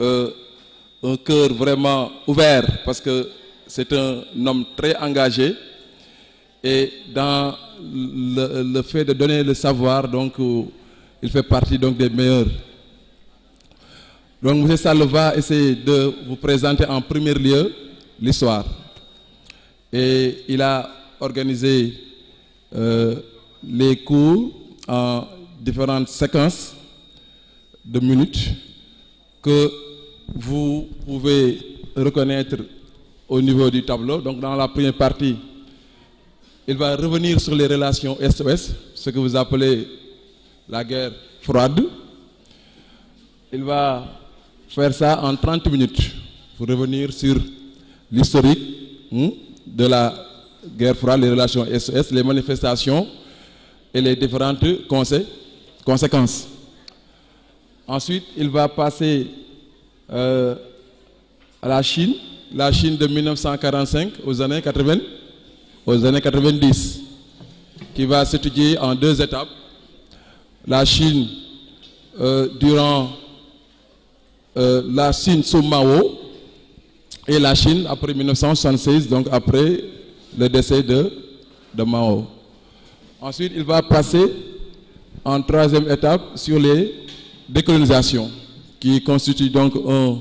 Euh, un cœur vraiment ouvert parce que c'est un homme très engagé et dans le, fait de donner le savoir, donc euh, il fait partie donc des meilleurs. Donc M. Salva essaie de vous présenter en premier lieu l'histoire. Et il a organisé euh, les cours en différentes séquences de minutes que vous pouvez reconnaître au niveau du tableau. Donc dans la première partie, il va revenir sur les relations est ce que vous appelez la guerre froide. Il va faire ça en 30 minutes pour revenir sur l'historique hmm, de la guerre froide, les relations est les manifestations et les différentes conséquences. Ensuite, il va passer euh, à la Chine, la Chine de 1945 aux années 80, aux années 90, qui va s'étudier en deux étapes. La Chine euh, durant euh, la Chine sous Mao et la Chine après 1976, donc après le décès de, de Mao. Ensuite, il va passer en troisième étape sur les décolonisations qui constitue donc un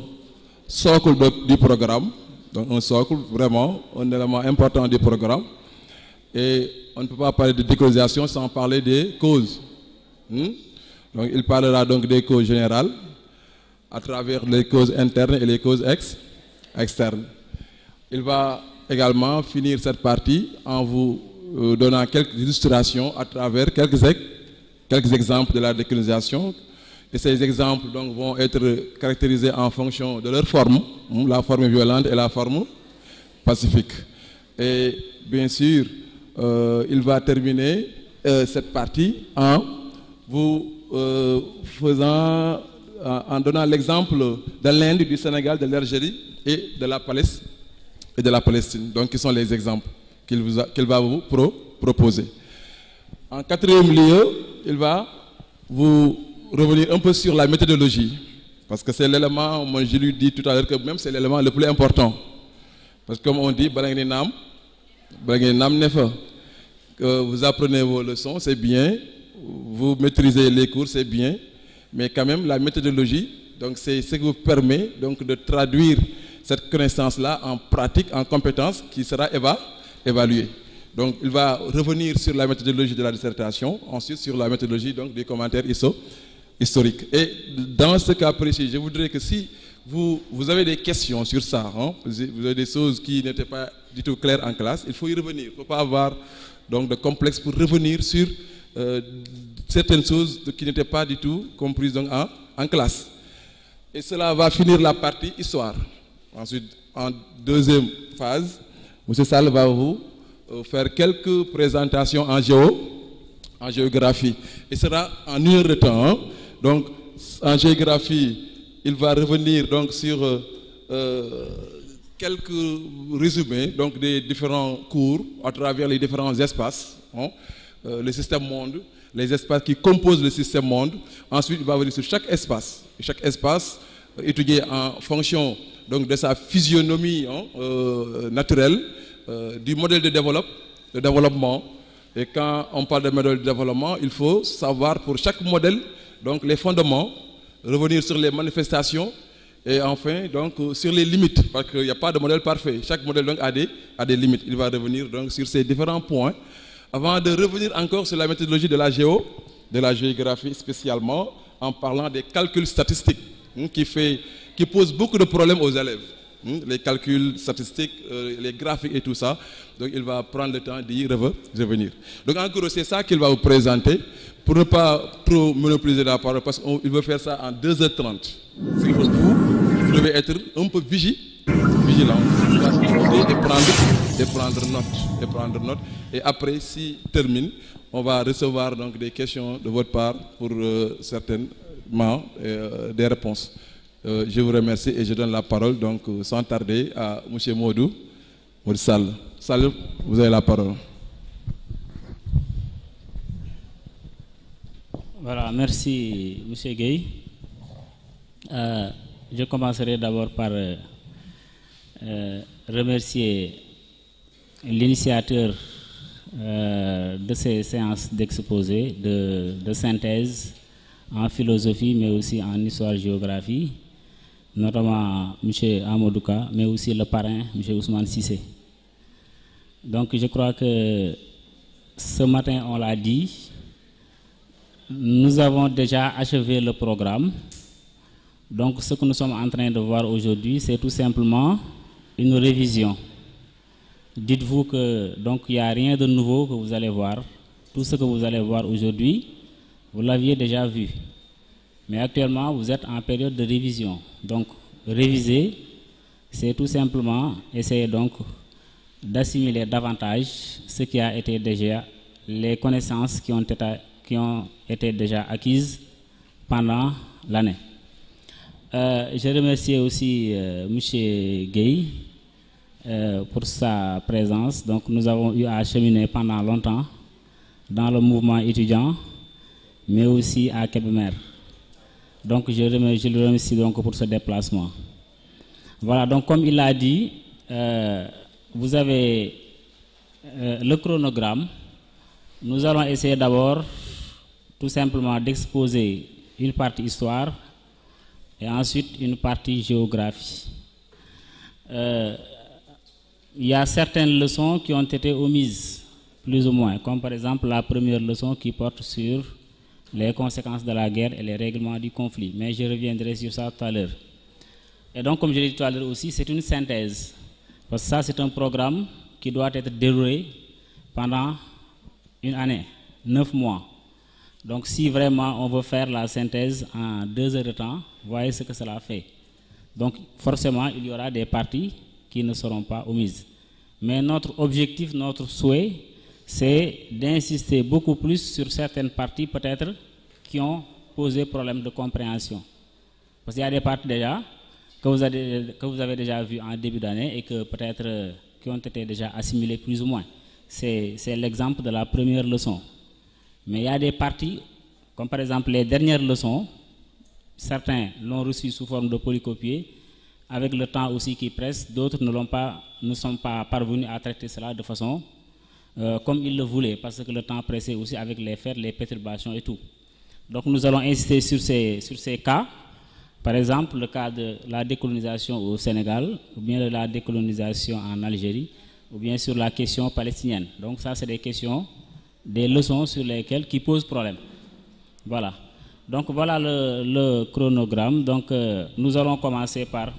socle du programme, donc un socle vraiment, un élément important du programme. Et on ne peut pas parler de décolonisation sans parler des causes. Hmm? Donc il parlera donc des causes générales à travers les causes internes et les causes ex externes. Il va également finir cette partie en vous euh, donnant quelques illustrations à travers quelques, quelques exemples de la décolonisation et ces exemples donc, vont être caractérisés en fonction de leur forme, hein, la forme violente et la forme pacifique. Et bien sûr, euh, il va terminer euh, cette partie en vous euh, faisant, en donnant l'exemple de l'Inde, du Sénégal, de l'Algérie et de la Palestine Donc, qui sont les exemples qu'il va vous proposer. En quatrième lieu, il va vous revenir un peu sur la méthodologie, parce que c'est l'élément, moi je lui dis tout à l'heure que même c'est l'élément le plus important. Parce que comme on dit, que vous apprenez vos leçons, c'est bien, vous maîtrisez les cours, c'est bien, mais quand même la méthodologie, donc c'est ce qui vous permet donc de traduire cette connaissance-là en pratique, en compétence qui sera évaluée. Donc, il va revenir sur la méthodologie de la dissertation, ensuite sur la méthodologie donc, des commentaires ISO historique. Et dans ce cas précis, je voudrais que si vous, vous avez des questions sur ça, hein, vous avez des choses qui n'étaient pas du tout claires en classe, il faut y revenir. Il ne faut pas avoir donc, de complexe pour revenir sur euh, certaines choses qui n'étaient pas du tout comprises en, classe. Et cela va finir la partie histoire. Ensuite, en deuxième phase, M. Sall va vous euh, faire quelques présentations en géo, en géographie. Et ce sera en une heure de temps. Hein. Donc, en géographie, il va revenir donc sur euh, euh, quelques résumés donc des différents cours à travers les différents espaces, hein, systèmes euh, le système monde, les espaces qui composent le système monde. Ensuite, il va revenir sur chaque espace, chaque espace étudié en fonction donc de sa physionomie hein, naturelle, du modèle de, de développement. Et quand on parle de modèle de développement, il faut savoir pour chaque modèle donc les fondements, revenir sur les manifestations et enfin donc euh, sur les limites, parce qu'il n'y a pas de modèle parfait. Chaque modèle a, des, limites. Il va revenir donc sur ces différents points avant de revenir encore sur la méthodologie de la géo, de la géographie spécialement, en parlant des calculs statistiques hein, qui, fait, qui pose beaucoup de problèmes aux élèves. Hmm? les calculs statistiques, euh, les graphiques et tout ça. Donc il va prendre le temps d'y revenir. Donc en gros, c'est ça qu'il va vous présenter pour ne pas trop monopoliser la parole parce qu'il veut faire ça en 2h30. Vous, vous devez être un peu vigilant, vigilant et, prendre, note. Et après, s'il termine, on va recevoir donc des questions de votre part pour euh, certainement euh, des réponses. Euh, je vous remercie et je donne la parole, donc, euh, sans tarder, à M. Modou, Moursal. Salut, vous avez la parole. Voilà, merci, M. Gay. Euh, je commencerai d'abord par remercier l'initiateur de ces séances d'exposé, de, synthèse en philosophie, mais aussi en histoire-géographie, notamment M. Amadouka, mais aussi le parrain, M. Ousmane Sissé. Donc je crois que ce matin, on l'a dit, nous avons déjà achevé le programme. Donc ce que nous sommes en train de voir aujourd'hui, c'est tout simplement une révision. Dites-vous que donc il n'y a rien de nouveau que vous allez voir. Tout ce que vous allez voir aujourd'hui, vous l'aviez déjà vu. Mais actuellement, vous êtes en période de révision. Donc, réviser, c'est tout simplement essayer donc d'assimiler davantage ce qui a été déjà, les connaissances qui ont été, qui ont été déjà acquises pendant l'année. Euh, je remercie aussi euh, M. Gay euh, pour sa présence. Donc, nous avons eu à cheminer pendant longtemps dans le mouvement étudiant, mais aussi à Kébémer. Donc je, le remercie donc pour ce déplacement. Voilà, donc comme il a dit, euh, vous avez euh, le chronogramme. Nous allons essayer d'abord tout simplement d'exposer une partie histoire et ensuite une partie géographie. Euh, il y a certaines leçons qui ont été omises, plus ou moins, comme par exemple la première leçon qui porte sur les conséquences de la guerre et les règlements du conflit. Mais je reviendrai sur ça tout à l'heure. Et donc, comme je l'ai dit tout à l'heure aussi, c'est une synthèse. Parce que ça, c'est un programme qui doit être déroulé pendant une année, neuf mois. Donc, si vraiment on veut faire la synthèse en deux heures de temps, voyez ce que cela fait. Donc, forcément, il y aura des parties qui ne seront pas omises. Mais notre objectif, notre souhait, c'est d'insister beaucoup plus sur certaines parties peut-être qui ont posé problème de compréhension. Parce qu'il y a des parties déjà que vous avez, déjà vues en début d'année et que peut-être qui ont été déjà assimilées plus ou moins. C'est l'exemple de la première leçon. Mais il y a des parties, comme par exemple les dernières leçons, certains l'ont reçu sous forme de polycopier, avec le temps aussi qui presse, d'autres ne sont pas parvenus à traiter cela de façon euh, comme il le voulait, parce que le temps pressait aussi avec les fêtes, les perturbations et tout. Donc nous allons insister sur ces, cas. Par exemple, le cas de la décolonisation au Sénégal, ou bien de la décolonisation en Algérie, ou bien sur la question palestinienne. Donc ça, c'est des questions, des leçons sur lesquelles qui posent problème. Voilà. Donc voilà le, chronogramme. Donc euh, nous allons commencer par...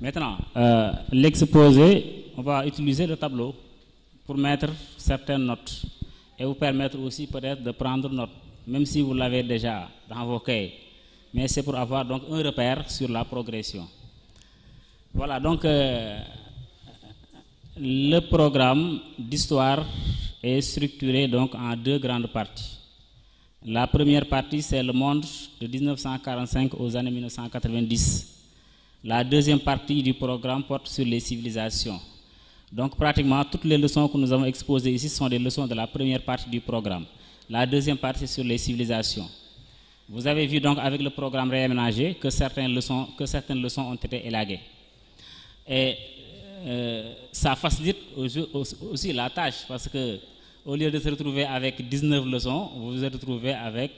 Maintenant, euh, l'exposé, on va utiliser le tableau pour mettre certaines notes et vous permettre aussi peut-être de prendre note, même si vous l'avez déjà dans vos cahiers. Mais c'est pour avoir donc un repère sur la progression. Voilà, donc euh, le programme d'histoire est structuré donc en deux grandes parties. La première partie, c'est le monde de 1945 aux années 1990. La deuxième partie du programme porte sur les civilisations. Donc pratiquement toutes les leçons que nous avons exposées ici sont des leçons de la première partie du programme. La deuxième partie sur les civilisations. Vous avez vu donc avec le programme réaménagé que certaines leçons, que certaines leçons ont été élaguées. Et euh, ça facilite aussi la tâche parce que au lieu de se retrouver avec 19 leçons, vous vous êtes retrouvé avec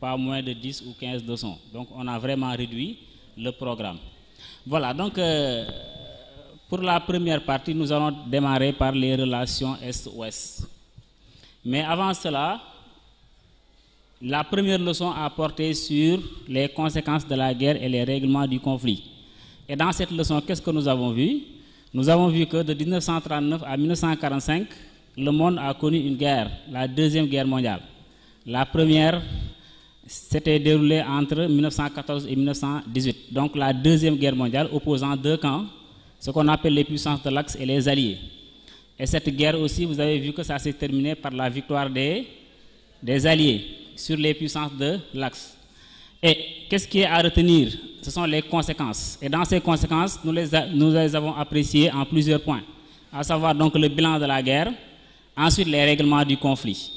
pas moins de 10 ou 15 leçons. Donc on a vraiment réduit le programme. Voilà, donc euh, pour la première partie, nous allons démarrer par les relations Est-Ouest. Mais avant cela, la première leçon a porté sur les conséquences de la guerre et les règlements du conflit. Et dans cette leçon, qu'est-ce que nous avons vu Nous avons vu que de 1939 à 1945, le monde a connu une guerre, la Deuxième Guerre mondiale. La première s'était déroulée entre 1914 et 1918, donc la Deuxième Guerre mondiale opposant deux camps ce qu'on appelle les puissances de l'Axe et les alliés. Et cette guerre aussi, vous avez vu que ça s'est terminé par la victoire des, alliés sur les puissances de l'Axe. Et qu'est-ce qui est à retenir Ce sont les conséquences. Et dans ces conséquences, nous les, nous les avons appréciées en plusieurs points, à savoir donc le bilan de la guerre, ensuite les règlements du conflit.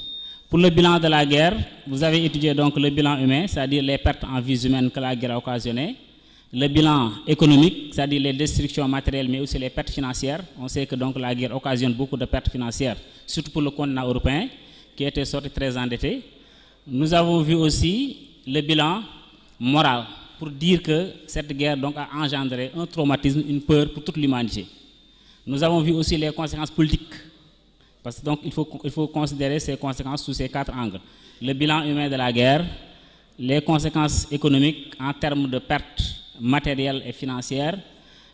Pour le bilan de la guerre, vous avez étudié donc le bilan humain, c'est-à-dire les pertes en vies humaines que la guerre a occasionnées, le bilan économique, c'est-à-dire les destructions matérielles, mais aussi les pertes financières. On sait que donc la guerre occasionne beaucoup de pertes financières, surtout pour le continent européen, qui était sorti très endetté. Nous avons vu aussi le bilan moral, pour dire que cette guerre donc, a engendré un traumatisme, une peur pour toute l'humanité. Nous avons vu aussi les conséquences politiques, parce qu'il faut, il faut considérer ces conséquences sous ces quatre angles. Le bilan humain de la guerre, les conséquences économiques en termes de pertes matérielle et financière,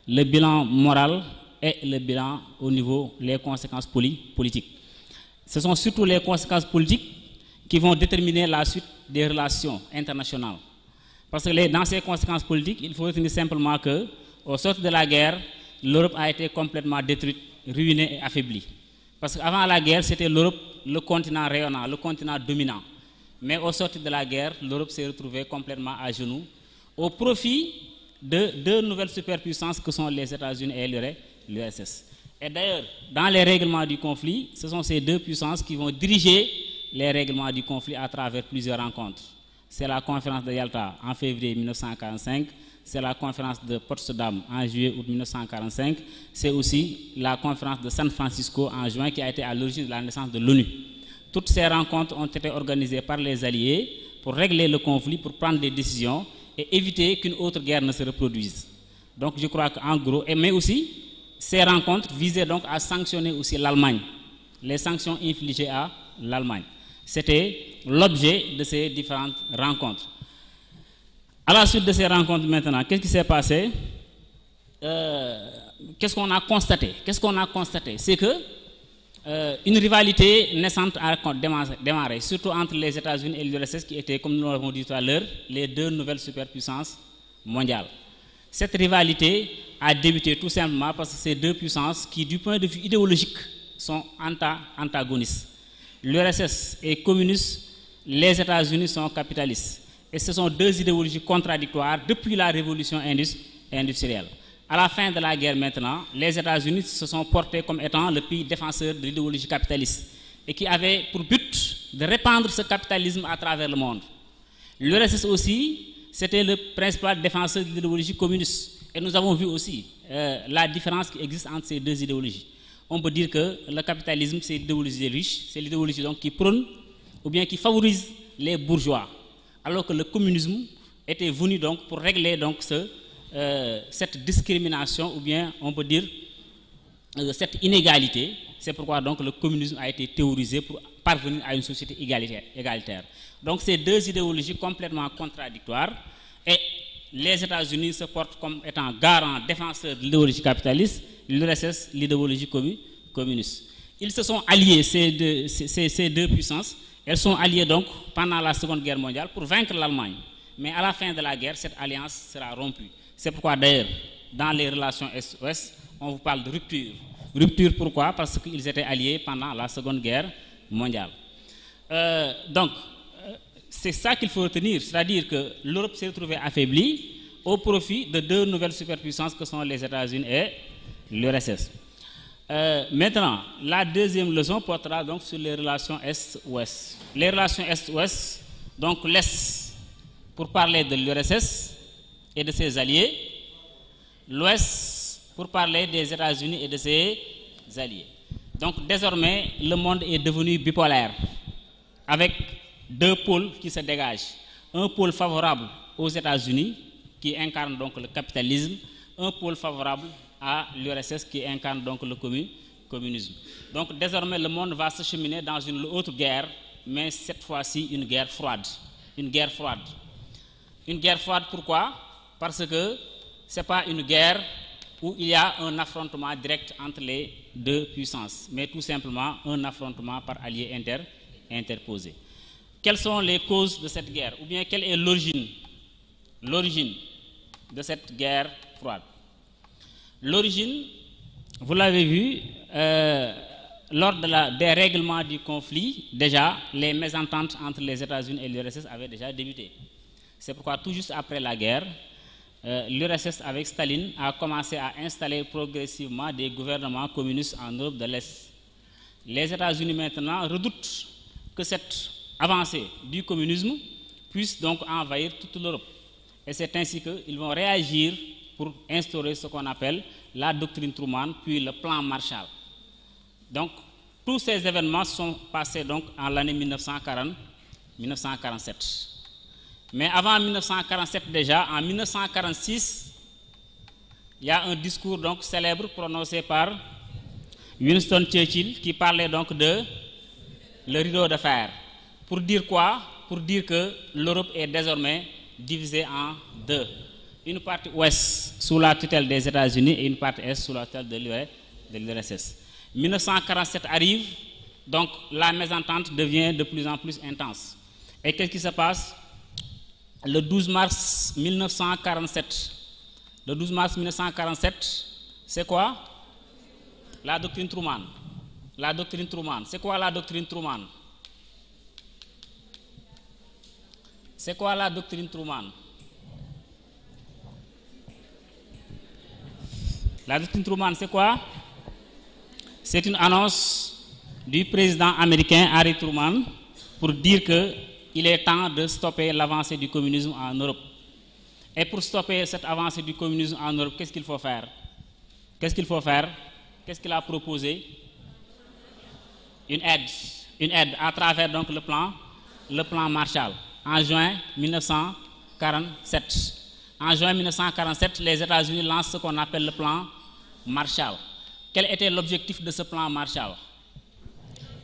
le bilan moral et le bilan au niveau des conséquences politiques. Ce sont surtout les conséquences politiques qui vont déterminer la suite des relations internationales. Parce que dans ces conséquences politiques, il faut retenir simplement que, au de la guerre, l'Europe a été complètement détruite, ruinée et affaiblie. Parce qu'avant la guerre, c'était l'Europe, le continent rayonnant, le continent dominant. Mais au sort de la guerre, l'Europe s'est retrouvée complètement à genoux, au profit deux, nouvelles superpuissances que sont les États-Unis et l'URSS. E, et d'ailleurs, dans les règlements du conflit, ce sont ces deux puissances qui vont diriger les règlements du conflit à travers plusieurs rencontres. C'est la conférence de Yalta en février 1945, c'est la conférence de Potsdam en juillet-août 1945, c'est aussi la conférence de San Francisco en juin qui a été à l'origine de la naissance de l'ONU. Toutes ces rencontres ont été organisées par les Alliés pour régler le conflit, pour prendre des décisions et éviter qu'une autre guerre ne se reproduise. Donc je crois qu'en gros, et mais aussi, ces rencontres visaient donc à sanctionner aussi l'Allemagne, les sanctions infligées à l'Allemagne. C'était l'objet de ces différentes rencontres. À la suite de ces rencontres maintenant, qu'est-ce qui s'est passé euh, Qu'est-ce qu'on a constaté Qu'est-ce qu'on a constaté C'est que euh, une rivalité naissante a démarré, surtout entre les États-Unis et l'URSS, qui étaient, comme nous l'avons dit tout à l'heure, les deux nouvelles superpuissances mondiales. Cette rivalité a débuté tout simplement parce que ces deux puissances, qui du point de vue idéologique, sont antagonistes. L'URSS est communiste, les États-Unis sont capitalistes. Et ce sont deux idéologies contradictoires depuis la révolution industrielle. À la fin de la guerre maintenant, les États-Unis se sont portés comme étant le pays défenseur de l'idéologie capitaliste et qui avait pour but de répandre ce capitalisme à travers le monde. L'URSS aussi, c'était le principal défenseur de l'idéologie communiste. Et nous avons vu aussi euh, la différence qui existe entre ces deux idéologies. On peut dire que le capitalisme, c'est l'idéologie des riches, c'est l'idéologie qui prône ou bien qui favorise les bourgeois, alors que le communisme était venu donc pour régler donc ce euh, cette discrimination, ou bien on peut dire euh, cette inégalité. C'est pourquoi donc le communisme a été théorisé pour parvenir à une société égalitaire. Donc ces deux idéologies complètement contradictoires et les États-Unis se portent comme étant garant défenseur de l'idéologie capitaliste, l'URSS, l'idéologie communiste. Ils se sont alliés, ces deux, ces deux puissances, elles sont alliées donc pendant la Seconde Guerre mondiale pour vaincre l'Allemagne. Mais à la fin de la guerre, cette alliance sera rompue. C'est pourquoi d'ailleurs, dans les relations Est-Ouest, on vous parle de rupture. Rupture pourquoi Parce qu'ils étaient alliés pendant la Seconde Guerre mondiale. Euh, donc, euh, c'est ça qu'il faut retenir, c'est-à-dire que l'Europe s'est retrouvée affaiblie au profit de deux nouvelles superpuissances que sont les États-Unis et l'URSS. Euh, maintenant, la deuxième leçon portera donc sur les relations Est-Ouest. Les relations Est-Ouest, donc l'Est, pour parler de l'URSS, et de ses alliés, l'Ouest pour parler des États-Unis et de ses alliés. Donc désormais, le monde est devenu bipolaire, avec deux pôles qui se dégagent. Un pôle favorable aux États-Unis, qui incarne donc le capitalisme, un pôle favorable à l'URSS, qui incarne donc le communisme. Donc désormais, le monde va se cheminer dans une autre guerre, mais cette fois-ci une guerre froide. Une guerre froide. Une guerre froide, pourquoi parce que ce n'est pas une guerre où il y a un affrontement direct entre les deux puissances, mais tout simplement un affrontement par alliés interposés. Quelles sont les causes de cette guerre Ou bien quelle est l'origine L'origine de cette guerre froide. L'origine, vous l'avez vu, euh, lors de la, des règlements du conflit, déjà, les mésententes entre les États-Unis et l'URSS avaient déjà débuté. C'est pourquoi tout juste après la guerre, euh, l'URSS avec Staline a commencé à installer progressivement des gouvernements communistes en Europe de l'Est. Les États-Unis maintenant redoutent que cette avancée du communisme puisse donc envahir toute l'Europe. Et c'est ainsi qu'ils vont réagir pour instaurer ce qu'on appelle la doctrine Truman, puis le plan Marshall. Donc, tous ces événements sont passés donc en l'année 1940-1947. Mais avant 1947 déjà, en 1946, il y a un discours donc célèbre prononcé par Winston Churchill qui parlait donc de le rideau de fer. Pour dire quoi Pour dire que l'Europe est désormais divisée en deux. Une partie ouest sous la tutelle des États-Unis et une partie est sous la tutelle de l'URSS. E, 1947 arrive, donc la mésentente devient de plus en plus intense. Et qu'est-ce qui se passe le 12 mars 1947. Le 12 mars 1947, c'est quoi La doctrine Truman. La doctrine Truman. C'est quoi la doctrine Truman C'est quoi la doctrine Truman La doctrine Truman, c'est quoi C'est une annonce du président américain Harry Truman pour dire que il est temps de stopper l'avancée du communisme en Europe. Et pour stopper cette avancée du communisme en Europe, qu'est-ce qu'il faut faire Qu'est-ce qu'il faut faire Qu'est-ce qu'il a proposé Une aide, une aide à travers donc le plan, le plan Marshall. En juin 1947, en juin 1947, les États-Unis lancent ce qu'on appelle le plan Marshall. Quel était l'objectif de ce plan Marshall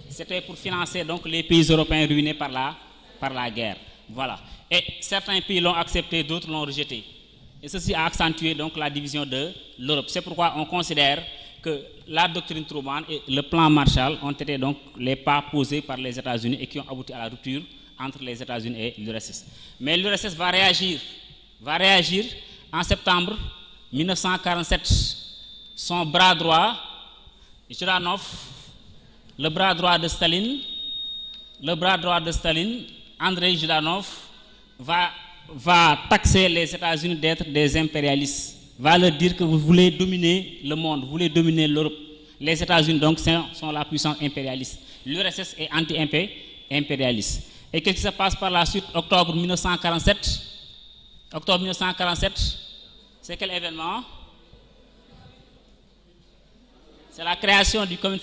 C'était pour financer donc les pays européens ruinés par la par la guerre. Voilà. Et certains pays l'ont accepté, d'autres l'ont rejeté. Et ceci a accentué donc la division de l'Europe. C'est pourquoi on considère que la doctrine Truman et le plan Marshall ont été donc les pas posés par les États-Unis et qui ont abouti à la rupture entre les États-Unis et l'URSS. Mais l'URSS va réagir, va réagir en septembre 1947. Son bras droit, Juranov, le bras droit de Staline, le bras droit de Staline Andrei Zhdanov va, taxer les États-Unis d'être des impérialistes, va leur dire que vous voulez dominer le monde, vous voulez dominer l'Europe. Les États-Unis, donc, sont la puissance impérialiste. L'URSS est anti-impérialiste. Et qu'est-ce qui se passe par la suite, octobre 1947 Octobre 1947, c'est quel événement C'est la création du Commune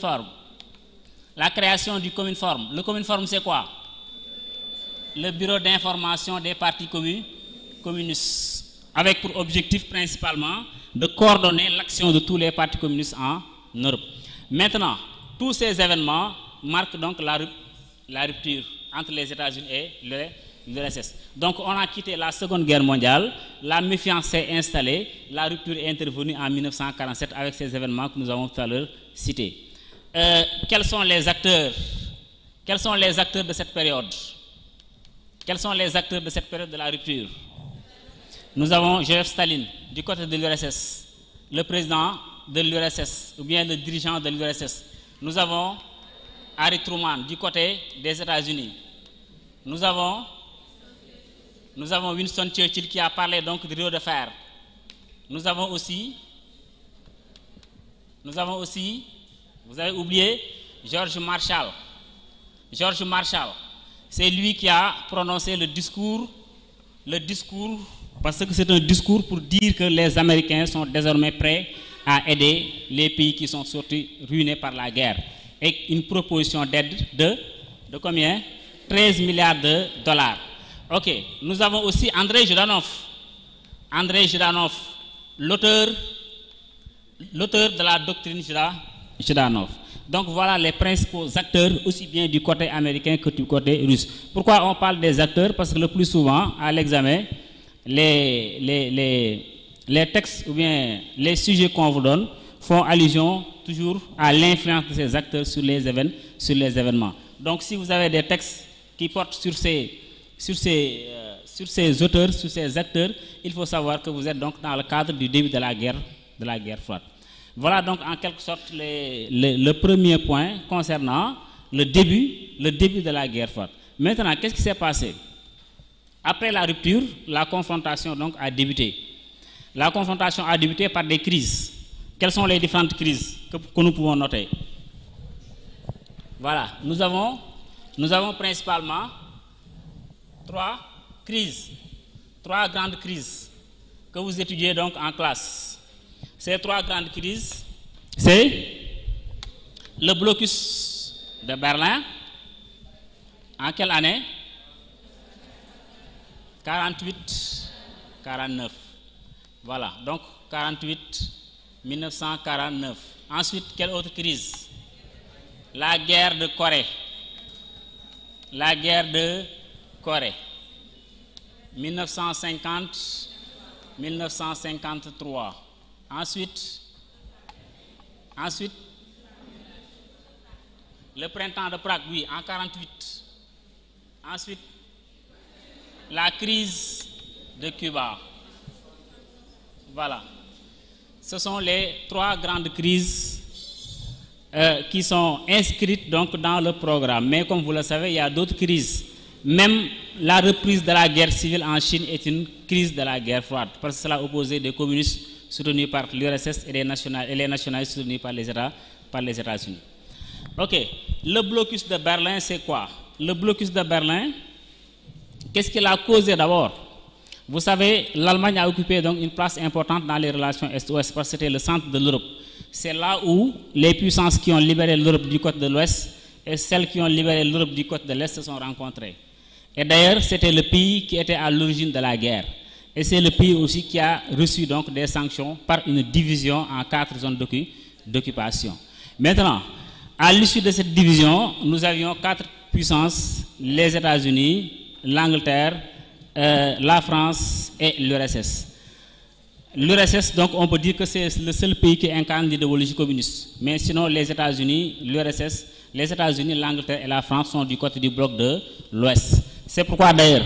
La création du Commune Le Commune c'est quoi le bureau d'information des partis communistes, avec pour objectif principalement de coordonner l'action de tous les partis communistes en Europe. Maintenant, tous ces événements marquent donc la, rupture entre les États-Unis et l'URSS. Donc on a quitté la Seconde Guerre mondiale, la méfiance s'est installée, la rupture est intervenue en 1947 avec ces événements que nous avons tout à l'heure cités. Euh, quels sont les acteurs Quels sont les acteurs de cette période quels sont les acteurs de cette période de la rupture Nous avons Joseph Staline, du côté de l'URSS, le président de l'URSS, ou bien le dirigeant de l'URSS. Nous avons Harry Truman, du côté des États-Unis. Nous avons, nous avons Winston Churchill qui a parlé donc de Rio de fer. Nous avons aussi, nous avons aussi, vous avez oublié, George Marshall. George Marshall, c'est lui qui a prononcé le discours, le discours, parce que c'est un discours pour dire que les Américains sont désormais prêts à aider les pays qui sont sortis ruinés par la guerre. Avec une proposition d'aide de, de combien 13 milliards de dollars. Ok, nous avons aussi André Judanov. André l'auteur, l'auteur de la doctrine Jiranov. Donc voilà les principaux acteurs, aussi bien du côté américain que du côté russe. Pourquoi on parle des acteurs Parce que le plus souvent, à l'examen, les, les, textes ou bien les sujets qu'on vous donne font allusion toujours à l'influence de ces acteurs sur les, sur les événements. Donc si vous avez des textes qui portent sur ces, sur euh, sur ces auteurs, sur ces acteurs, il faut savoir que vous êtes donc dans le cadre du début de la guerre, de la guerre froide. Voilà donc en quelque sorte le premier point concernant le début, le début de la guerre froide. Maintenant, qu'est-ce qui s'est passé Après la rupture, la confrontation donc a débuté. La confrontation a débuté par des crises. Quelles sont les différentes crises que, nous pouvons noter Voilà, nous avons, nous avons principalement trois crises, trois grandes crises que vous étudiez donc en classe. Ces trois grandes crises, c'est le blocus de Berlin. En quelle année 48, 49. Voilà, donc 48, 1949. Ensuite, quelle autre crise La guerre de Corée. La guerre de Corée. 1950, 1953. Ensuite, ensuite, le printemps de Prague, oui, en 48. Ensuite, la crise de Cuba. Voilà. Ce sont les trois grandes crises euh, qui sont inscrites donc dans le programme. Mais comme vous le savez, il y a d'autres crises. Même la reprise de la guerre civile en Chine est une crise de la guerre froide, parce que cela opposait des communistes Soutenu par l'URSS et, les nationalistes soutenus par les États, par les États-Unis. Ok, le blocus de Berlin, c'est quoi Le blocus de Berlin, qu'est-ce qu'il a causé d'abord Vous savez, l'Allemagne a occupé donc une place importante dans les relations Est-Ouest parce que c'était le centre de l'Europe. C'est là où les puissances qui ont libéré l'Europe du côté de l'Ouest et celles qui ont libéré l'Europe du côté de l'Est se sont rencontrées. Et d'ailleurs, c'était le pays qui était à l'origine de la guerre. Et c'est le pays aussi qui a reçu donc des sanctions par une division en quatre zones d'occupation. Maintenant, à l'issue de cette division, nous avions quatre puissances, les États-Unis, l'Angleterre, euh, la France et l'URSS. L'URSS, donc, on peut dire que c'est le seul pays qui incarne l'idéologie communiste. Mais sinon, les États-Unis, l'URSS, les États-Unis, l'Angleterre et la France sont du côté du bloc de l'Ouest. C'est pourquoi, d'ailleurs,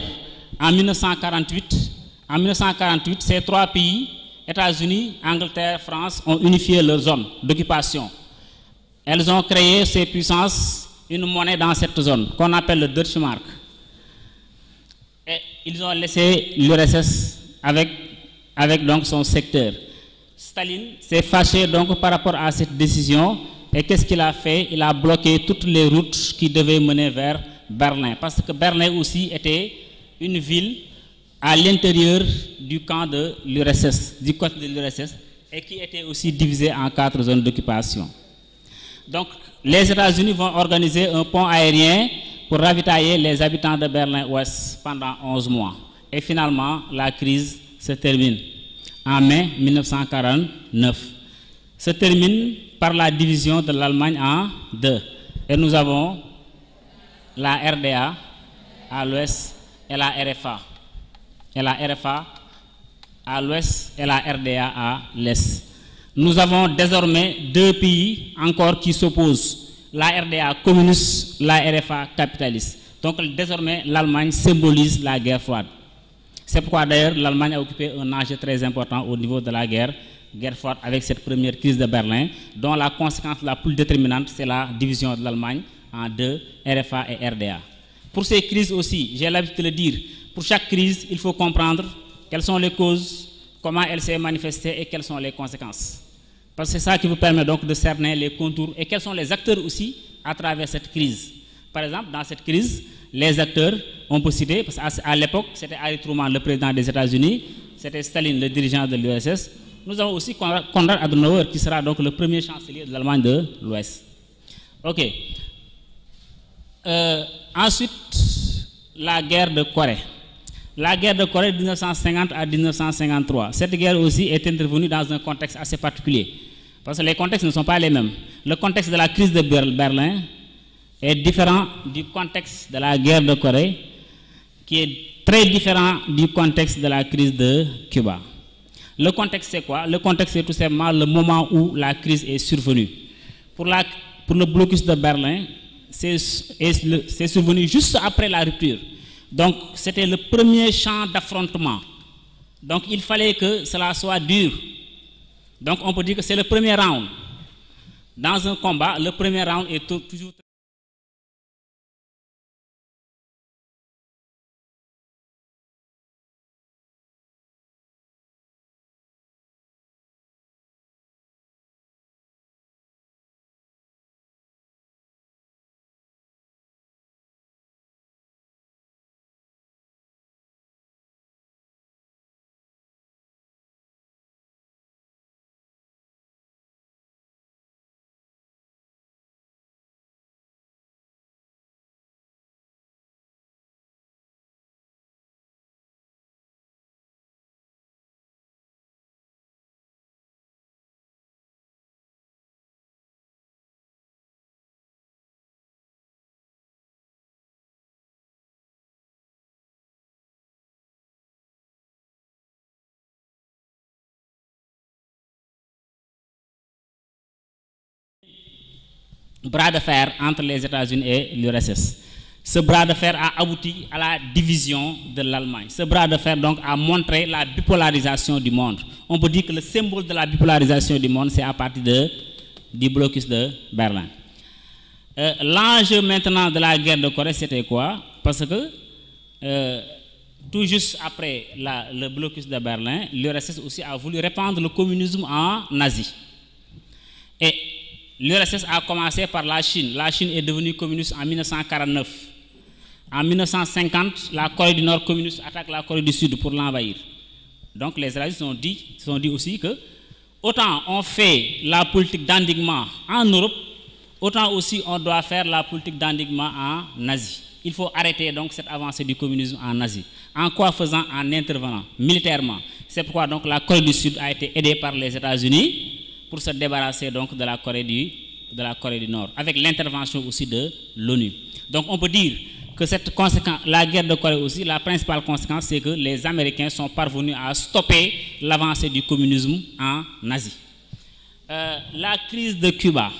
en 1948, en 1948, ces trois pays, États-Unis, Angleterre, France, ont unifié leur zone d'occupation. Elles ont créé ces puissances une monnaie dans cette zone qu'on appelle le Deutschmark. Et ils ont laissé l'URSS avec, avec donc son secteur. Staline s'est fâché donc par rapport à cette décision et qu'est-ce qu'il a fait Il a bloqué toutes les routes qui devaient mener vers Berlin parce que Berlin aussi était une ville à l'intérieur du camp de l'URSS, du côté de l'URSS, et qui était aussi divisé en quatre zones d'occupation. Donc, les États-Unis vont organiser un pont aérien pour ravitailler les habitants de Berlin-Ouest pendant 11 mois. Et finalement, la crise se termine en mai 1949. Se termine par la division de l'Allemagne en deux. Et nous avons la RDA à l'ouest et la RFA et la RFA à l'ouest et la RDA à l'est. Nous avons désormais deux pays encore qui s'opposent, la RDA communiste, la RFA capitaliste. Donc désormais, l'Allemagne symbolise la guerre froide. C'est pourquoi d'ailleurs l'Allemagne a occupé un âge très important au niveau de la guerre, guerre froide avec cette première crise de Berlin, dont la conséquence la plus déterminante, c'est la division de l'Allemagne en deux, RFA et RDA. Pour ces crises aussi, j'ai l'habitude de le dire, pour chaque crise, il faut comprendre quelles sont les causes, comment elle s'est manifestée et quelles sont les conséquences. Parce que c'est ça qui vous permet donc de cerner les contours et quels sont les acteurs aussi à travers cette crise. Par exemple, dans cette crise, les acteurs, ont peut citer, parce qu'à l'époque, c'était Harry Truman, le président des États-Unis, c'était Staline, le dirigeant de l'USS. Nous avons aussi Konrad Adenauer, qui sera donc le premier chancelier de l'Allemagne de l'Ouest. OK. Euh, ensuite, la guerre de Corée. La guerre de Corée de 1950 à 1953, cette guerre aussi est intervenue dans un contexte assez particulier, parce que les contextes ne sont pas les mêmes. Le contexte de la crise de Berlin est différent du contexte de la guerre de Corée, qui est très différent du contexte de la crise de Cuba. Le contexte, c'est quoi Le contexte, c'est tout simplement le moment où la crise est survenue. Pour, la, pour le blocus de Berlin, c'est survenu juste après la rupture. Donc, c'était le premier champ d'affrontement. Donc, il fallait que cela soit dur. Donc, on peut dire que c'est le premier round. Dans un combat, le premier round est toujours... bras de fer entre les États-Unis et l'URSS. Ce bras de fer a abouti à la division de l'Allemagne. Ce bras de fer donc a montré la bipolarisation du monde. On peut dire que le symbole de la bipolarisation du monde, c'est à partir de, du blocus de Berlin. Euh, l'enjeu maintenant de la guerre de Corée, c'était quoi Parce que euh, tout juste après le blocus de Berlin, l'URSS aussi a voulu répandre le communisme en Asie. Et L'URSS a commencé par la Chine. La Chine est devenue communiste en 1949. En 1950, la Corée du Nord communiste attaque la Corée du Sud pour l'envahir. Donc les Israéliens ont dit, ont dit aussi que autant on fait la politique d'endiguement en Europe, autant aussi on doit faire la politique d'endiguement en Asie. Il faut arrêter donc cette avancée du communisme en Asie. En quoi faisant En intervenant militairement. C'est pourquoi donc la Corée du Sud a été aidée par les États-Unis pour se débarrasser donc de la Corée du, de la Corée du Nord, avec l'intervention aussi de l'ONU. Donc on peut dire que cette conséquence, la guerre de Corée aussi, la principale conséquence, c'est que les Américains sont parvenus à stopper l'avancée du communisme en Asie. Euh, la crise de Cuba.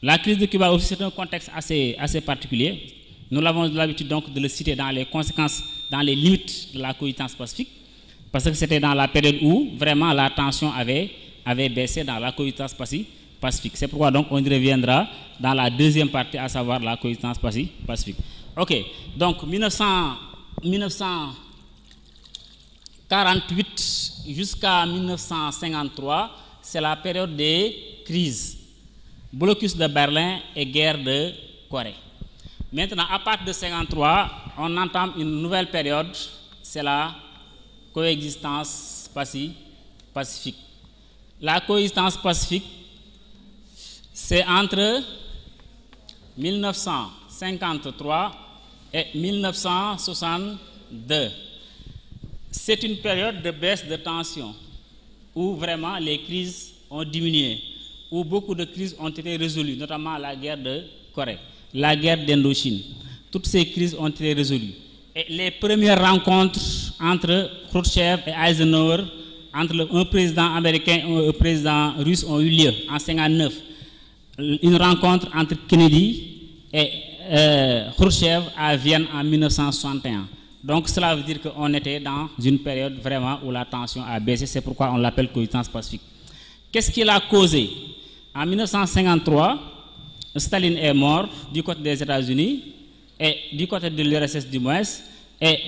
La crise de Cuba aussi, c'est un contexte assez, assez particulier. Nous l'avons l'habitude donc de le citer dans les conséquences, dans les luttes de la coïncidence pacifique, parce que c'était dans la période où vraiment la tension avait, avait baissé dans la coexistence pacifique. C'est pourquoi donc on y reviendra dans la deuxième partie, à savoir la coexistence pacifique. Ok, donc 1948 jusqu'à 1953, c'est la période des crises. Blocus de Berlin et guerre de Corée. Maintenant, à partir de 1953, on entame une nouvelle période, c'est la coexistence pacifique. La cohésion pacifique, c'est entre 1953 et 1962. C'est une période de baisse de tension où vraiment les crises ont diminué, où beaucoup de crises ont été résolues, notamment la guerre de Corée, la guerre d'Indochine. Toutes ces crises ont été résolues. les premières rencontres entre Khrushchev et Eisenhower entre un président américain et un président russe ont eu lieu en 1959. Une rencontre entre Kennedy et euh, Khrushchev à Vienne en 1961. Donc cela veut dire qu'on était dans une période vraiment où la tension a baissé, c'est pourquoi on l'appelle coexistence pacifique. Qu'est-ce qui l'a causé En 1953, Staline est mort du côté des États-Unis et du côté de l'URSS du moins, et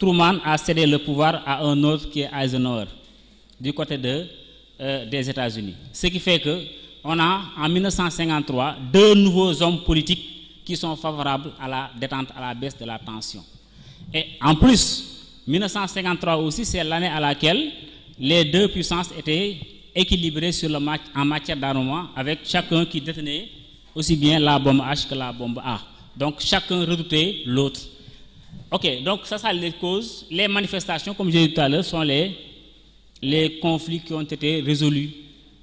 Truman a cédé le pouvoir à un autre qui est Eisenhower du côté euh, des États-Unis. Ce qui fait que on a en 1953 deux nouveaux hommes politiques qui sont favorables à la détente, à la baisse de la tension. Et en plus, 1953 aussi, c'est l'année à laquelle les deux puissances étaient équilibrées sur le match, en matière d'armement, avec chacun qui détenait aussi bien la bombe H que la bombe A. Donc chacun redoutait l'autre. Ok, donc ça, ça les causes. Les manifestations, comme j'ai dit tout à l'heure, sont les les conflits qui ont été résolus,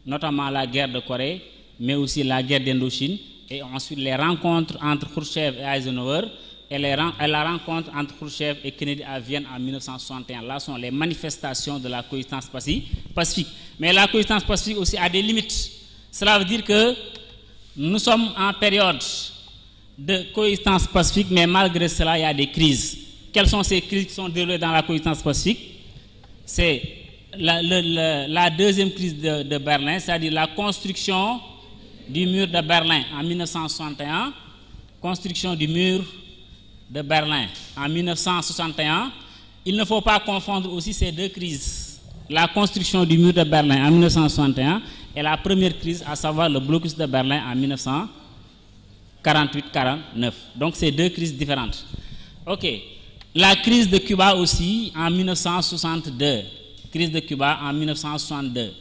notamment la guerre de Corée, mais aussi la guerre d'Indochine, et ensuite les rencontres entre Khrushchev et Eisenhower, et, la rencontre entre Khrushchev et Kennedy à Vienne en 1961. Là sont les manifestations de la coexistence pacifique. Mais la coexistence pacifique aussi a des limites. Cela veut dire que nous sommes en période de coexistence pacifique, mais malgré cela, il y a des crises. Quelles sont ces crises qui sont déroulées dans la coexistence pacifique C'est la, deuxième crise de, Berlin, c'est-à-dire la construction du mur de Berlin en 1961, construction du mur de Berlin en 1961. Il ne faut pas confondre aussi ces deux crises. La construction du mur de Berlin en 1961 et la première crise, à savoir le blocus de Berlin en 1948-49. Donc ces deux crises différentes. OK. La crise de Cuba aussi en 1962 crise de Cuba en 1962.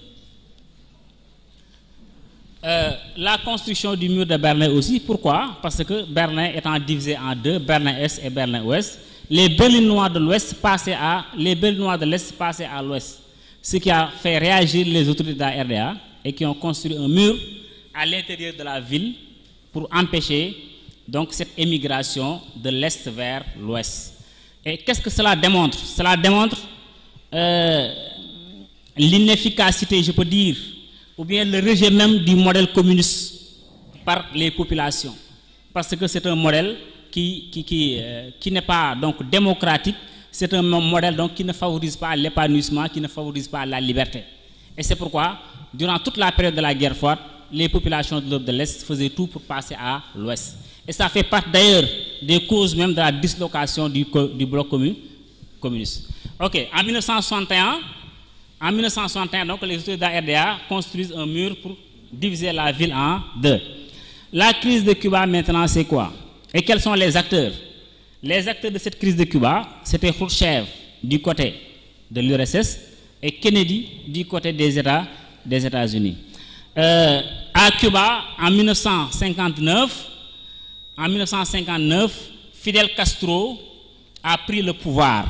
Euh, la construction du mur de Berlin aussi, pourquoi Parce que Berlin étant divisé en deux, Berlin-Est et Berlin-Ouest, les Berlinois de l'Ouest de l'Est passaient à l'Ouest, ce qui a fait réagir les autorités de la RDA et qui ont construit un mur à l'intérieur de la ville pour empêcher donc cette émigration de l'Est vers l'Ouest. Et qu'est-ce que cela démontre Cela démontre euh, l'inefficacité, je peux dire, ou bien le rejet même du modèle communiste par les populations. Parce que c'est un modèle qui, qui, qui, euh, qui n'est pas donc, démocratique, c'est un modèle donc, qui ne favorise pas l'épanouissement, qui ne favorise pas la liberté. Et c'est pourquoi, durant toute la période de la guerre froide, les populations de l'Europe de l'Est faisaient tout pour passer à l'Ouest. Et ça fait partie d'ailleurs des causes même de la dislocation du, du bloc commun, communiste. Ok, en 1961, en 1961, donc, les autorités de la RDA construisent un mur pour diviser la ville en deux. La crise de Cuba maintenant, c'est quoi Et quels sont les acteurs Les acteurs de cette crise de Cuba, c'était Khrushchev du côté de l'URSS et Kennedy du côté des États des États-Unis. Euh, à Cuba, en 1959, en 1959, Fidel Castro a pris le pouvoir.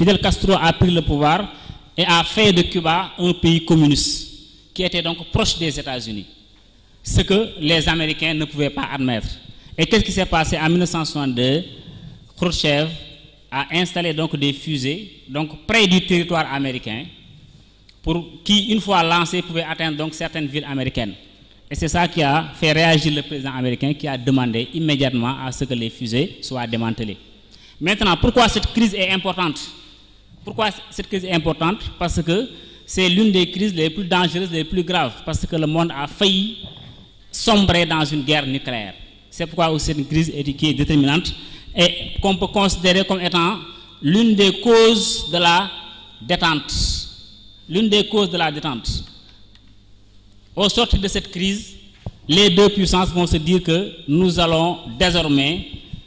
Fidel Castro a pris le pouvoir et a fait de Cuba un pays communiste qui était donc proche des États-Unis, ce que les Américains ne pouvaient pas admettre. Et qu'est-ce qui s'est passé en 1962 Khrushchev a installé donc des fusées donc près du territoire américain pour qui, une fois lancées, pouvaient atteindre donc certaines villes américaines. Et c'est ça qui a fait réagir le président américain qui a demandé immédiatement à ce que les fusées soient démantelées. Maintenant, pourquoi cette crise est importante pourquoi cette crise est importante Parce que c'est l'une des crises les plus dangereuses, les plus graves, parce que le monde a failli sombrer dans une guerre nucléaire. C'est pourquoi c'est une crise qui est déterminante et qu'on peut considérer comme étant l'une des causes de la détente. L'une des causes de la détente. Au sortir de cette crise, les deux puissances vont se dire que nous allons désormais,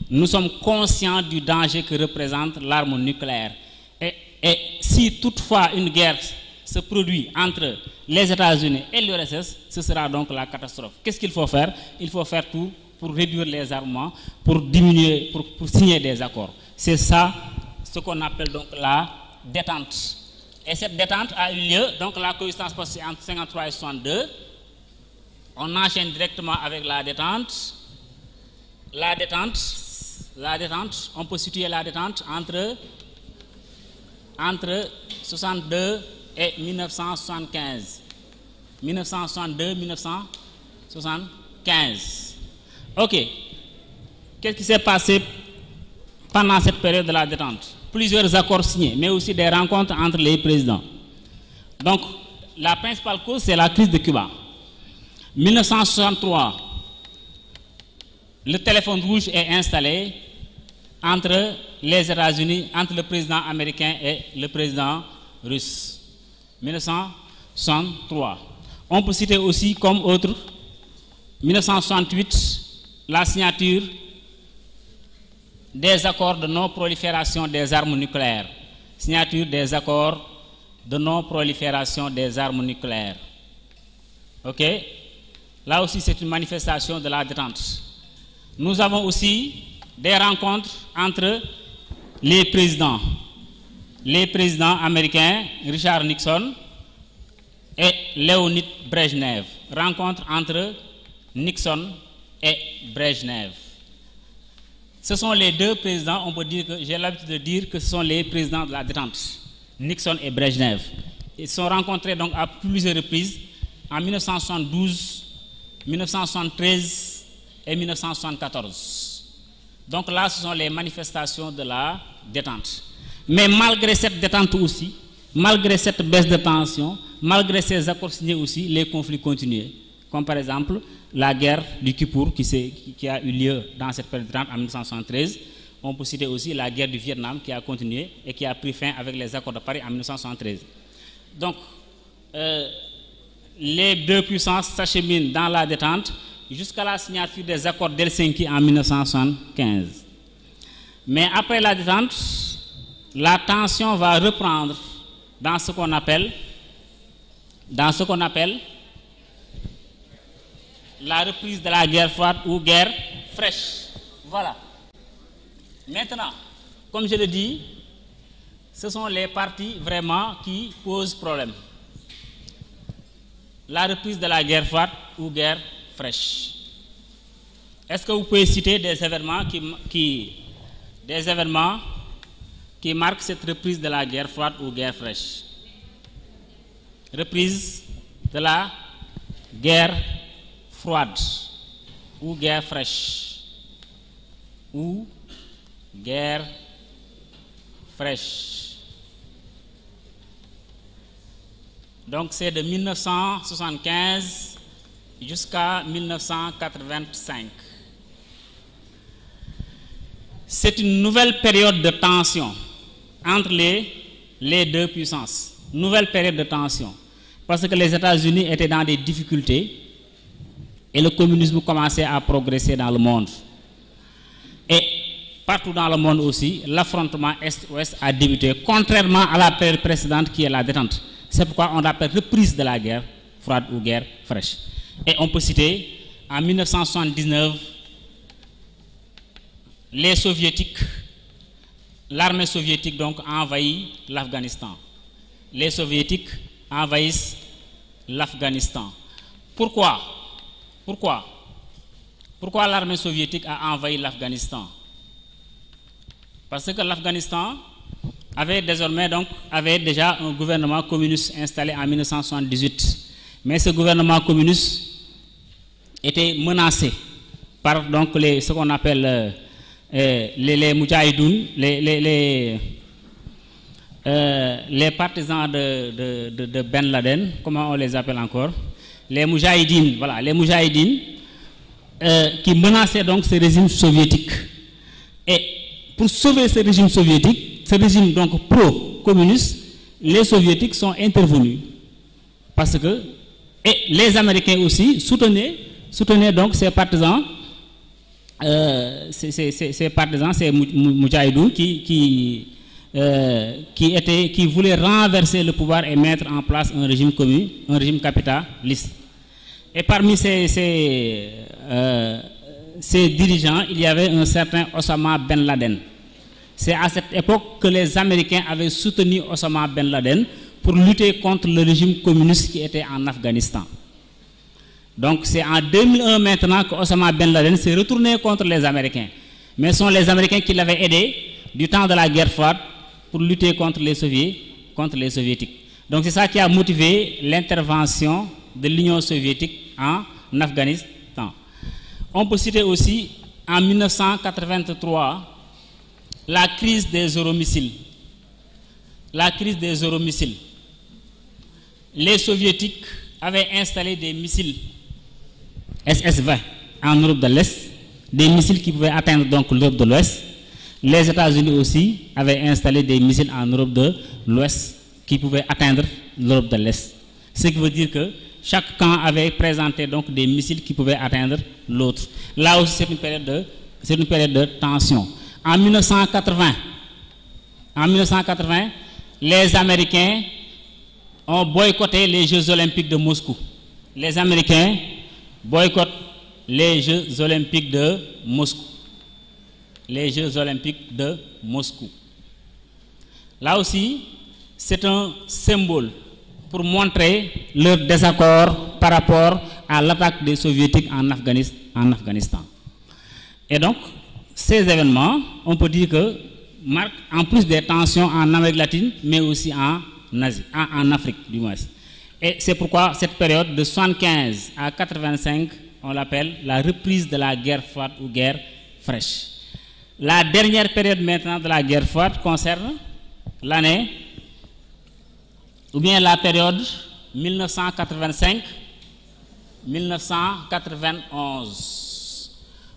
nous sommes conscients du danger que représente l'arme nucléaire. Et si toutefois une guerre se produit entre les États-Unis et l'URSS, ce sera donc la catastrophe. Qu'est-ce qu'il faut faire Il faut faire tout pour réduire les armements, pour diminuer, pour, signer des accords. C'est ça ce qu'on appelle donc la détente. Et cette détente a eu lieu, donc la coexistence passée entre 53 et 62. On enchaîne directement avec la détente. La détente, la détente, on peut situer la détente entre entre 62 et 1975. 1962-1975. OK. Qu'est-ce qui s'est passé pendant cette période de la détente Plusieurs accords signés, mais aussi des rencontres entre les présidents. Donc, la principale cause, c'est la crise de Cuba. 1963, le téléphone rouge est installé entre les États-Unis entre le président américain et le président russe. 1963. On peut citer aussi comme autre 1968 la signature des accords de non-prolifération des armes nucléaires. Signature des accords de non-prolifération des armes nucléaires. OK Là aussi, c'est une manifestation de la détente. Nous avons aussi des rencontres entre les présidents, les présidents américains Richard Nixon et Leonid Brejnev. Rencontre entre Nixon et Brejnev. Ce sont les deux présidents, on peut dire que j'ai l'habitude de dire que ce sont les présidents de la détente, Nixon et Brejnev. Ils se sont rencontrés donc à plusieurs reprises en 1972, 1973 et 1974. Donc là, ce sont les manifestations de la détente. Mais malgré cette détente aussi, malgré cette baisse de tension, malgré ces accords signés aussi, les conflits continuaient. Comme par exemple la guerre du Kippour qui, a eu lieu dans cette période en 1973. On peut citer aussi la guerre du Vietnam qui a continué et qui a pris fin avec les accords de Paris en 1973. Donc, euh, les deux puissances s'acheminent dans la détente jusqu'à la signature des accords d'Helsinki en 1975. Mais après la détente, la tension va reprendre dans ce qu'on appelle, dans ce qu'on appelle la reprise de la guerre froide ou guerre fraîche. Voilà. Maintenant, comme je le dis, ce sont les parties vraiment qui posent problème. La reprise de la guerre froide ou guerre fraîche. Est-ce que vous pouvez citer des événements qui des événements qui marquent cette reprise de la guerre froide ou guerre fraîche. Reprise de la guerre froide ou guerre fraîche ou guerre fraîche. Donc c'est de 1975 jusqu'à 1985 c'est une nouvelle période de tension entre les, deux puissances. Nouvelle période de tension. Parce que les États-Unis étaient dans des difficultés et le communisme commençait à progresser dans le monde. Et partout dans le monde aussi, l'affrontement Est-Ouest a débuté, contrairement à la période précédente qui est la détente. C'est pourquoi on l'appelle reprise de la guerre froide ou guerre fraîche. Et on peut citer en 1979 les soviétiques, l'armée soviétique donc envahi l'Afghanistan. Les soviétiques envahissent l'Afghanistan. Pourquoi Pourquoi Pourquoi l'armée soviétique a envahi l'Afghanistan Parce que l'Afghanistan avait désormais donc avait déjà un gouvernement communiste installé en 1978. Mais ce gouvernement communiste était menacé par donc les, ce qu'on appelle euh, eh, les, les les, euh, partisans de, Ben Laden, comment on les appelle encore Les Moudjahidines, voilà, les Moudjahidines, euh, qui menaçaient donc ce régime soviétique. Et pour sauver ce régime soviétique, ce régime donc pro-communiste, les soviétiques sont intervenus. Parce que, et les Américains aussi soutenaient, soutenaient donc ces partisans euh, c'est ces partisans, ces Moudjahidou qui, qui, euh, voulaient renverser le pouvoir et mettre en place un régime commun, un régime capitaliste. Et parmi ces, euh, dirigeants, il y avait un certain Osama Bin Laden. C'est à cette époque que les Américains avaient soutenu Osama Bin Laden pour lutter contre le régime communiste qui était en Afghanistan. Donc c'est en 2001 maintenant que Osama Ben Laden s'est retourné contre les Américains. Mais ce sont les Américains qui l'avaient aidé du temps de la guerre froide pour lutter contre les contre les Soviétiques. Donc c'est ça qui a motivé l'intervention de l'Union soviétique en Afghanistan. On peut citer aussi en 1983 la crise des euromissiles. La crise des euromissiles. Les soviétiques avaient installé des missiles SS-20 en Europe de l'Est, des missiles qui pouvaient atteindre donc l'Europe de l'Ouest. Les États-Unis aussi avaient installé des missiles en Europe de l'Ouest qui pouvaient atteindre l'Europe de l'Est. Ce qui veut dire que chaque camp avait présenté donc des missiles qui pouvaient atteindre l'autre. Là aussi, c'est une période de, c'est une période de tension. En 1980, en 1980, les Américains ont boycotté les Jeux Olympiques de Moscou. Les Américains boycott les Jeux olympiques de Moscou. Les Jeux olympiques de Moscou. Là aussi, c'est un symbole pour montrer leur désaccord par rapport à l'attaque des soviétiques en, Afghanistan. Et donc, ces événements, on peut dire que marquent en plus des tensions en Amérique latine, mais aussi en Asie, en Afrique du moins. Et c'est pourquoi cette période de 75 à 85, on l'appelle la reprise de la guerre froide ou guerre fraîche. La dernière période maintenant de la guerre froide concerne l'année ou bien la période 1985-1991.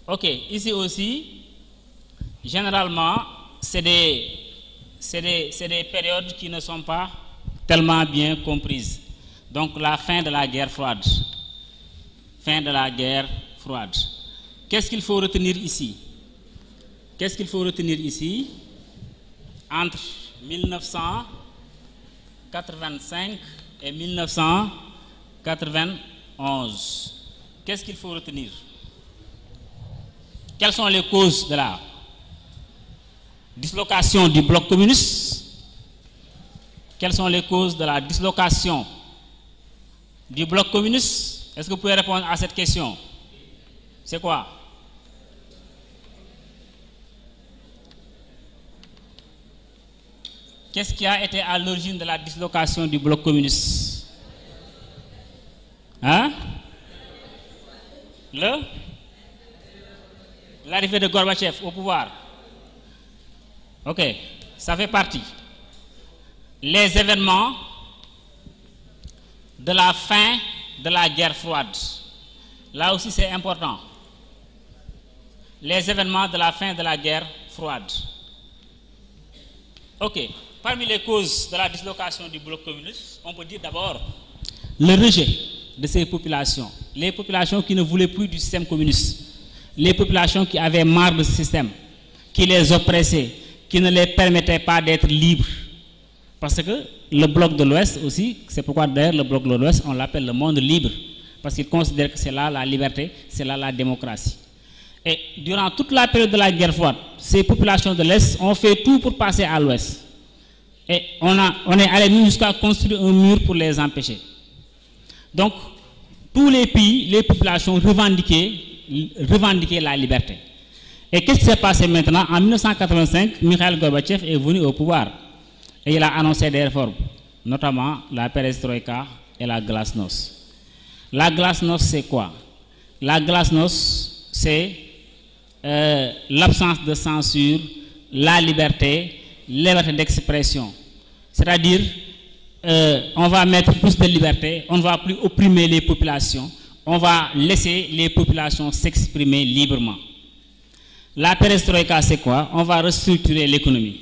Ok, ici aussi, généralement, c'est des périodes qui ne sont pas tellement bien comprises. Donc la fin de la guerre froide. Fin de la guerre froide. Qu'est-ce qu'il faut retenir ici Qu'est-ce qu'il faut retenir ici Entre 1985 et 1991, qu'est-ce qu'il faut retenir Quelles sont les causes de la dislocation du bloc communiste Quelles sont les causes de la dislocation du bloc communiste Est-ce que vous pouvez répondre à cette question C'est quoi Qu'est-ce qui a été à l'origine de la dislocation du bloc communiste Hein Le L'arrivée de Gorbatchev au pouvoir. Ok, ça fait partie. Les événements de la fin de la guerre froide. Là aussi, c'est important. Les événements de la fin de la guerre froide. OK. Parmi les causes de la dislocation du bloc communiste, on peut dire d'abord le rejet de ces populations. Les populations qui ne voulaient plus du système communiste. Les populations qui avaient marre de ce système, qui les oppressait, qui ne les permettait pas d'être libres parce que le bloc de l'Ouest aussi, c'est pourquoi d'ailleurs le bloc de l'Ouest, on l'appelle le monde libre, parce qu'il considère que c'est là la liberté, c'est là la démocratie. Et durant toute la période de la guerre froide, ces populations de l'Est ont fait tout pour passer à l'Ouest. Et on, a, est allé jusqu'à construire un mur pour les empêcher. Donc, tous les pays, les populations revendiquaient, revendiquaient la liberté. Et qu'est-ce qui s'est passé maintenant En 1985, Mikhail Gorbachev est venu au pouvoir et il a annoncé des réformes, notamment la perestroïka et la glasnost. La glasnost, c'est quoi La glasnost, c'est euh, l'absence de censure, la liberté, liberté d'expression. C'est-à-dire, euh, on va mettre plus de liberté, on ne va plus opprimer les populations, on va laisser les populations s'exprimer librement. La perestroïka, c'est quoi On va restructurer l'économie.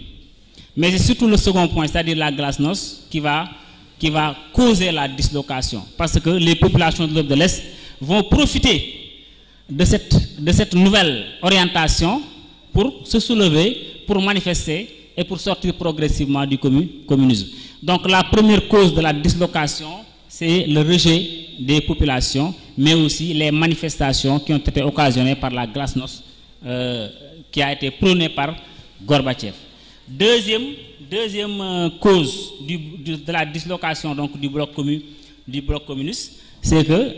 Mais c'est surtout le second point, c'est-à-dire la glasnost, qui va, qui va causer la dislocation. Parce que les populations de l'Europe de l'Est vont profiter de cette, de cette nouvelle orientation pour se soulever, pour manifester et pour sortir progressivement du communisme. Donc la première cause de la dislocation, c'est le rejet des populations, mais aussi les manifestations qui ont été occasionnées par la glasnost euh, qui a été prônée par Gorbatchev. Deuxième, euh, cause de, la dislocation donc, du, bloc commun, du bloc communiste, c'est que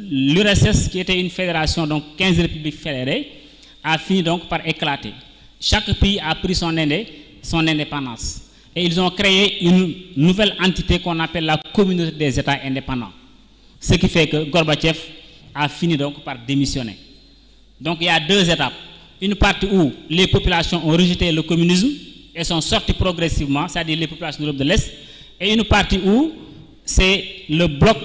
l'URSS, qui était une fédération, donc 15 républiques fédérées, a fini donc par éclater. Chaque pays a pris son, son indépendance. Et ils ont créé une nouvelle entité qu'on appelle la communauté des États indépendants. Ce qui fait que Gorbatchev a fini donc par démissionner. Donc il y a deux étapes. Une partie où les populations ont rejeté le communisme et sont sortis progressivement, c'est-à-dire les populations de l'Est, et une partie où c'est le bloc,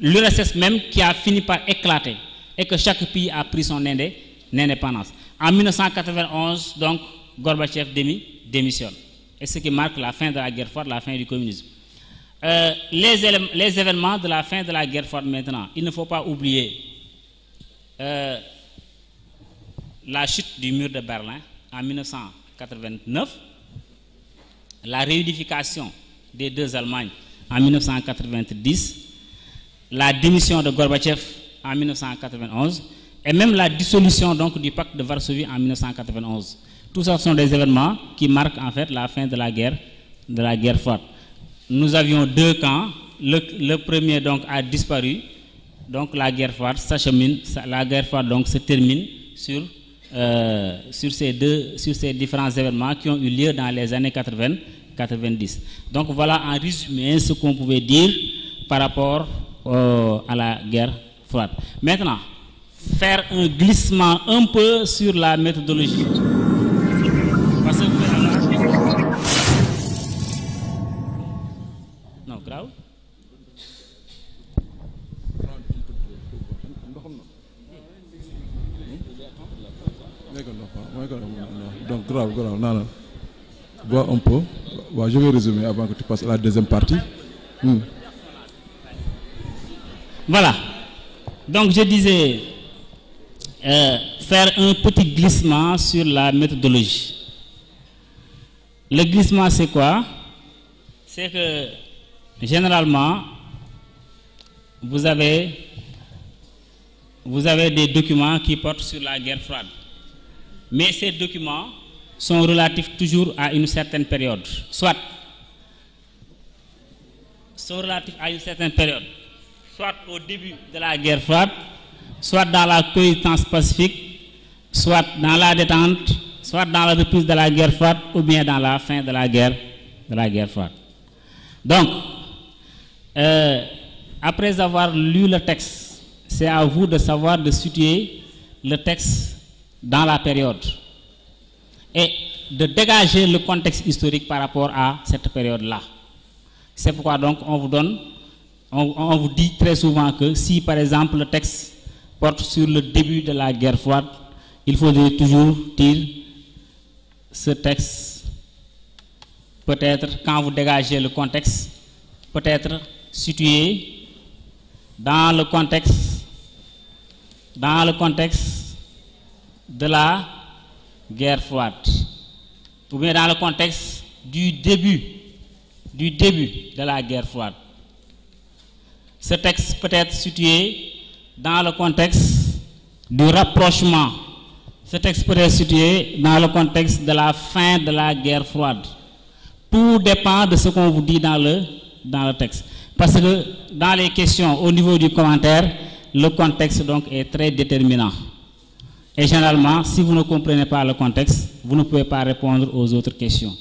l'URSS même, qui a fini par éclater et que chaque pays a pris son indépendance. En 1991, donc, Gorbatchev démissionne. Et ce qui marque la fin de la guerre froide, la fin du communisme. Euh, les, événements de la fin de la guerre forte maintenant, il ne faut pas oublier euh, la chute du mur de Berlin en 1989, la réunification des deux Allemagnes en 1990, la démission de Gorbatchev en 1991 et même la dissolution donc du pacte de Varsovie en 1991. Tout ça sont des événements qui marquent en fait la fin de la guerre, de la guerre froide. Nous avions deux camps, le, premier donc a disparu, donc la guerre froide s'achemine, la guerre donc se termine sur euh, sur, ces deux, sur ces différents événements qui ont eu lieu dans les années 80, 90. Donc voilà en résumé ce qu'on pouvait dire par rapport à la guerre froide. Maintenant, faire un glissement un peu sur la méthodologie. Donc, grave, grave. Non, non. un peu. je vais résumer avant que tu passes à la deuxième partie. Hmm. Voilà. Donc, je disais euh, faire un petit glissement sur la méthodologie. Le glissement, c'est quoi C'est que généralement, vous avez, vous avez des documents qui portent sur la guerre froide mais ces documents sont relatifs toujours à une certaine période, soit sont relatifs à une certaine période, soit au début de la guerre froide, soit dans la coexistence pacifique, soit dans la détente, soit dans la reprise de la guerre froide ou bien dans la fin de la guerre, de la guerre froide. Donc, euh, après avoir lu le texte, c'est à vous de savoir de situer le texte dans la période et de dégager le contexte historique par rapport à cette période-là. C'est pourquoi donc on vous donne, on, on, vous dit très souvent que si par exemple le texte porte sur le début de la guerre froide, il faudrait toujours dire ce texte, peut-être quand vous dégagez le contexte, peut-être situé dans le contexte, dans le contexte de la guerre froide, Vous bien dans le contexte du début, du début de la guerre froide. Ce texte peut être situé dans le contexte du rapprochement. Ce texte peut être situé dans le contexte de la fin de la guerre froide. Tout dépend de ce qu'on vous dit dans le, dans le texte. Parce que dans les questions, au niveau du commentaire, le contexte donc est très déterminant. Et généralement, si vous ne comprenez pas le contexte, vous ne pouvez pas répondre aux autres questions.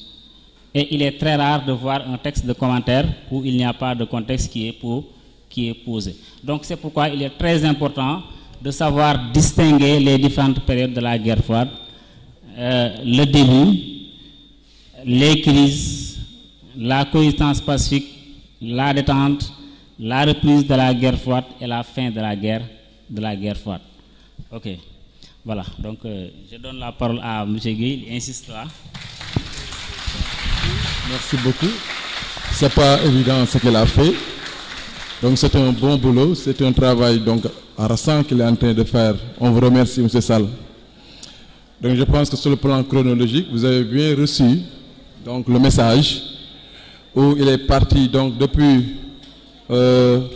Et il est très rare de voir un texte de commentaire où il n'y a pas de contexte qui est, pour, qui est posé. Donc c'est pourquoi il est très important de savoir distinguer les différentes périodes de la guerre froide, euh, le début, les crises, la coexistence pacifique, la détente, la reprise de la guerre froide et la fin de la guerre, de la guerre froide. OK. Voilà, donc euh, je donne la parole à M. Guy, il insiste là. Merci beaucoup. Ce n'est pas évident ce qu'il a fait. Donc c'est un bon boulot, c'est un travail donc harassant qu'il est en train de faire. On vous remercie, M. Sall. Donc je pense que sur le plan chronologique, vous avez bien reçu donc, le message où il est parti donc depuis euh,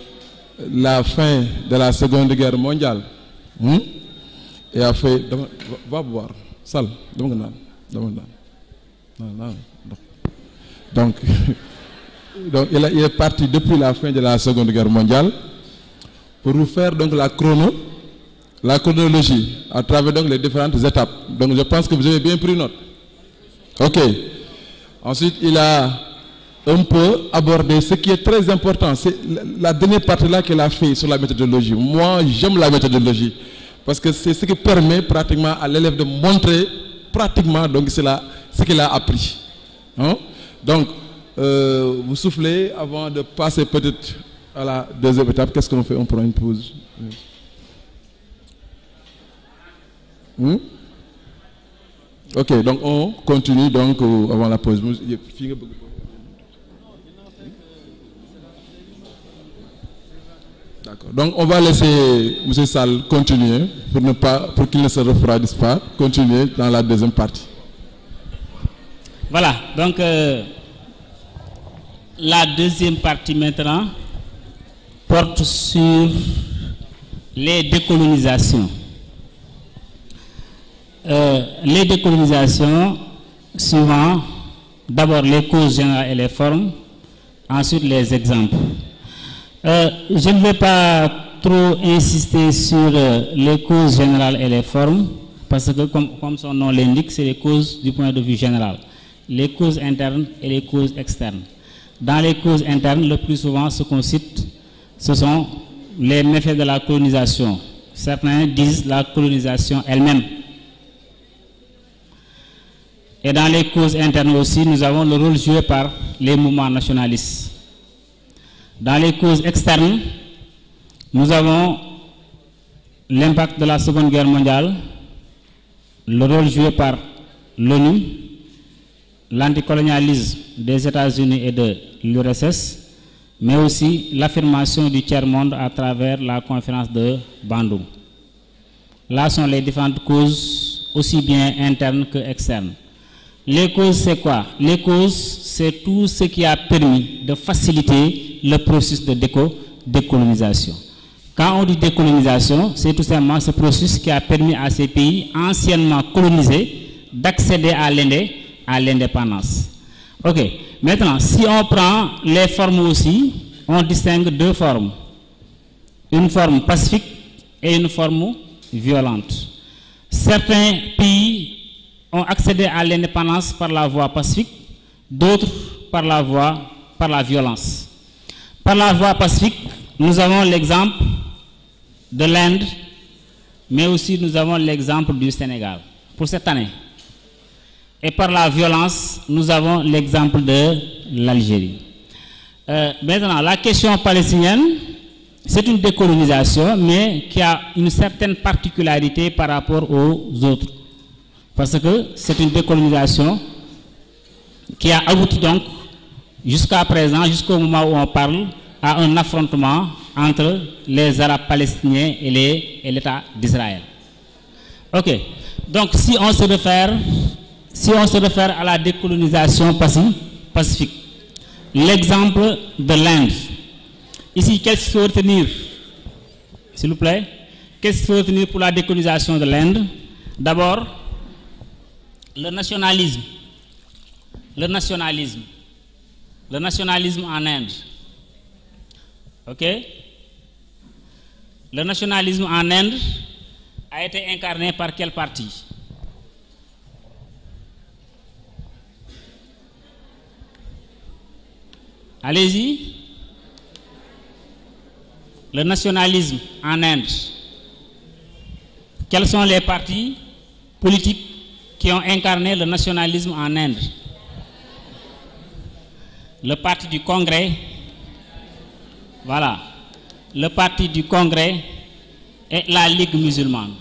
la fin de la Seconde Guerre mondiale. Hmm? Il a fait va boire sal donc donc il, est parti depuis la fin de la Seconde Guerre mondiale pour vous faire donc la chrono la chronologie à travers donc les différentes étapes donc je pense que vous avez bien pris note ok ensuite il a un peu abordé ce qui est très important c'est la dernière partie là qu'il a fait sur la méthodologie moi j'aime la méthodologie parce que c'est ce qui permet pratiquement à l'élève de montrer pratiquement donc ce qu'il a appris. Hein. Donc, euh, vous soufflez avant de passer peut-être à la deuxième étape. Qu'est-ce qu'on fait On prend une pause. Hmm? Ok, donc on continue donc euh, avant la pause. Donc on va laisser M. Sall continuer pour ne pas pour qu'il ne se refroidisse pas, continuer dans la deuxième partie. Voilà, donc euh, la deuxième partie maintenant porte sur les décolonisations. Euh, les décolonisations, suivant d'abord les causes générales et les formes, ensuite les exemples. Euh, je ne vais pas trop insister sur euh, les causes générales et les formes, parce que comme, comme son nom l'indique, c'est les causes du point de vue général. Les causes internes et les causes externes. Dans les causes internes, le plus souvent, ce qu'on cite, ce sont les méfaits de la colonisation. Certains disent la colonisation elle-même. Et dans les causes internes aussi, nous avons le rôle joué par les mouvements nationalistes dans les causes externes, nous avons l'impact de la Seconde Guerre mondiale, le rôle joué par l'ONU, l'anticolonialisme des États-Unis et de l'URSS, mais aussi l'affirmation du tiers-monde à travers la conférence de Bandung. Là sont les différentes causes, aussi bien internes que externes. Les causes, c'est quoi Les causes, c'est tout ce qui a permis de faciliter le processus de décolonisation. Quand on dit décolonisation, c'est tout simplement ce processus qui a permis à ces pays anciennement colonisés d'accéder à l'indépendance. Ok, maintenant, si on prend les formes aussi, on distingue deux formes. Une forme pacifique et une forme violente. Certains pays ont accédé à l'indépendance par la voie pacifique, d'autres par la voie, par la violence. Par la voie pacifique, nous avons l'exemple de l'Inde, mais aussi nous avons l'exemple du Sénégal pour cette année. Et par la violence, nous avons l'exemple de l'Algérie. Euh, maintenant, la question palestinienne, c'est une décolonisation, mais qui a une certaine particularité par rapport aux autres. Parce que c'est une décolonisation qui a abouti donc jusqu'à présent, jusqu'au moment où on parle, à un affrontement entre les Arabes palestiniens et l'État d'Israël. Ok, donc si on se réfère, si on se réfère à la décolonisation pacifique, l'exemple de l'Inde. Ici, qu'est-ce qu'il faut retenir S'il vous plaît, qu'est-ce qu'il faut retenir pour la décolonisation de l'Inde D'abord, le nationalisme. Le nationalisme le nationalisme en Inde. OK Le nationalisme en Inde a été incarné par quel parti Allez-y. Le nationalisme en Inde. Quels sont les partis politiques qui ont incarné le nationalisme en Inde le parti du Congrès, voilà, le parti du Congrès et la Ligue musulmane.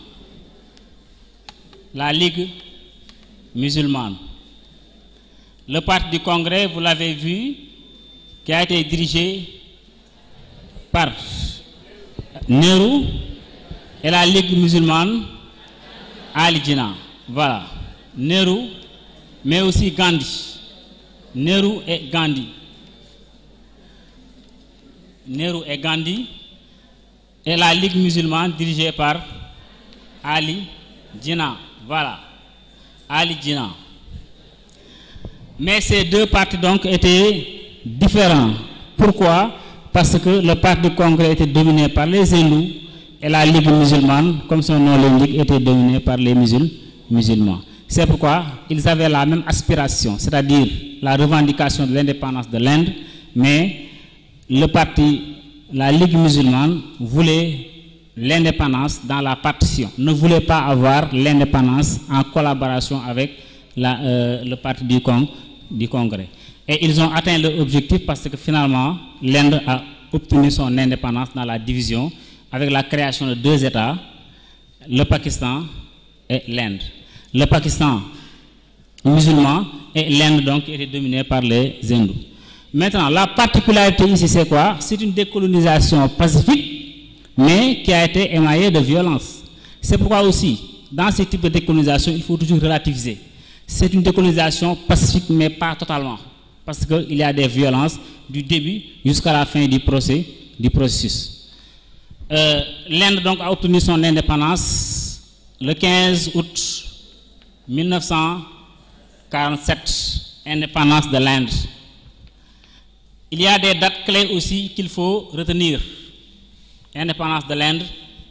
La Ligue musulmane. Le parti du Congrès, vous l'avez vu, qui a été dirigé par Nehru et la Ligue musulmane Ali Jinnah. Voilà, Nehru, mais aussi Gandhi. Nehru et Gandhi. Nehru et Gandhi et la Ligue musulmane dirigée par Ali Jinnah. Voilà, Ali Jinnah. Mais ces deux partis donc étaient différents. Pourquoi Parce que le parti du Congrès était dominé par les élus et la Ligue musulmane, comme son nom l'indique, était dominée par les musulmans. C'est pourquoi ils avaient la même aspiration, c'est-à-dire la revendication de l'indépendance de l'Inde, mais le parti, la Ligue musulmane, voulait l'indépendance dans la partition, ne voulait pas avoir l'indépendance en collaboration avec euh, le parti du, du Congrès. Et ils ont atteint leur objectif parce que finalement, l'Inde a obtenu son indépendance dans la division avec la création de deux États, le Pakistan et l'Inde. Le Pakistan musulmans et l'Inde donc était dominée par les hindous. Maintenant, la particularité ici, c'est quoi C'est une décolonisation pacifique, mais qui a été émaillée de violence. C'est pourquoi aussi, dans ce type de décolonisation, il faut toujours relativiser. C'est une décolonisation pacifique, mais pas totalement, parce qu'il y a des violences du début jusqu'à la fin du, procès, du processus. Euh, L'Inde donc a obtenu son indépendance le 15 août 1900. 47, indépendance de l'Inde. Il y a des dates clés aussi qu'il faut retenir. Indépendance de l'Inde,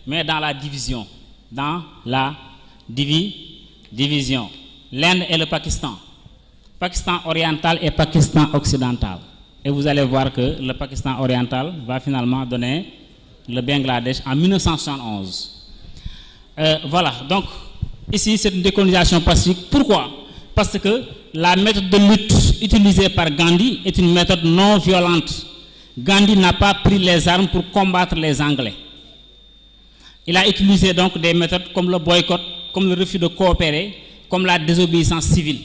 mais dans la division. Dans la division. L'Inde et le Pakistan. Pakistan oriental et Pakistan occidental. Et vous allez voir que le Pakistan oriental va finalement donner le Bangladesh en 1971. Euh, voilà, donc ici c'est une décolonisation pacifique. Pourquoi parce que la méthode de lutte utilisée par Gandhi est une méthode non violente. Gandhi n'a pas pris les armes pour combattre les Anglais. Il a utilisé donc des méthodes comme le boycott, comme le refus de coopérer, comme la désobéissance civile.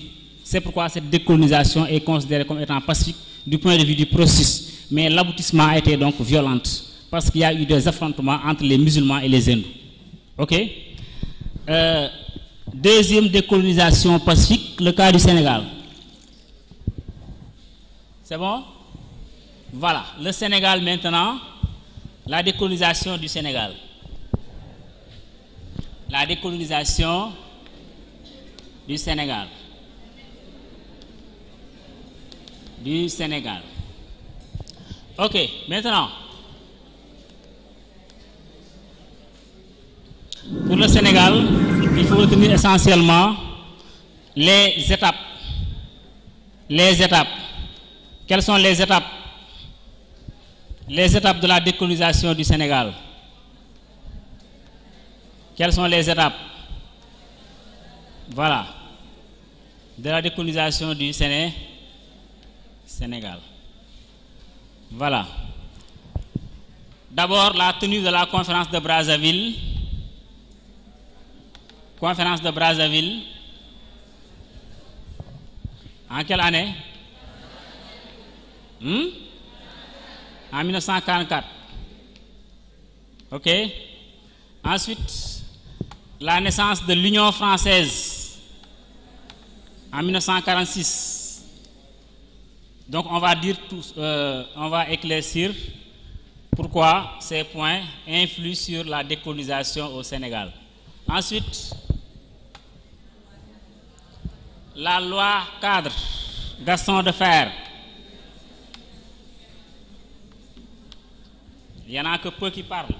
C'est pourquoi cette décolonisation est considérée comme étant pacifique du point de vue du processus. Mais l'aboutissement a été donc violent, parce qu'il y a eu des affrontements entre les musulmans et les hindous. Ok euh, Deuxième décolonisation pacifique, le cas du Sénégal. C'est bon Voilà, le Sénégal maintenant, la décolonisation du Sénégal. La décolonisation du Sénégal. Du Sénégal. Ok, maintenant, pour le Sénégal, il faut retenir essentiellement les étapes. Les étapes. Quelles sont les étapes Les étapes de la décolonisation du Sénégal. Quelles sont les étapes Voilà. De la décolonisation du Sénégal. Voilà. D'abord, la tenue de la conférence de Brazzaville conférence de Brazzaville en quelle année hmm? en 1944 ok ensuite la naissance de l'Union française en 1946 donc on va dire tout, euh, on va éclaircir pourquoi ces points influent sur la décolonisation au Sénégal ensuite la loi cadre Gaston fer il y en a que peu qui parlent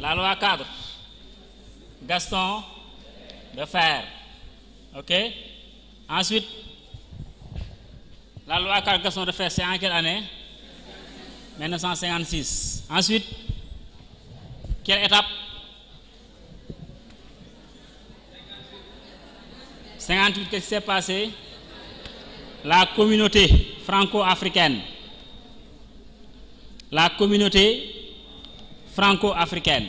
la loi cadre Gaston de fer ok ensuite la loi cadre Gaston de fer c'est en quelle année 1956 ensuite quelle étape 58, qu'est-ce qui s'est passé La communauté franco-africaine. La communauté franco-africaine.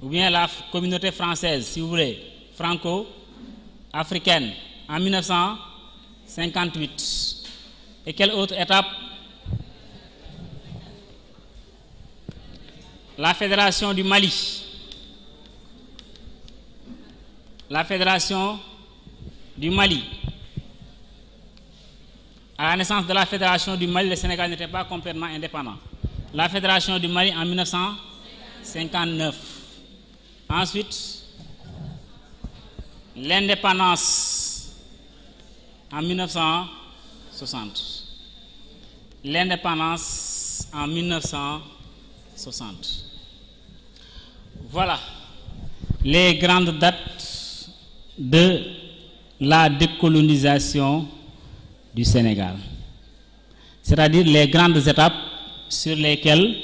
Ou bien la communauté française, si vous voulez, franco-africaine, en 1958. Et quelle autre étape La Fédération du Mali, la Fédération du Mali. À la naissance de la Fédération du Mali, le Sénégal n'était pas complètement indépendant. La Fédération du Mali en 1959. Ensuite, l'indépendance en 1960. L'indépendance en 1960. Voilà les grandes dates de la décolonisation du Sénégal, c'est-à-dire les grandes étapes sur lesquelles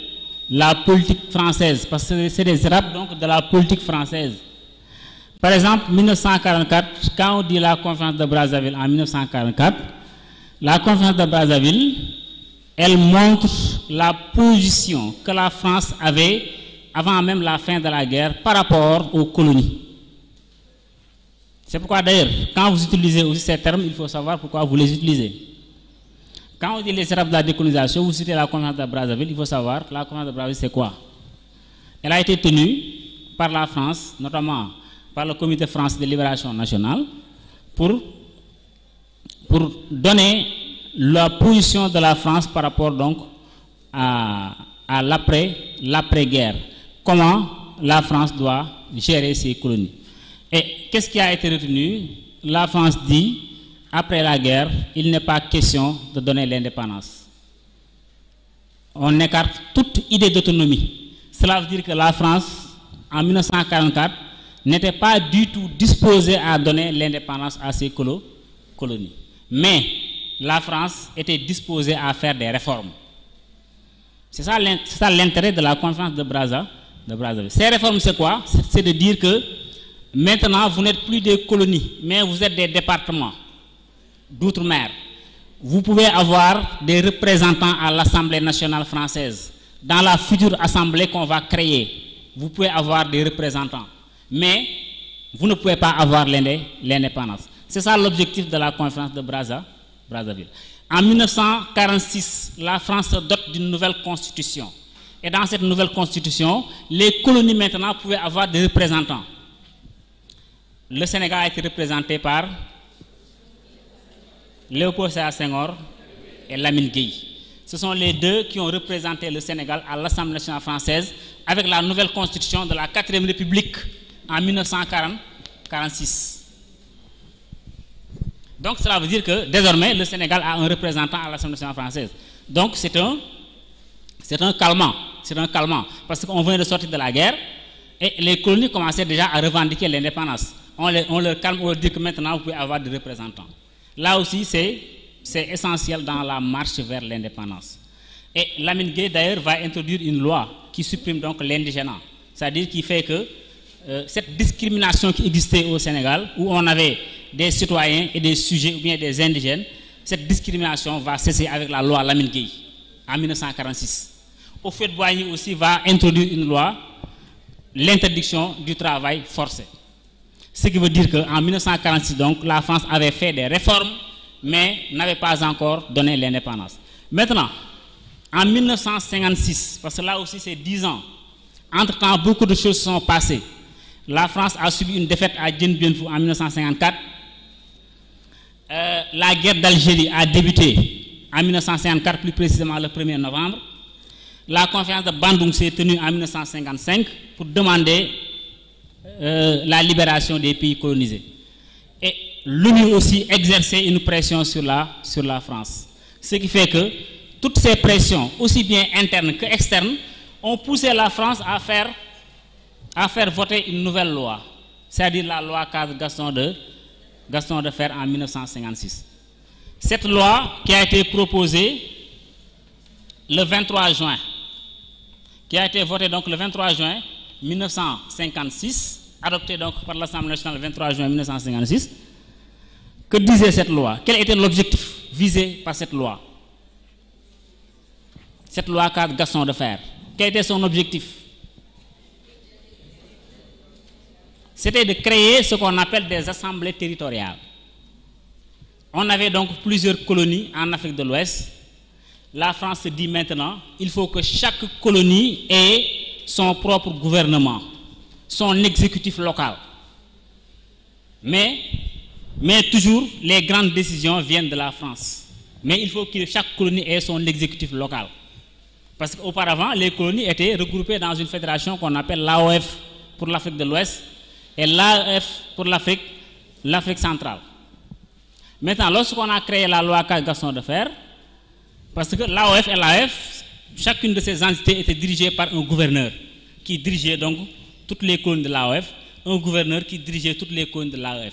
la politique française, parce que c'est des étapes donc de la politique française. Par exemple, 1944, quand on dit la conférence de Brazzaville en 1944, la conférence de Brazzaville, elle montre la position que la France avait avant même la fin de la guerre par rapport aux colonies. C'est pourquoi d'ailleurs, quand vous utilisez aussi ces termes, il faut savoir pourquoi vous les utilisez. Quand on dit les Arabes de la décolonisation, vous citez la Convention de Brazzaville, il faut savoir la Convention de Brazzaville, c'est quoi Elle a été tenue par la France, notamment par le Comité France de libération nationale, pour, pour donner la position de la France par rapport donc à, à l'après-guerre. Comment la France doit gérer ses colonies. Et qu'est-ce qui a été retenu La France dit, après la guerre, il n'est pas question de donner l'indépendance. On écarte toute idée d'autonomie. Cela veut dire que la France, en 1944, n'était pas du tout disposée à donner l'indépendance à ses colonies. Mais la France était disposée à faire des réformes. C'est ça l'intérêt de la conférence de Brazzaville. Ces réformes, c'est quoi C'est de dire que Maintenant, vous n'êtes plus des colonies, mais vous êtes des départements d'outre-mer. Vous pouvez avoir des représentants à l'Assemblée nationale française. Dans la future assemblée qu'on va créer, vous pouvez avoir des représentants. Mais vous ne pouvez pas avoir l'indépendance. C'est ça l'objectif de la conférence de Brazzaville. En 1946, la France se dote d'une nouvelle constitution. Et dans cette nouvelle constitution, les colonies maintenant pouvaient avoir des représentants le Sénégal a été représenté par Léopold Sédar Senghor et Lamine Gueye. Ce sont les deux qui ont représenté le Sénégal à l'Assemblée nationale française avec la nouvelle constitution de la 4e République en 1946. Donc cela veut dire que désormais le Sénégal a un représentant à l'Assemblée nationale française. Donc c'est un, c'est un calmant, c'est un calmant, parce qu'on venait de sortir de la guerre et les colonies commençaient déjà à revendiquer l'indépendance on, le leur calme, on leur dit que maintenant vous pouvez avoir des représentants. Là aussi, c'est essentiel dans la marche vers l'indépendance. Et Lamine d'ailleurs, va introduire une loi qui supprime donc l'indigénat, c'est-à-dire qui fait que euh, cette discrimination qui existait au Sénégal, où on avait des citoyens et des sujets ou bien des indigènes, cette discrimination va cesser avec la loi Lamine en 1946. Au fait, Boigny aussi va introduire une loi, l'interdiction du travail forcé. Ce qui veut dire qu'en 1946, donc, la France avait fait des réformes, mais n'avait pas encore donné l'indépendance. Maintenant, en 1956, parce que là aussi c'est 10 ans, entre-temps beaucoup de choses sont passées. La France a subi une défaite à Dien Bien en 1954. Euh, la guerre d'Algérie a débuté en 1954, plus précisément le 1er novembre. La conférence de Bandung s'est tenue en 1955 pour demander euh, la libération des pays colonisés. Et l'Union aussi exerçait une pression sur la, sur la France. Ce qui fait que toutes ces pressions, aussi bien internes que externes, ont poussé la France à faire, voter une nouvelle loi, c'est-à-dire la loi cadre Gaston de, Gaston de Fer en 1956. Cette loi qui a été proposée le 23 juin, qui a été votée donc le 23 juin 1956, adoptée donc par l'Assemblée nationale le 23 juin 1956. Que disait cette loi Quel était l'objectif visé par cette loi Cette loi cadre Gaston de Fer. Quel était son objectif C'était de créer ce qu'on appelle des assemblées territoriales. On avait donc plusieurs colonies en Afrique de l'Ouest. La France dit maintenant, il faut que chaque colonie ait son propre gouvernement son exécutif local. Mais, mais toujours, les grandes décisions viennent de la France. Mais il faut que chaque colonie ait son exécutif local. Parce qu'auparavant, les colonies étaient regroupées dans une fédération qu'on appelle l'AOF pour l'Afrique de l'Ouest et l'AF pour l'Afrique, l'Afrique centrale. Maintenant, lorsqu'on a créé la loi 4 de Fer, parce que l'AOF et l'AF, chacune de ces entités était dirigée par un gouverneur qui dirigeait donc toutes les colonies de l'AEF, un gouverneur qui dirigeait toutes les colonies de l'AEF.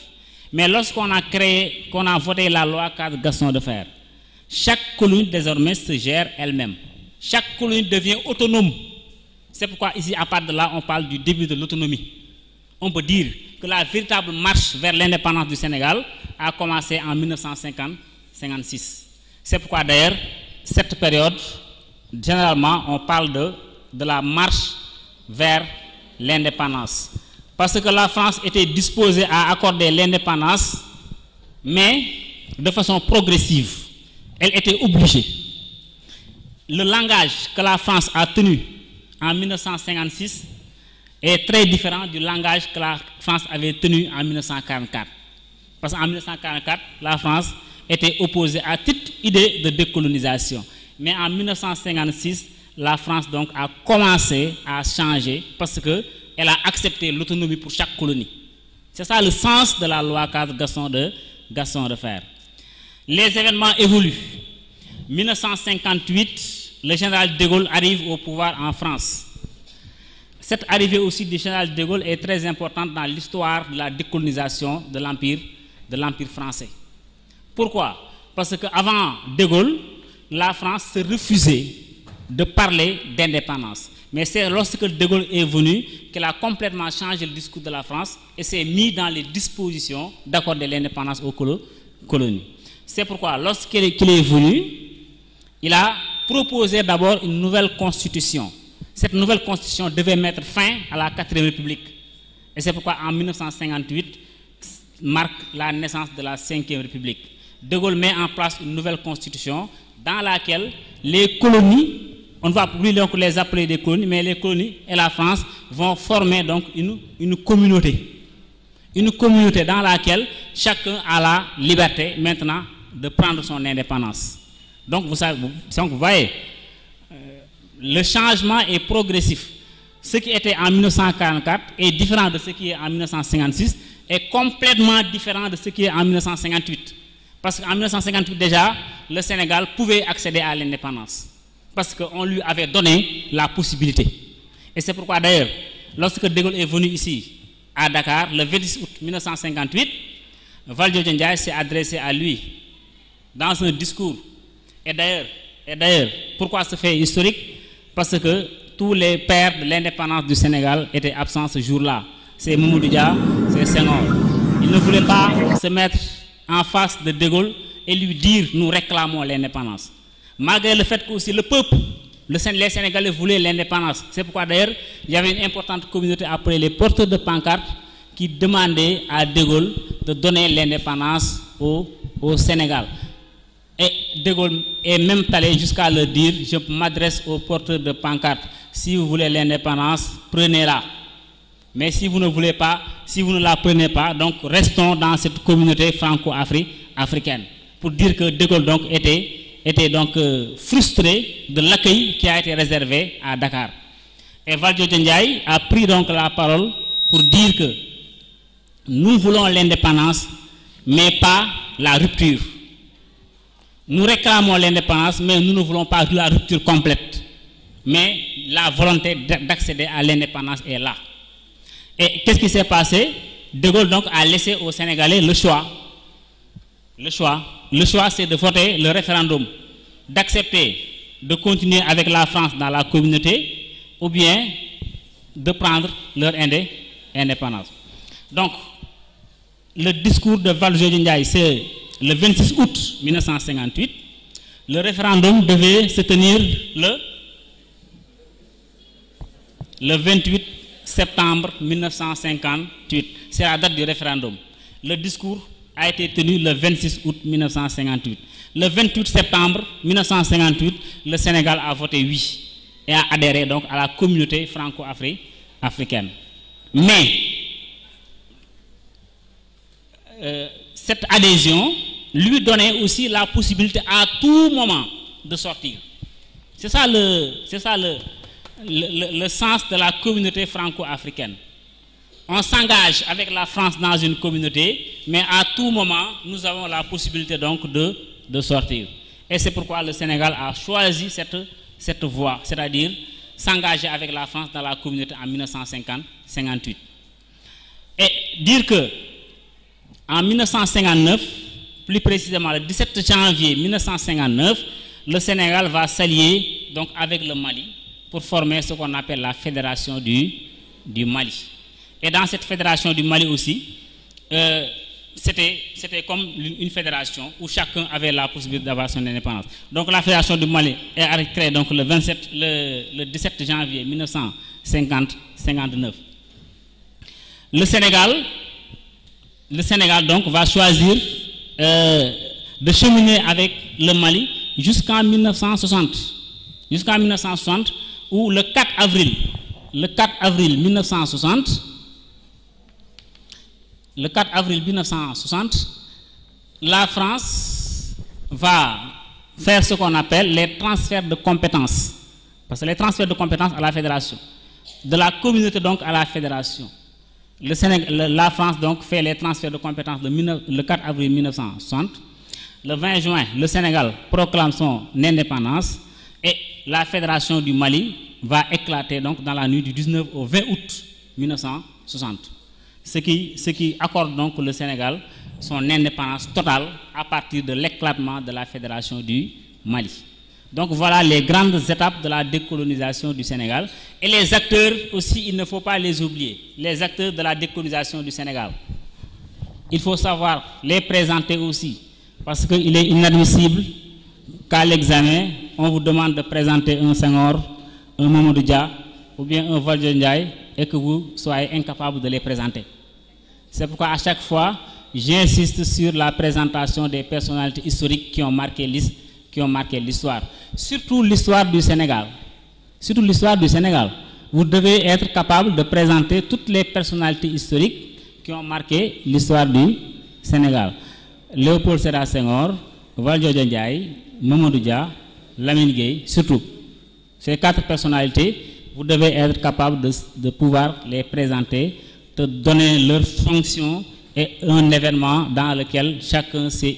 Mais lorsqu'on a créé, qu'on a voté la loi cadre Gaston de Fer, chaque colonie désormais se gère elle-même. Chaque colonie devient autonome. C'est pourquoi ici, à part de là, on parle du début de l'autonomie. On peut dire que la véritable marche vers l'indépendance du Sénégal a commencé en 1950-56. C'est pourquoi d'ailleurs, cette période, généralement, on parle de, de la marche vers l'indépendance. Parce que la France était disposée à accorder l'indépendance, mais de façon progressive. Elle était obligée. Le langage que la France a tenu en 1956 est très différent du langage que la France avait tenu en 1944. Parce qu'en 1944, la France était opposée à toute idée de décolonisation. Mais en 1956, la France donc a commencé à changer parce qu'elle a accepté l'autonomie pour chaque colonie. C'est ça le sens de la loi cadre Gasson de, Gasson de Fer. Les événements évoluent. 1958, le général de Gaulle arrive au pouvoir en France. Cette arrivée aussi du général de Gaulle est très importante dans l'histoire de la décolonisation de l'Empire, de l'Empire français. Pourquoi Parce qu'avant de Gaulle, la France se refusait de parler d'indépendance. Mais c'est lorsque De Gaulle est venu qu'il a complètement changé le discours de la France et s'est mis dans les dispositions d'accorder l'indépendance aux colonies. C'est pourquoi, lorsqu'il est venu, il a proposé d'abord une nouvelle constitution. Cette nouvelle constitution devait mettre fin à la 4 République. Et c'est pourquoi, en 1958, marque la naissance de la 5 République. De Gaulle met en place une nouvelle constitution dans laquelle les colonies on ne va plus donc les appeler des colonies, mais les colonies et la France vont former donc une, communauté. Une communauté dans laquelle chacun a la liberté maintenant de prendre son indépendance. Donc vous, savez, voyez, euh, le changement est progressif. Ce qui était en 1944 est différent de ce qui est en 1956 est complètement différent de ce qui est en 1958. Parce qu'en 1958 déjà, le Sénégal pouvait accéder à l'indépendance parce qu'on lui avait donné la possibilité. Et c'est pourquoi d'ailleurs, lorsque De Gaulle est venu ici, à Dakar, le 20 août 1958, Valdio Djendjaï s'est adressé à lui dans un discours. Et d'ailleurs, pourquoi ce fait historique Parce que tous les pères de l'indépendance du Sénégal étaient absents ce jour-là. C'est Mamoudou c'est Senghor. Il ne voulait pas se mettre en face de De Gaulle et lui dire nous réclamons l'indépendance. Malgré le fait que aussi le peuple, les Sénégalais voulaient l'indépendance. C'est pourquoi d'ailleurs, il y avait une importante communauté après les porteurs de pancartes qui demandait à De Gaulle de donner l'indépendance au, Sénégal. Et De Gaulle est même allé jusqu'à le dire, je m'adresse aux porteurs de pancartes, si vous voulez l'indépendance, prenez-la. Mais si vous ne voulez pas, si vous ne la prenez pas, donc restons dans cette communauté franco-africaine. pour dire que De Gaulle donc était était donc euh, frustré de l'accueil qui a été réservé à Dakar. Et Valdio a pris donc la parole pour dire que nous voulons l'indépendance, mais pas la rupture. Nous réclamons l'indépendance, mais nous ne voulons pas la rupture complète. Mais la volonté d'accéder à l'indépendance est là. Et qu'est-ce qui s'est passé De Gaulle donc a laissé aux Sénégalais le choix le choix. c'est de voter le référendum, d'accepter de continuer avec la France dans la communauté ou bien de prendre leur indépendance. Donc, le discours de Valjean Ndiaye, c'est le 26 août 1958. Le référendum devait se tenir le, le 28 septembre 1958. C'est la date du référendum. Le discours a été tenu le 26 août 1958. Le 28 septembre 1958, le Sénégal a voté oui et a adhéré donc à la communauté franco-africaine. Mais euh, cette adhésion lui donnait aussi la possibilité à tout moment de sortir. C'est ça, le sens de la communauté franco-africaine on s'engage avec la France dans une communauté, mais à tout moment, nous avons la possibilité donc de, sortir. Et c'est pourquoi le Sénégal a choisi cette, voie, c'est-à-dire s'engager avec la France dans la communauté en 1958. Et dire que en 1959, plus précisément le 17 janvier 1959, le Sénégal va s'allier donc avec le Mali pour former ce qu'on appelle la Fédération du Mali. Et dans cette fédération du Mali aussi, euh, c'était comme une fédération où chacun avait la possibilité d'avoir son indépendance. Donc la fédération du Mali est créée donc, le, 17 janvier 1959. Le Sénégal, le Sénégal donc va choisir euh, de cheminer avec le Mali jusqu'en 1960. Jusqu'en 1960, où le 4 avril, le 4 avril 1960, le 4 avril 1960, la France va faire ce qu'on appelle les transferts de compétences. Parce que les transferts de compétences à la fédération. De la communauté donc à la fédération. la France donc fait les transferts de compétences le 4 avril 1960. Le 20 juin, le Sénégal proclame son indépendance et la fédération du Mali va éclater donc dans la nuit du 19 au 20 août 1960 ce qui, accorde donc le Sénégal son indépendance totale à partir de l'éclatement de la Fédération du Mali. Donc voilà les grandes étapes de la décolonisation du Sénégal. Et les acteurs aussi, il ne faut pas les oublier, les acteurs de la décolonisation du Sénégal. Il faut savoir les présenter aussi, parce qu'il est inadmissible qu'à l'examen, on vous demande de présenter un Senghor, un Mamadou ou bien un Valjean et que vous soyez incapable de les présenter. C'est pourquoi à chaque fois, j'insiste sur la présentation des personnalités historiques qui ont marqué l'histoire. Surtout l'histoire du Sénégal. Surtout l'histoire du Sénégal. Vous devez être capable de présenter toutes les personnalités historiques qui ont marqué l'histoire du Sénégal. Léopold Sédar Senghor, Valjo Ndiaye, Mamadou Dia, Lamine Gueye, surtout. Ces quatre personnalités, vous devez être capable de, de pouvoir les présenter de donner leur fonction et un événement dans lequel chacun s'est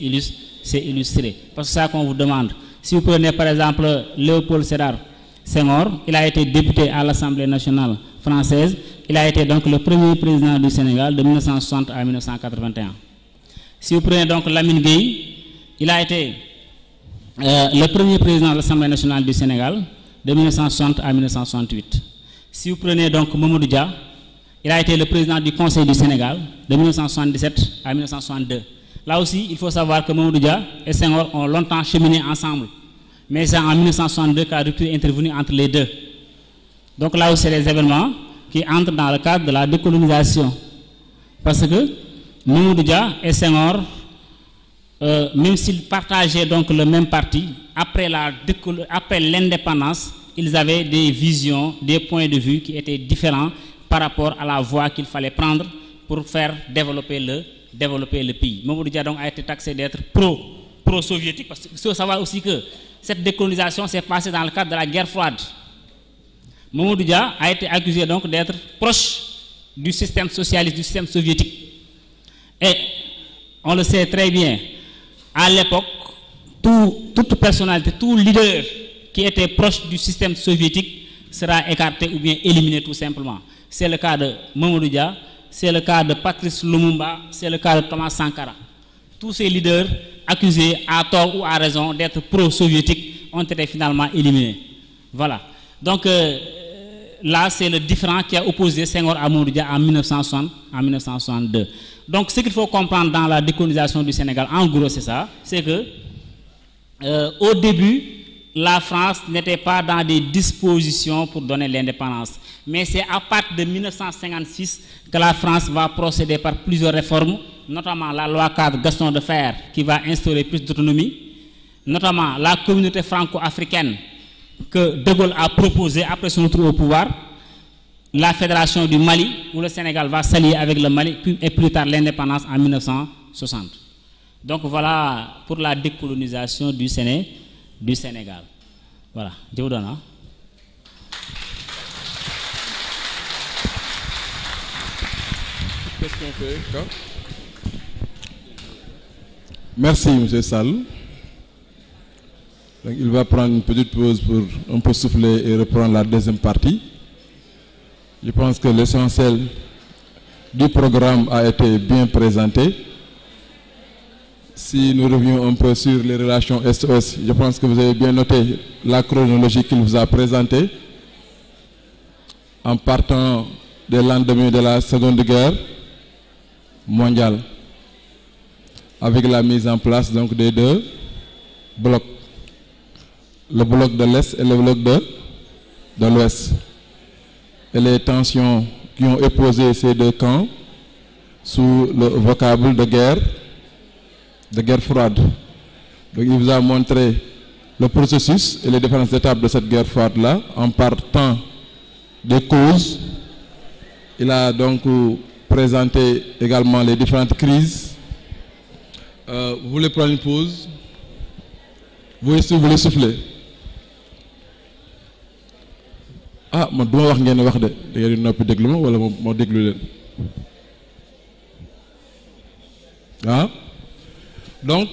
illustré. Parce que c'est ça qu'on vous demande. Si vous prenez par exemple Léopold Sédar Senghor, il a été député à l'Assemblée nationale française. Il a été donc le premier président du Sénégal de 1960 à 1981. Si vous prenez donc Lamine Gueye, il a été euh, le premier président de l'Assemblée nationale du Sénégal de 1960 à 1968. Si vous prenez donc Mamadou Dia, il a été le président du Conseil du Sénégal de 1977 à 1962. Là aussi, il faut savoir que Mamoudou et Senghor ont longtemps cheminé ensemble. Mais c'est en 1962 qu'a rupture intervenue entre les deux. Donc là aussi, c'est les événements qui entrent dans le cadre de la décolonisation. Parce que Mamoudou et Senghor, euh, même s'ils partageaient donc le même parti, après l'indépendance, ils avaient des visions, des points de vue qui étaient différents par rapport à la voie qu'il fallait prendre pour faire développer le, pays. Mamoudou Dia a été taxé d'être pro, soviétique parce faut savoir aussi que cette décolonisation s'est passée dans le cadre de la guerre froide. Mamoudou Dia a été accusé donc d'être proche du système socialiste, du système soviétique. Et on le sait très bien, à l'époque, tout, toute personnalité, tout leader qui était proche du système soviétique sera écarté ou bien éliminé tout simplement c'est le cas de Mamadou c'est le cas de Patrice Lumumba, c'est le cas de Thomas Sankara. Tous ces leaders accusés à tort ou à raison d'être pro-soviétiques ont été finalement éliminés. Voilà. Donc euh, là, c'est le différent qui a opposé Senghor à Mamadou Dia en 1962. Donc ce qu'il faut comprendre dans la décolonisation du Sénégal, en gros, c'est ça, c'est que euh, au début, la France n'était pas dans des dispositions pour donner l'indépendance. Mais c'est à partir de 1956 que la France va procéder par plusieurs réformes, notamment la loi cadre Gaston de Fer qui va instaurer plus d'autonomie, notamment la communauté franco-africaine que De Gaulle a proposée après son retour au pouvoir, la fédération du Mali où le Sénégal va s'allier avec le Mali et plus tard l'indépendance en 1960. Donc voilà pour la décolonisation du Sénégal du Sénégal. Voilà, je vous donne. Hein. Merci, M. Sall. il va prendre une petite pause pour un peu souffler et reprendre la deuxième partie. Je pense que l'essentiel du programme a été bien présenté si nous revenions un peu sur les relations Est-Ouest, je pense que vous avez bien noté la chronologie qu'il vous a présentée. En partant des lendemains de la Seconde Guerre mondiale, avec la mise en place donc des deux blocs, le bloc de l'Est et le bloc de, l'Ouest. Et les tensions qui ont opposé ces deux camps sous le vocable de guerre de guerre froide. il vous a montré le processus et les différentes étapes de cette guerre froide-là en partant des causes. Il a donc présenté également les différentes crises. Euh, vous voulez prendre une pause Vous, vous voulez souffler ah moi je ma wax ngeen wax de da ngeen di ma wala ah donc,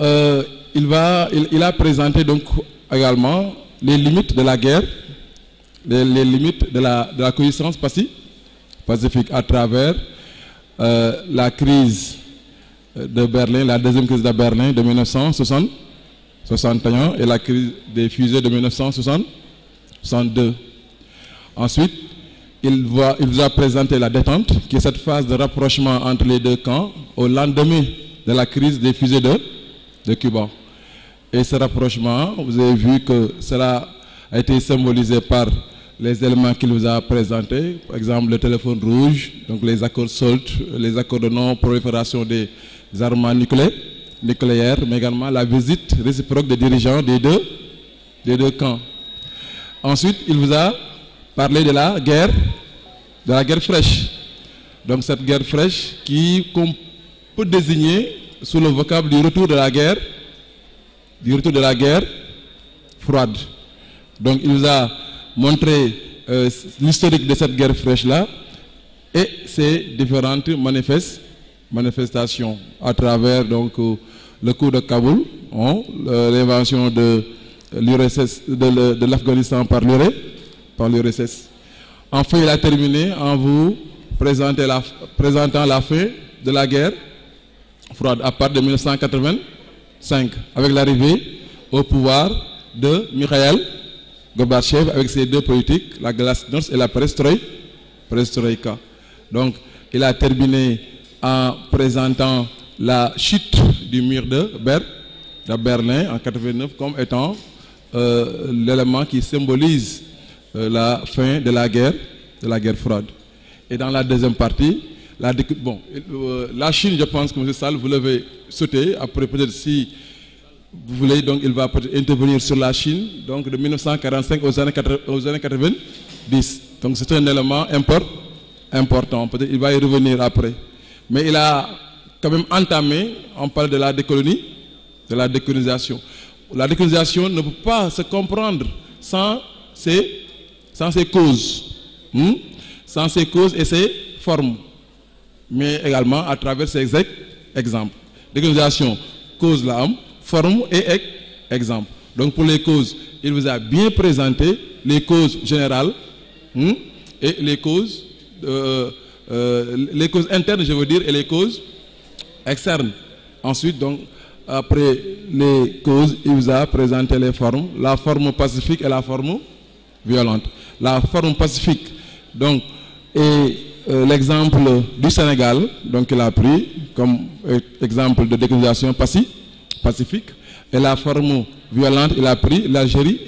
euh, il, va, il, a présenté donc également les limites de la guerre, les, limites de la, de pacifique à travers euh, la crise euh, de Berlin, la deuxième crise de Berlin de 1961 et la crise des fusées de 1962. Ensuite, il, il vous a présenté la détente, qui est cette phase de rapprochement entre les deux camps au lendemain de la crise des fusées de, de Cuba. Et ce rapprochement, vous avez vu que cela a été symbolisé par les éléments qu'il vous a présentés, par exemple le téléphone rouge, donc les accords SALT, les accords de non-prolifération des armements nucléaires, nucléaires, mais également la visite réciproque des dirigeants des deux, des deux camps. Ensuite, il vous a parler de la guerre, de la guerre fraîche. Donc cette guerre fraîche qui peut désigner sous le vocable du retour de la guerre, du retour de la guerre froide. Donc il nous a montré euh, l'historique de cette guerre fraîche-là et ses différentes manifestations à travers donc, euh, le coup de Kaboul, hein, l'invention de euh, l'URSS, de l'Afghanistan par l'URSS, par l'URSS. Enfin, il a terminé en vous présentant la, présentant la fin de la guerre froide à part de 1985 avec l'arrivée au pouvoir de Mikhail Gorbachev, avec ses deux politiques, la glasnost et la perestroïka. Donc, il a terminé en présentant la chute du mur de, de Berlin en 89 comme étant euh, l'élément qui symbolise euh, la fin de la guerre, de la guerre froide. Et dans la deuxième partie, la, euh, la Chine, je pense que M. Sall, vous l'avez sauté. Après, peut-être si vous voulez, donc il va intervenir sur la Chine, donc de 1945 aux années, 80, aux 90. Donc c'est un élément important. important. Peut-être il va y revenir après. Mais il a quand même entamé, on parle de la décolonie, de la décolonisation. La décolonisation ne peut pas se comprendre sans ces sans ses causes. Hmm? Sans ses causes et ses formes. Mais également à travers ses exemples. L'organisation cause l'âme, forme et exemple. Donc pour les causes, il vous a bien présenté les causes générales hmm? et les causes, euh, euh, les causes internes, je veux dire, et les causes externes. Ensuite, donc, après les causes, il vous a présenté les formes, la forme pacifique et la forme violente la forme pacifique. Donc, et euh, l'exemple du Sénégal, donc il a pris comme euh, exemple de décolonisation pacifique, et la forme violente, il a pris l'Algérie,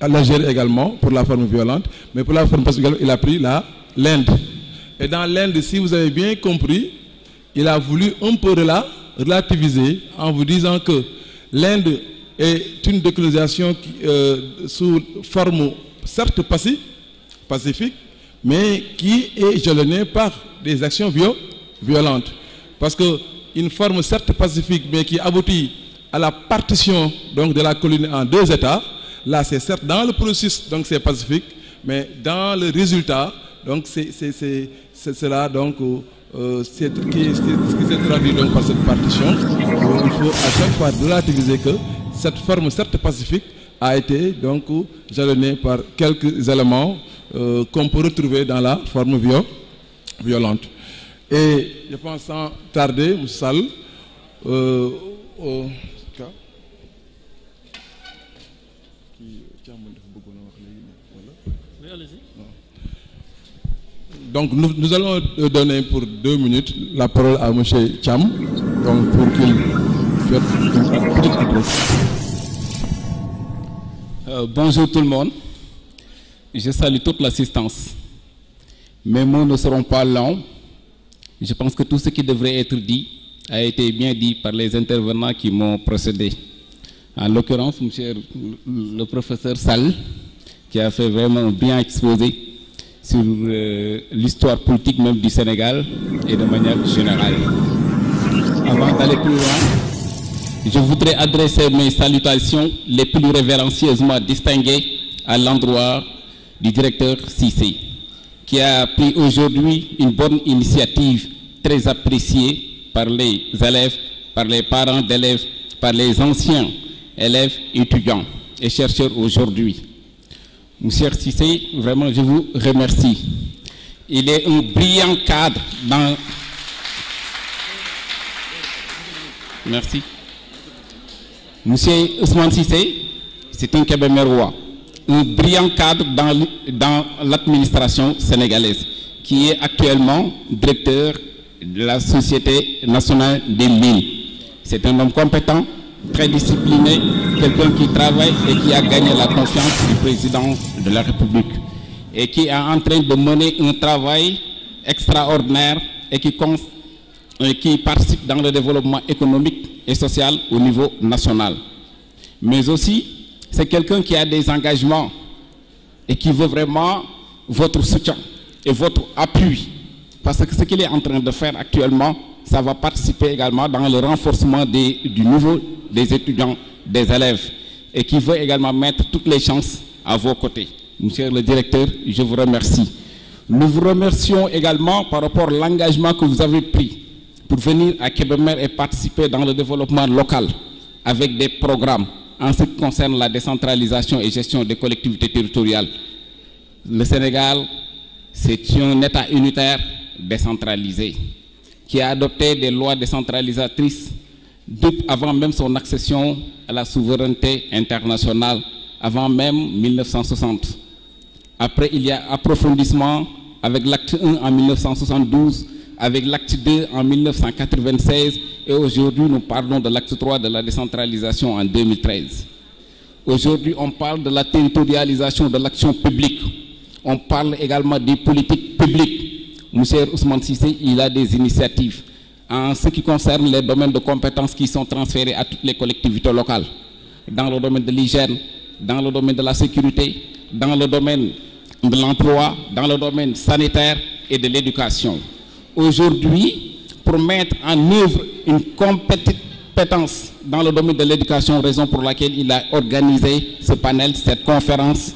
l'Algérie également pour la forme violente, mais pour la forme pacifique, il a pris l'Inde. Et dans l'Inde, si vous avez bien compris, il a voulu un peu relativiser en vous disant que l'Inde est une décolonisation euh, sous forme certes pacifique, mais qui est jalonné par des actions violentes. Parce qu'une forme certes pacifique, mais qui aboutit à la partition donc, de la colonie en deux États, là c'est certes dans le processus, donc c'est pacifique, mais dans le résultat, donc c'est cela donc, euh, qui, s'est traduit par cette partition. il faut à chaque fois relativiser que cette forme certes pacifique a été donc jalonné par quelques éléments euh, qu'on peut retrouver dans la forme violente. Et je pense sans tarder, Moussal, euh, donc nous, allons euh, donner pour deux minutes la parole à M. Cham, pour qu'il fasse euh, bonjour tout le monde. Je salue toute l'assistance. Mes mots ne seront pas longs. Je pense que tout ce qui devrait être dit a été bien dit par les intervenants qui m'ont précédé. En l'occurrence, monsieur le professeur Sall, qui a fait vraiment bien exposé sur euh, l'histoire politique même du Sénégal et de manière générale. Avant d'aller plus loin, je voudrais adresser mes salutations les plus révérencieusement distinguées à l'endroit du directeur Sissé, qui a pris aujourd'hui une bonne initiative très appréciée par les élèves, par les parents d'élèves, par les anciens élèves, étudiants et chercheurs aujourd'hui. Monsieur Cissé, vraiment, je vous remercie. Il est un brillant cadre dans... Merci. Monsieur Ousmane Sissé, c'est un roi un brillant cadre dans, l'administration sénégalaise, qui est actuellement directeur de la Société nationale des mines. C'est un homme compétent, très discipliné, quelqu'un qui travaille et qui a gagné la confiance du président de la République et qui est en train de mener un travail extraordinaire et qui, qui participe dans le développement économique et social au niveau national. Mais aussi, c'est quelqu'un qui a des engagements et qui veut vraiment votre soutien et votre appui. Parce que ce qu'il est en train de faire actuellement, ça va participer également dans le renforcement du niveau des étudiants, des élèves, et qui veut également mettre toutes les chances à vos côtés. Monsieur le directeur, je vous remercie. Nous vous remercions également par rapport à l'engagement que vous avez pris pour venir à Kébémer et participer dans le développement local avec des programmes en ce qui concerne la décentralisation et gestion des collectivités territoriales. Le Sénégal, c'est un État unitaire décentralisé qui a adopté des lois décentralisatrices avant même son accession à la souveraineté internationale, avant même 1960. Après, il y a approfondissement avec l'acte 1 en 1972 avec l'acte 2 en 1996 et aujourd'hui nous parlons de l'acte 3 de la décentralisation en 2013. Aujourd'hui on parle de la territorialisation de l'action publique. On parle également des politiques publiques. Monsieur Ousmane Sissé, il a des initiatives en ce qui concerne les domaines de compétences qui sont transférés à toutes les collectivités locales, dans le domaine de l'hygiène, dans le domaine de la sécurité, dans le domaine de l'emploi, dans le domaine sanitaire et de l'éducation aujourd'hui pour mettre en œuvre une compétence dans le domaine de l'éducation, raison pour laquelle il a organisé ce panel, cette conférence,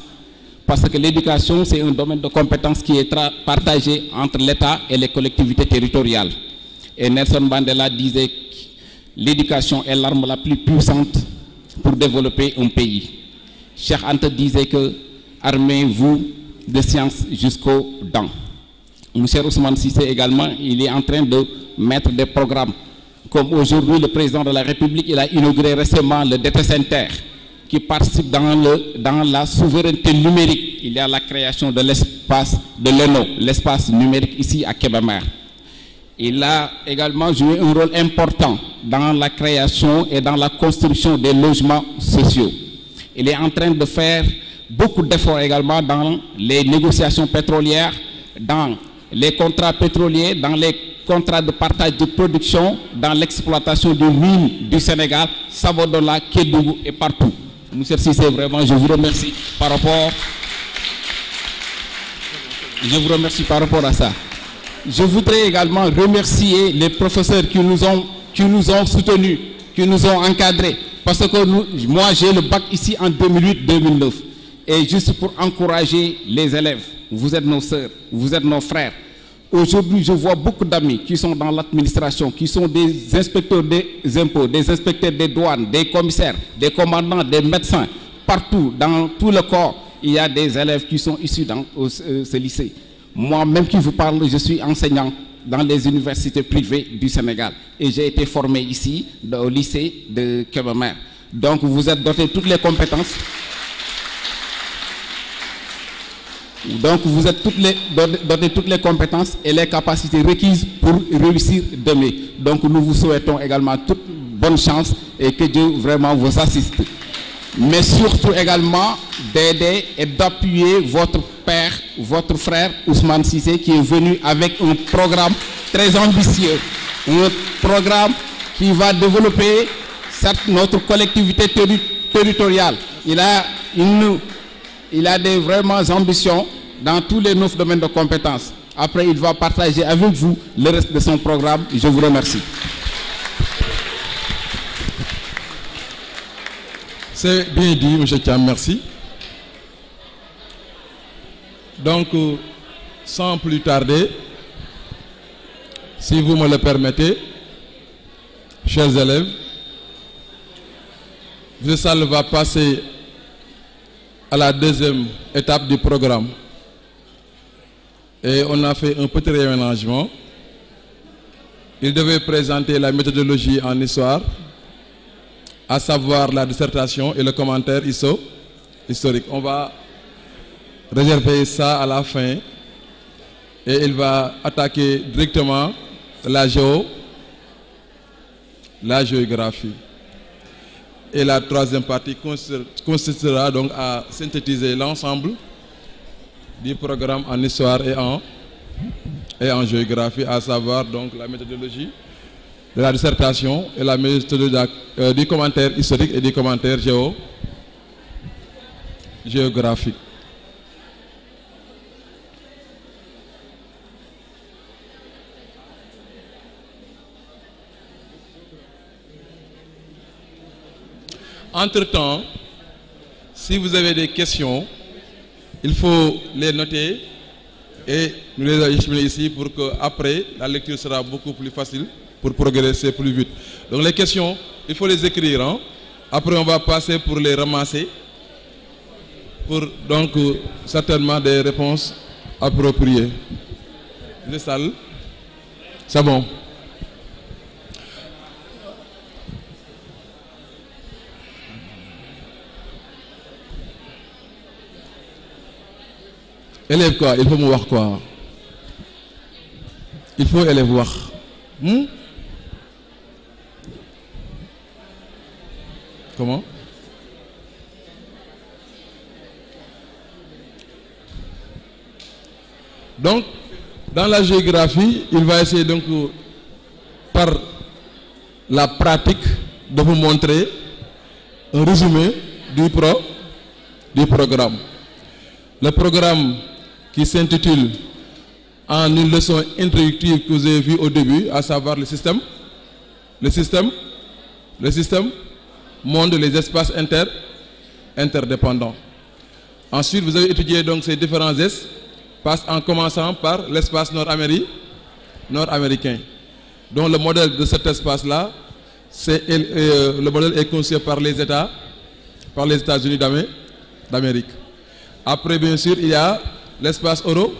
parce que l'éducation, c'est un domaine de compétence qui est partagé entre l'État et les collectivités territoriales. Et Nelson Mandela disait que l'éducation est l'arme la plus puissante pour développer un pays. Cheikh Ante disait que armez-vous de sciences jusqu'aux dents. Monsieur Ousmane Sissé également, il est en train de mettre des programmes. Comme aujourd'hui, le président de la République, il a inauguré récemment le Détresse Center, qui participe dans, le, dans la souveraineté numérique. Il y a la création de l'espace de l'ENO, l'espace numérique ici à Kébamar. Il a également joué un rôle important dans la création et dans la construction des logements sociaux. Il est en train de faire beaucoup d'efforts également dans les négociations pétrolières, dans les contrats pétroliers, dans les contrats de partage de production, dans l'exploitation de mines du Sénégal, Sabodola, Kédougou et partout. Monsieur Sissé, vraiment, je vous remercie par rapport... Je vous remercie par rapport à ça. Je voudrais également remercier les professeurs qui nous ont, qui nous ont soutenus, qui nous ont encadrés. Parce que moi, j'ai le bac ici en 2008-2009 et juste pour encourager les élèves. Vous êtes nos sœurs, vous êtes nos frères. Aujourd'hui, je vois beaucoup d'amis qui sont dans l'administration, qui sont des inspecteurs des impôts, des inspecteurs des douanes, des commissaires, des commandants, des médecins. Partout, dans tout le corps, il y a des élèves qui sont issus dans euh, ce lycée. Moi-même qui vous parle, je suis enseignant dans les universités privées du Sénégal. Et j'ai été formé ici, au lycée de Kebemer. Donc, vous êtes doté de toutes les compétences donc vous êtes toutes les, donné toutes les compétences et les capacités requises pour réussir demain. Donc nous vous souhaitons également toute bonne chance et que Dieu vraiment vous assiste. Mais surtout également d'aider et d'appuyer votre père, votre frère Ousmane Sissé qui est venu avec un programme très ambitieux. Un programme qui va développer notre collectivité territoriale. Il a une il a des vraiment ambitions dans tous les neuf domaines de compétences. Après, il va partager avec vous le reste de son programme. Je vous remercie. C'est bien dit, M. Tiens, merci. Donc, euh, sans plus tarder, si vous me le permettez, chers élèves, salle va passer à la deuxième étape du programme. Et on a fait un petit réaménagement. Il devait présenter la méthodologie en histoire, à savoir la dissertation et le commentaire historique. On va réserver ça à la fin et il va attaquer directement la géo, la géographie. Et la troisième partie consistera donc à synthétiser l'ensemble du programme en histoire et en, et en géographie, à savoir donc la méthodologie de la dissertation et la méthodologie euh, du commentaire historique et du commentaire géo, géographique. Entre-temps, si vous avez des questions, il faut les noter et nous les acheminons ici pour que après la lecture sera beaucoup plus facile pour progresser plus vite. Donc les questions, il faut les écrire. Hein. Après, on va passer pour les ramasser pour donc certainement des réponses appropriées. les salles, c'est bon. élève quoi il faut me voir quoi il faut élève voir. Hmm? comment donc dans la géographie il va essayer donc euh, par la pratique de vous montrer un résumé du pro du programme le programme qui s'intitule en une leçon introductive que vous avez vue au début, à savoir le système, le système, le système, monde, les espaces inter, interdépendants. Ensuite, vous avez étudié donc ces différents espaces en commençant par l'espace nord-américain, nord dont le modèle de cet espace-là, euh, le modèle est conçu par les États, par les États-Unis d'Amérique. Après, bien sûr, il y a l'espace euro,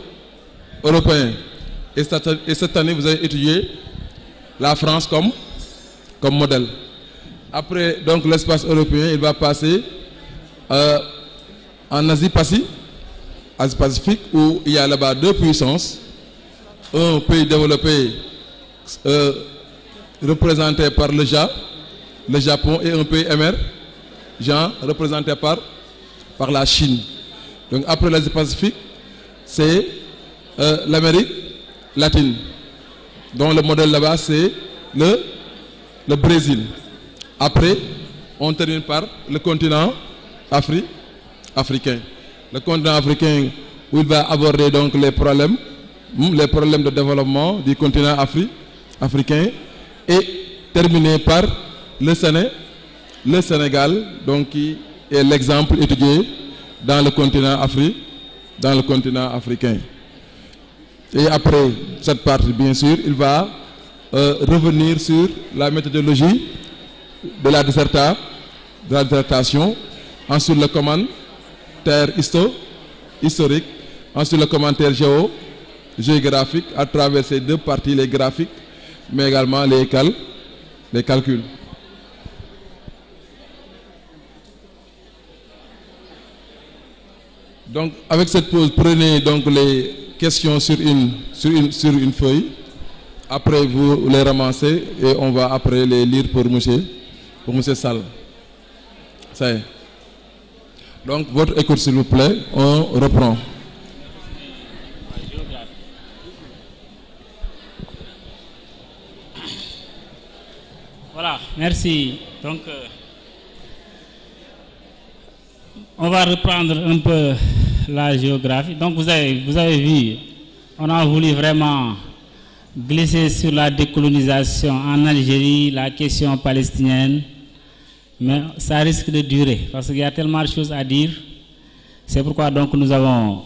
européen. Et cette, année, vous avez étudié la France comme, comme modèle. Après donc l'espace européen, il va passer euh, en Asie-Pacifique, Asie Pacifique, où il y a là-bas deux puissances. Un pays développé euh, représenté par le, Japon le Japon et un pays MR, représenté par, par la Chine. Donc après l'Asie-Pacifique, c'est euh, l'Amérique latine, dont le modèle là-bas, c'est le, le Brésil. Après, on termine par le continent africain. Le continent africain où il va aborder donc les problèmes, hmm, les problèmes de développement du continent africain et terminer par le Sénégal, le donc qui est l'exemple étudié dans le continent africain dans le continent africain. Et après cette partie, bien sûr, il va euh, revenir sur la méthodologie de la, disserta, de la dissertation, ensuite le commentaire histo, historique, sur le commentaire géo, géographique, à travers ces deux parties, les graphiques, mais également les, les calculs. Donc, avec cette pause, prenez donc les questions sur une, sur une, sur une feuille. Après, vous les ramassez et on va après les lire pour M. pour monsieur Salle. Ça y est. Donc, votre écoute, s'il vous plaît. On reprend. Voilà, merci. Donc, euh, on va reprendre un peu la géographie. Donc vous avez, vu, on a voulu vraiment glisser sur la décolonisation en Algérie, la question palestinienne, mais ça risque de durer parce qu'il y a tellement de choses à dire. C'est pourquoi donc nous avons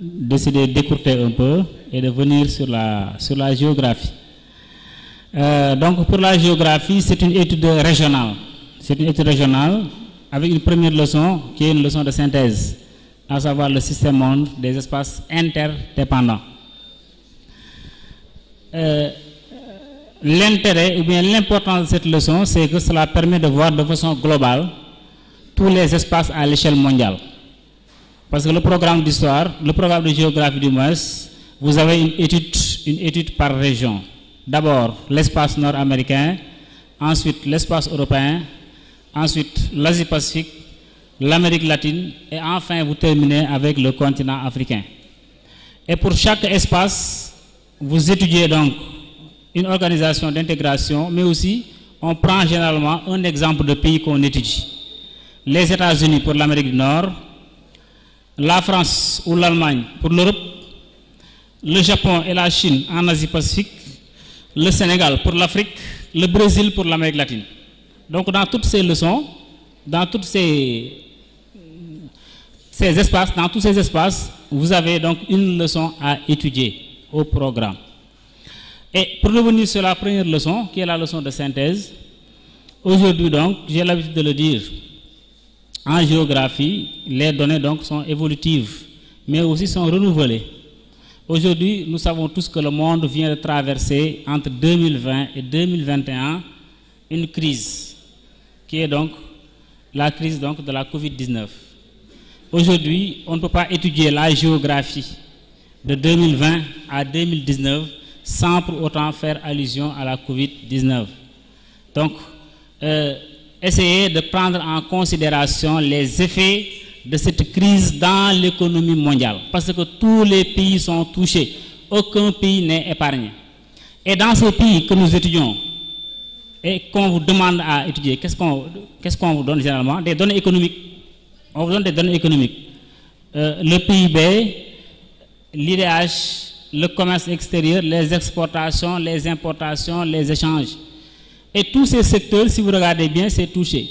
décidé d'écouter un peu et de venir sur la, géographie. Euh, donc pour la géographie, c'est une étude régionale. C'est une étude régionale avec une première leçon qui est une leçon de synthèse, à savoir le système monde des espaces interdépendants. Euh, l'intérêt ou bien l'importance de cette leçon, c'est que cela permet de voir de façon globale tous les espaces à l'échelle mondiale. Parce que le programme d'histoire, le programme de géographie du MES, vous avez une étude, une étude par région. D'abord l'espace nord-américain, ensuite l'espace européen, ensuite l'Asie-Pacifique, l'Amérique latine et enfin vous terminez avec le continent africain. Et pour chaque espace, vous étudiez donc une organisation d'intégration, mais aussi on prend généralement un exemple de pays qu'on étudie. Les États-Unis pour l'Amérique du Nord, la France ou l'Allemagne pour l'Europe, le Japon et la Chine en Asie-Pacifique, le Sénégal pour l'Afrique, le Brésil pour l'Amérique latine. Donc dans toutes ces leçons, dans toutes ces, espaces, dans tous ces espaces, vous avez donc une leçon à étudier au programme. Et pour revenir sur la première leçon, qui est la leçon de synthèse, aujourd'hui donc, j'ai l'habitude de le dire, en géographie, les données donc sont évolutives, mais aussi sont renouvelées. Aujourd'hui, nous savons tous que le monde vient de traverser entre 2020 et 2021 une crise qui est donc la crise donc de la Covid-19. Aujourd'hui, on ne peut pas étudier la géographie de 2020 à 2019 sans pour autant faire allusion à la Covid-19. Donc, euh, essayez essayer de prendre en considération les effets de cette crise dans l'économie mondiale, parce que tous les pays sont touchés, aucun pays n'est épargné. Et dans ces pays que nous étudions, et qu'on vous demande à étudier, qu'est-ce qu'on qu'est-ce qu'on vous donne généralement Des données économiques. On vous donne des données économiques. Euh, le PIB, l'IDH, le commerce extérieur, les exportations, les importations, les échanges. Et tous ces secteurs, si vous regardez bien, c'est touché.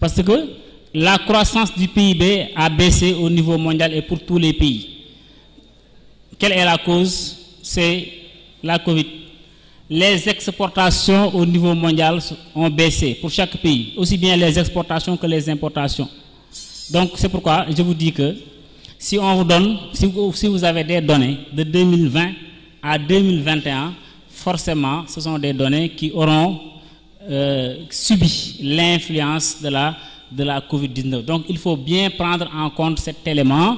Parce que la croissance du PIB a baissé au niveau mondial et pour tous les pays. Quelle est la cause C'est la Covid les exportations au niveau mondial ont baissé pour chaque pays, aussi bien les exportations que les importations. Donc c'est pourquoi je vous dis que si on vous donne, si vous, avez des données de 2020 à 2021, forcément ce sont des données qui auront euh, subi l'influence de la, de la COVID-19. Donc il faut bien prendre en compte cet élément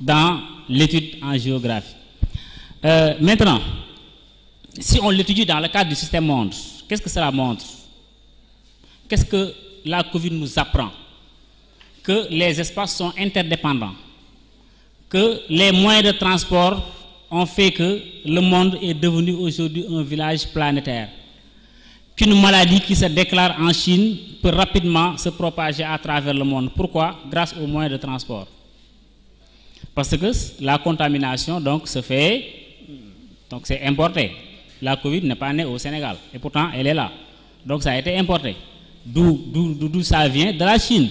dans l'étude en géographie. Euh, maintenant, si on l'étudie dans le cadre du système monde, qu'est-ce que cela montre Qu'est-ce que la COVID nous apprend Que les espaces sont interdépendants, que les moyens de transport ont fait que le monde est devenu aujourd'hui un village planétaire, qu'une maladie qui se déclare en Chine peut rapidement se propager à travers le monde. Pourquoi Grâce aux moyens de transport. Parce que la contamination donc se fait, donc c'est importé la Covid n'est pas née au Sénégal. Et pourtant, elle est là. Donc ça a été importé. D'où ça vient De la Chine.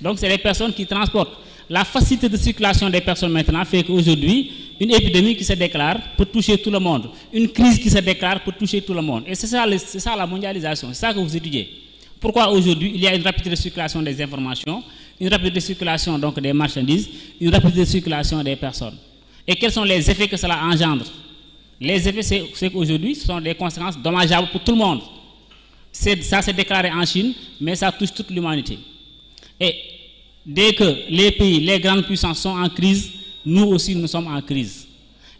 Donc c'est les personnes qui transportent. La facilité de circulation des personnes maintenant fait qu'aujourd'hui, une épidémie qui se déclare peut toucher tout le monde. Une crise qui se déclare peut toucher tout le monde. Et c'est ça, la mondialisation, c'est ça que vous étudiez. Pourquoi aujourd'hui il y a une rapide circulation des informations, une rapide circulation donc des marchandises, une rapide circulation des personnes Et quels sont les effets que cela engendre les effets, c'est qu'aujourd'hui, ce sont des conséquences dommageables pour tout le monde. Ça s'est déclaré en Chine, mais ça touche toute l'humanité. Et dès que les pays, les grandes puissances sont en crise, nous aussi, nous sommes en crise.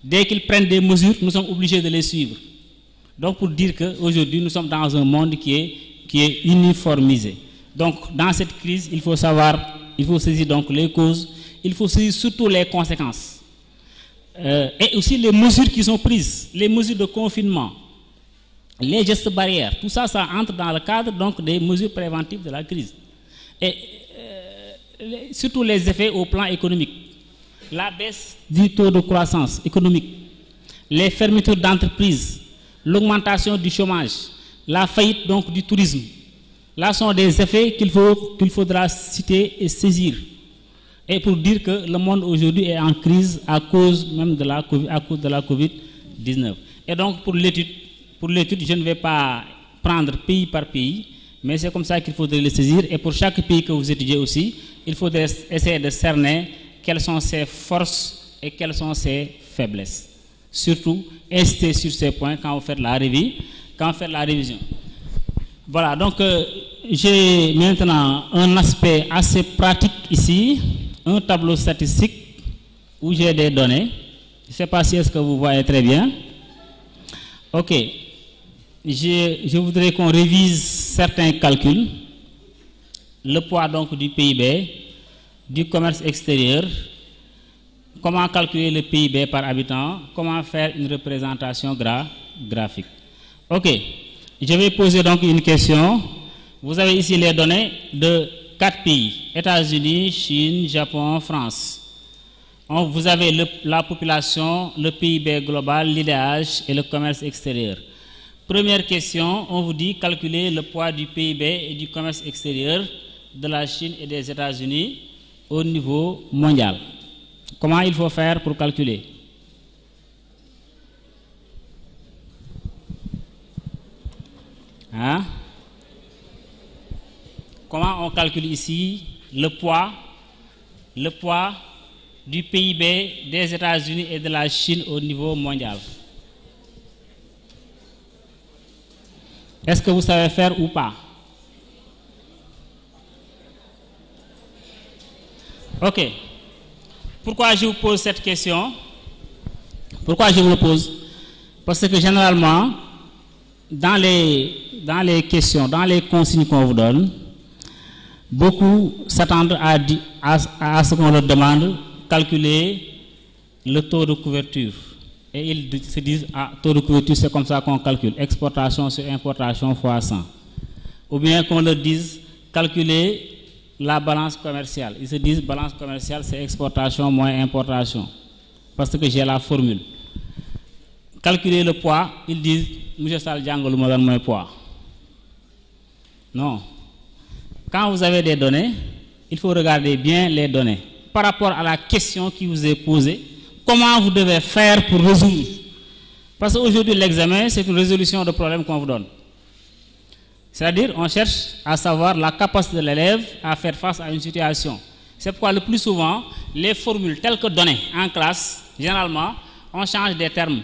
Dès qu'ils prennent des mesures, nous sommes obligés de les suivre. Donc, pour dire qu'aujourd'hui, nous sommes dans un monde qui est, qui est uniformisé. Donc, dans cette crise, il faut savoir, il faut saisir donc les causes, il faut saisir surtout les conséquences. Euh, et aussi les mesures qui sont prises, les mesures de confinement, les gestes barrières, tout ça, ça entre dans le cadre donc des mesures préventives de la crise. Et euh, surtout les effets au plan économique, la baisse du taux de croissance économique, les fermetures d'entreprises, l'augmentation du chômage, la faillite donc du tourisme. Là sont des effets qu'il faudra citer et saisir et pour dire que le monde aujourd'hui est en crise à cause même de la, à cause de la COVID-19. Et donc pour l'étude, pour l'étude, je ne vais pas prendre pays par pays, mais c'est comme ça qu'il faudrait les saisir. Et pour chaque pays que vous étudiez aussi, il faudrait essayer de cerner quelles sont ses forces et quelles sont ses faiblesses. Surtout, restez sur ces points quand vous faites la révision. Quand la révision. Voilà, donc euh, j'ai maintenant un aspect assez pratique ici un tableau statistique où j'ai des données. Je ne sais pas si est-ce que vous voyez très bien. OK. Je, voudrais qu'on révise certains calculs. Le poids donc du PIB, du commerce extérieur, comment calculer le PIB par habitant, comment faire une représentation graphique. OK. Je vais poser donc une question. Vous avez ici les données de quatre pays, États-Unis, Chine, Japon, France. vous avez la population, le PIB global, l'IDH et le commerce extérieur. Première question, on vous dit calculer le poids du PIB et du commerce extérieur de la Chine et des États-Unis au niveau mondial. Comment il faut faire pour calculer Hein Comment on calcule ici le poids, le poids du PIB des États-Unis et de la Chine au niveau mondial Est-ce que vous savez faire ou pas Ok. Pourquoi je vous pose cette question Pourquoi je vous le pose Parce que généralement, dans les, dans les questions, dans les consignes qu'on vous donne, Beaucoup s'attendent à, à, ce qu'on leur demande, calculer le taux de couverture. Et ils se disent, ah, taux de couverture, c'est comme ça qu'on calcule. Exportation sur importation fois 100. Ou bien qu'on leur dise, calculer la balance commerciale. Ils se disent, balance commerciale, c'est exportation moins importation. Parce que j'ai la formule. Calculer le poids, ils disent, Monsieur Sal Django, le poids. Non, quand vous avez des données, il faut regarder bien les données. Par rapport à la question qui vous est posée, comment vous devez faire pour résoudre Parce qu'aujourd'hui, l'examen, c'est une résolution de problème qu'on vous donne. C'est-à-dire, on cherche à savoir la capacité de l'élève à faire face à une situation. C'est pourquoi le plus souvent, les formules telles que données en classe, généralement, on change des termes,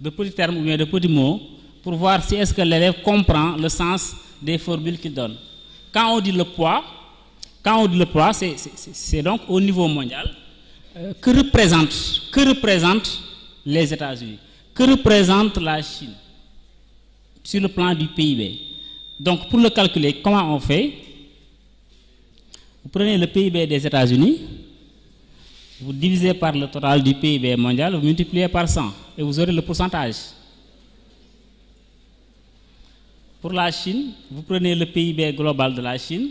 de petits termes ou bien de petits mots, pour voir si est-ce que l'élève comprend le sens des formules qu'il donne quand on dit le poids, quand on dit le poids, c'est donc au niveau mondial. Euh, que représentent, que représente les États-Unis Que représente la Chine sur le plan du PIB Donc, pour le calculer, comment on fait Vous prenez le PIB des États-Unis, vous divisez par le total du PIB mondial, vous multipliez par 100 et vous aurez le pourcentage. Pour la Chine, vous prenez le PIB global de la Chine,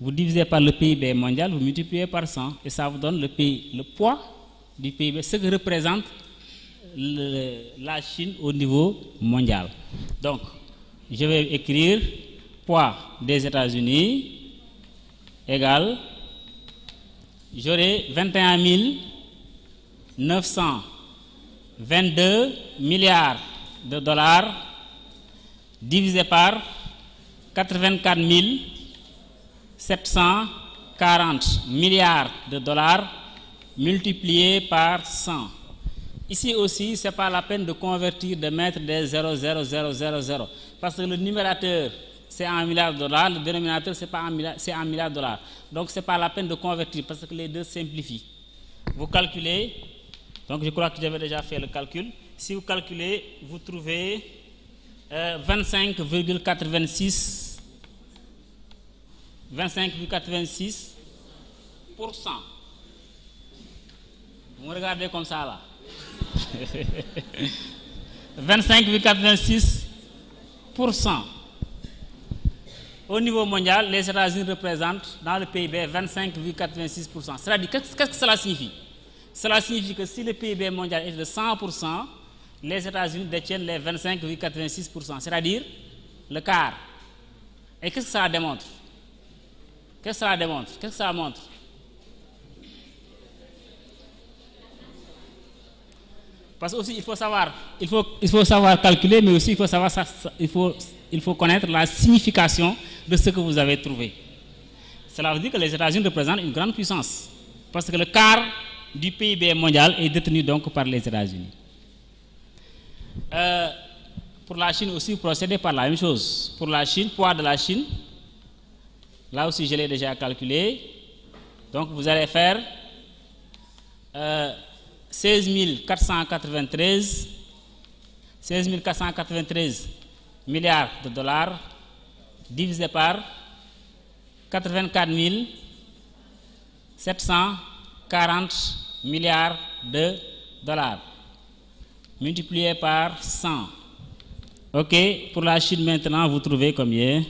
vous divisez par le PIB mondial, vous multipliez par 100 et ça vous donne le, pays, le poids du PIB, ce que représente la Chine au niveau mondial. Donc, je vais écrire poids des États-Unis égale, j'aurai 21 922 milliards de dollars divisé par 84 740 milliards de dollars multiplié par 100. Ici aussi, ce n'est pas la peine de convertir, de mettre des 0, 0, 0, 0, 0. parce que le numérateur, c'est un milliard de dollars, le dénominateur, c'est 1 milliard de dollars. Donc, ce n'est pas la peine de convertir, parce que les deux simplifient. Vous calculez, donc je crois que j'avais déjà fait le calcul. Si vous calculez, vous trouvez 25,86 euh, 25,86 Vous me regardez comme ça là. 25,86 Au niveau mondial, les États-Unis représentent dans le PIB 25,86 Cela dit, qu'est-ce que cela signifie Cela signifie que si le PIB mondial est de 100 les États-Unis détiennent les 25,86%, c'est-à-dire le quart. Et qu'est-ce que ça démontre Qu'est-ce que ça démontre Qu'est-ce que ça montre Parce aussi, il faut savoir, calculer, mais aussi il faut il faut connaître la signification de ce que vous avez trouvé. Cela veut dire que les États-Unis représentent une grande puissance, parce que le quart du PIB mondial est détenu donc par les États-Unis. Euh, pour la Chine aussi, vous procédez par la même chose. Pour la Chine, poids de la Chine, là aussi je l'ai déjà calculé. Donc vous allez faire 16 493, 16 493 milliards de dollars divisé par 84 740 milliards de dollars multiplié par 100. OK, pour la Chine maintenant, vous trouvez combien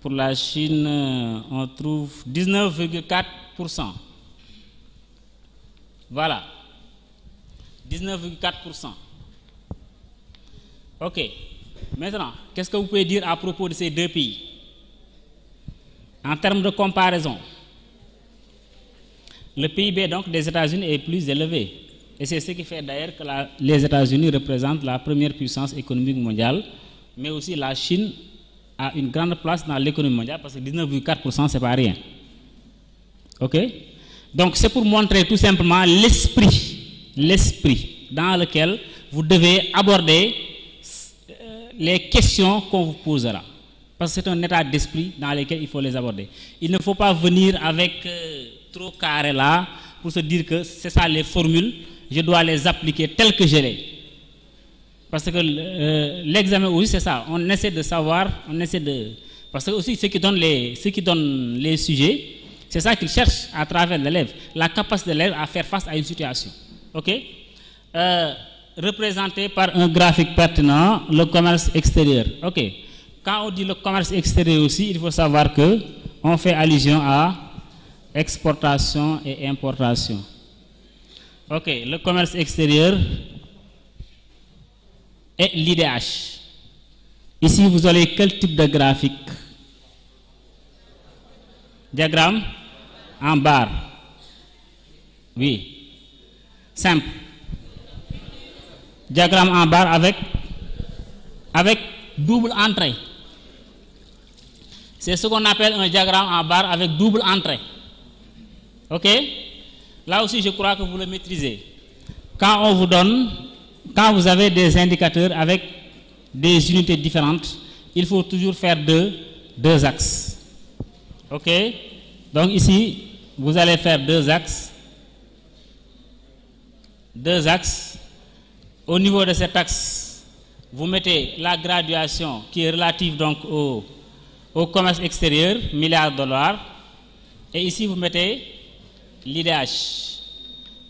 Pour la Chine, euh, on trouve 19,4%. Voilà. 19,4%. OK. Maintenant, qu'est-ce que vous pouvez dire à propos de ces deux pays En termes de comparaison, le PIB donc des États-Unis est plus élevé et c'est ce qui fait d'ailleurs que les États-Unis représentent la première puissance économique mondiale, mais aussi la Chine a une grande place dans l'économie mondiale parce que 19,4%, c'est pas rien. OK Donc c'est pour montrer tout simplement l'esprit, l'esprit dans lequel vous devez aborder euh, les questions qu'on vous posera. Parce que c'est un état d'esprit dans lequel il faut les aborder. Il ne faut pas venir avec euh, trop carré là pour se dire que c'est ça les formules je dois les appliquer tels que je l'ai. Parce que euh, l'examen aussi, c'est ça. On essaie de savoir, on essaie de... Parce que aussi, ceux qui donnent les, qui les sujets, c'est ça qu'ils cherchent à travers l'élève, la capacité de l'élève à faire face à une situation. OK euh, Représenté par un graphique pertinent, le commerce extérieur. OK. Quand on dit le commerce extérieur aussi, il faut savoir que fait allusion à exportation et importation. Ok, le commerce extérieur et l'IDH. Ici, vous avez quel type de graphique Diagramme en barre. Oui. Simple. Diagramme en barre avec, avec double entrée. C'est ce qu'on appelle un diagramme en barre avec double entrée. OK Là aussi, je crois que vous le maîtrisez. Quand on vous donne, quand vous avez des indicateurs avec des unités différentes, il faut toujours faire deux, axes. OK Donc ici, vous allez faire deux axes. Deux axes. Au niveau de cet axe, vous mettez la graduation qui est relative donc au, au commerce extérieur, milliards de dollars. Et ici, vous mettez l'IDH.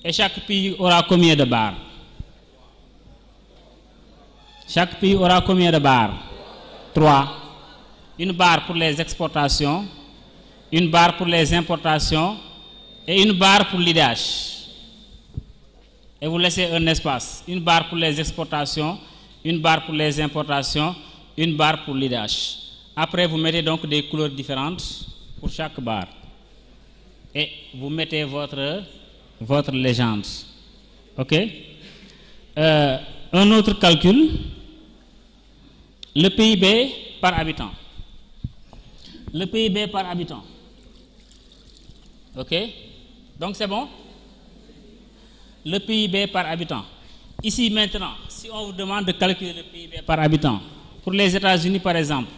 Et chaque pays aura combien de barres? Chaque pays aura combien de barres? Trois. Une barre pour les exportations, une barre pour les importations et une barre pour l'IDH. Et vous laissez un espace. Une barre pour les exportations, une barre pour les importations, une barre pour l'IDH. Après, vous mettez donc des couleurs différentes pour chaque barre et vous mettez votre, votre légende. OK euh, Un autre calcul, le PIB par habitant. Le PIB par habitant. OK Donc c'est bon Le PIB par habitant. Ici maintenant, si on vous demande de calculer le PIB par habitant, pour les États-Unis par exemple,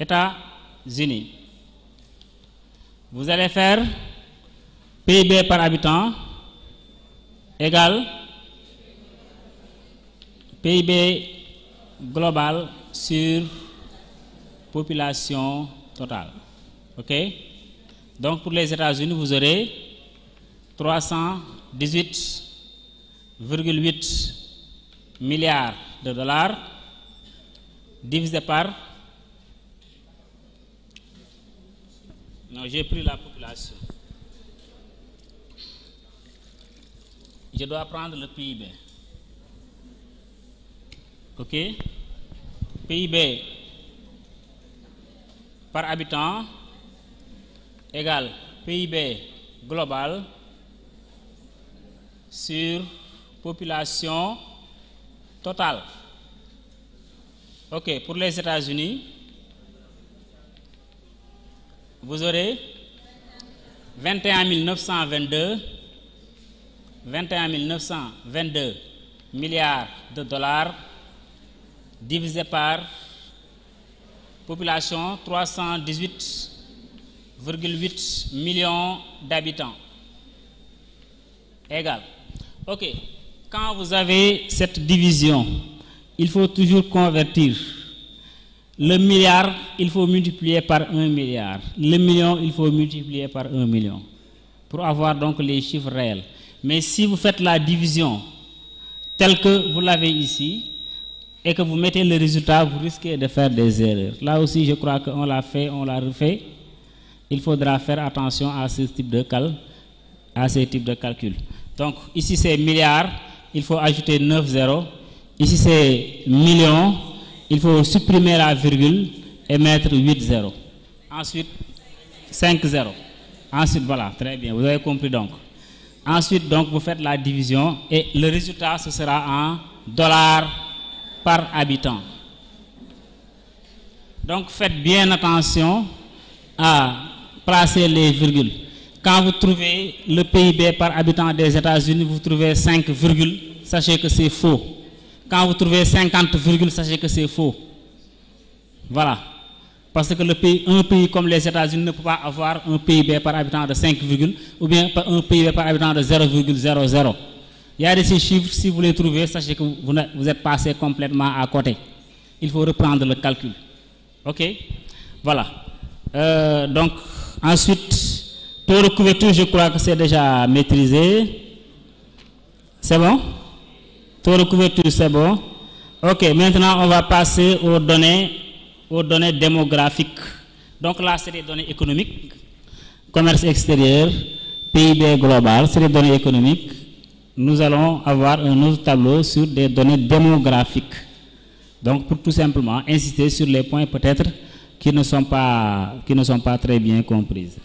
États-Unis, vous allez faire PIB par habitant égal PIB global sur population totale. OK Donc pour les États-Unis, vous aurez 318,8 milliards de dollars divisé par Non, j'ai pris la population. Je dois prendre le PIB. OK PIB par habitant égale PIB global sur population totale. OK, pour les États-Unis, vous aurez 21 922 milliards de dollars divisé par population 318,8 millions d'habitants égal. OK. Quand vous avez cette division, il faut toujours convertir le milliard, il faut multiplier par un milliard. Le million, il faut multiplier par un million. Pour avoir donc les chiffres réels. Mais si vous faites la division telle que vous l'avez ici, et que vous mettez le résultat, vous risquez de faire des erreurs. Là aussi, je crois qu'on l'a fait, on l'a refait. Il faudra faire attention à ce type de cal à ces type de calcul. Donc ici c'est milliard, il faut ajouter 9 zéros. Ici c'est millions, il faut supprimer la virgule et mettre 8-0. Ensuite, 5-0. Ensuite, voilà, très bien, vous avez compris donc. Ensuite, donc, vous faites la division et le résultat, ce sera en dollars par habitant. Donc, faites bien attention à placer les virgules. Quand vous trouvez le PIB par habitant des États-Unis, vous trouvez 5 virgules, sachez que c'est faux. Quand vous trouvez 50 virgules, sachez que c'est faux. Voilà. Parce que pays, un pays comme les États-Unis ne peut pas avoir un PIB par habitant de 5, ou bien un PIB par habitant de 0,00. Il y a des chiffres, si vous les trouvez, sachez que vous, êtes passé complètement à côté. Il faut reprendre le calcul. OK Voilà. Euh, donc, ensuite, pour de couverture, je crois que c'est déjà maîtrisé. C'est bon Taux de couverture, c'est bon. Ok, maintenant on va passer aux données, aux données démographiques. Donc là, c'est les données économiques, commerce extérieur, PIB global, c'est les données économiques. Nous allons avoir un autre tableau sur des données démographiques. Donc pour tout simplement insister sur les points peut-être qui ne sont pas, qui ne sont pas très bien comprises.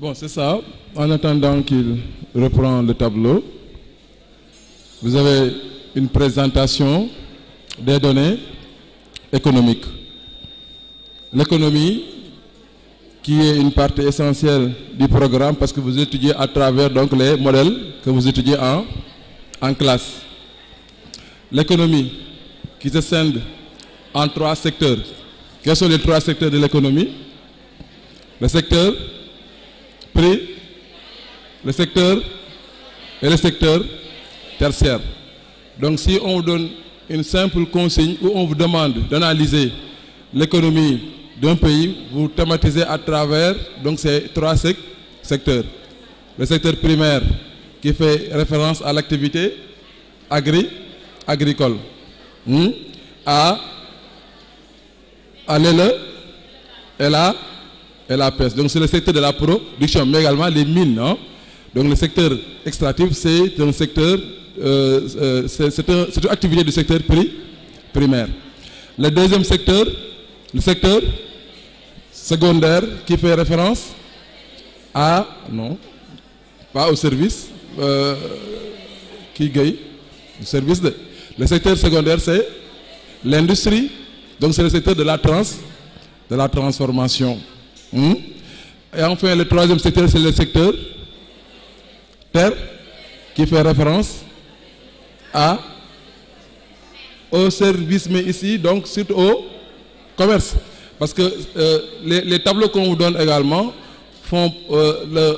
Bon, c'est ça. En attendant qu'il reprend le tableau, vous avez une présentation des données économiques. L'économie, qui est une partie essentielle du programme parce que vous étudiez à travers donc, les modèles que vous étudiez en, en classe. L'économie, qui se scinde en trois secteurs. Quels sont les trois secteurs de l'économie Le secteur prix, le secteur et le secteur tertiaire. Donc si on vous donne une simple consigne où on vous demande d'analyser l'économie d'un pays, vous thématisez à travers donc ces trois secteurs. Le secteur primaire qui fait référence à l'activité agri agricole, hmm? à, à e et la, et la pêche. Donc c'est le secteur de la production, mais également les mines. non hein. Donc le secteur extractif, c'est un secteur, euh, euh, c'est une activité du secteur primaire. Le deuxième secteur, le secteur secondaire qui fait référence à, non, pas au service, euh, qui gagne, le Le secteur secondaire, c'est l'industrie, donc c'est le secteur de la trans, de la transformation. Hmm? Et enfin, le troisième secteur, c'est le secteur qui fait référence à au service, mais ici, donc surtout au commerce. Parce que euh, les, tableaux qu'on vous donne également font euh,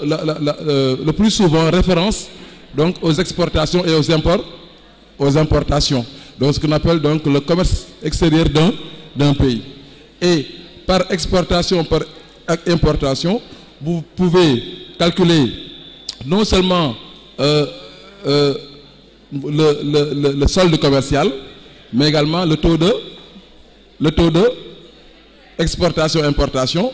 euh, le, plus souvent référence donc, aux exportations et aux, aux importations. Donc ce qu'on appelle donc le commerce extérieur d'un pays. Et par exportation, par importation, vous pouvez calculer non seulement euh, euh, le, solde commercial, mais également le taux de le taux de exportation-importation.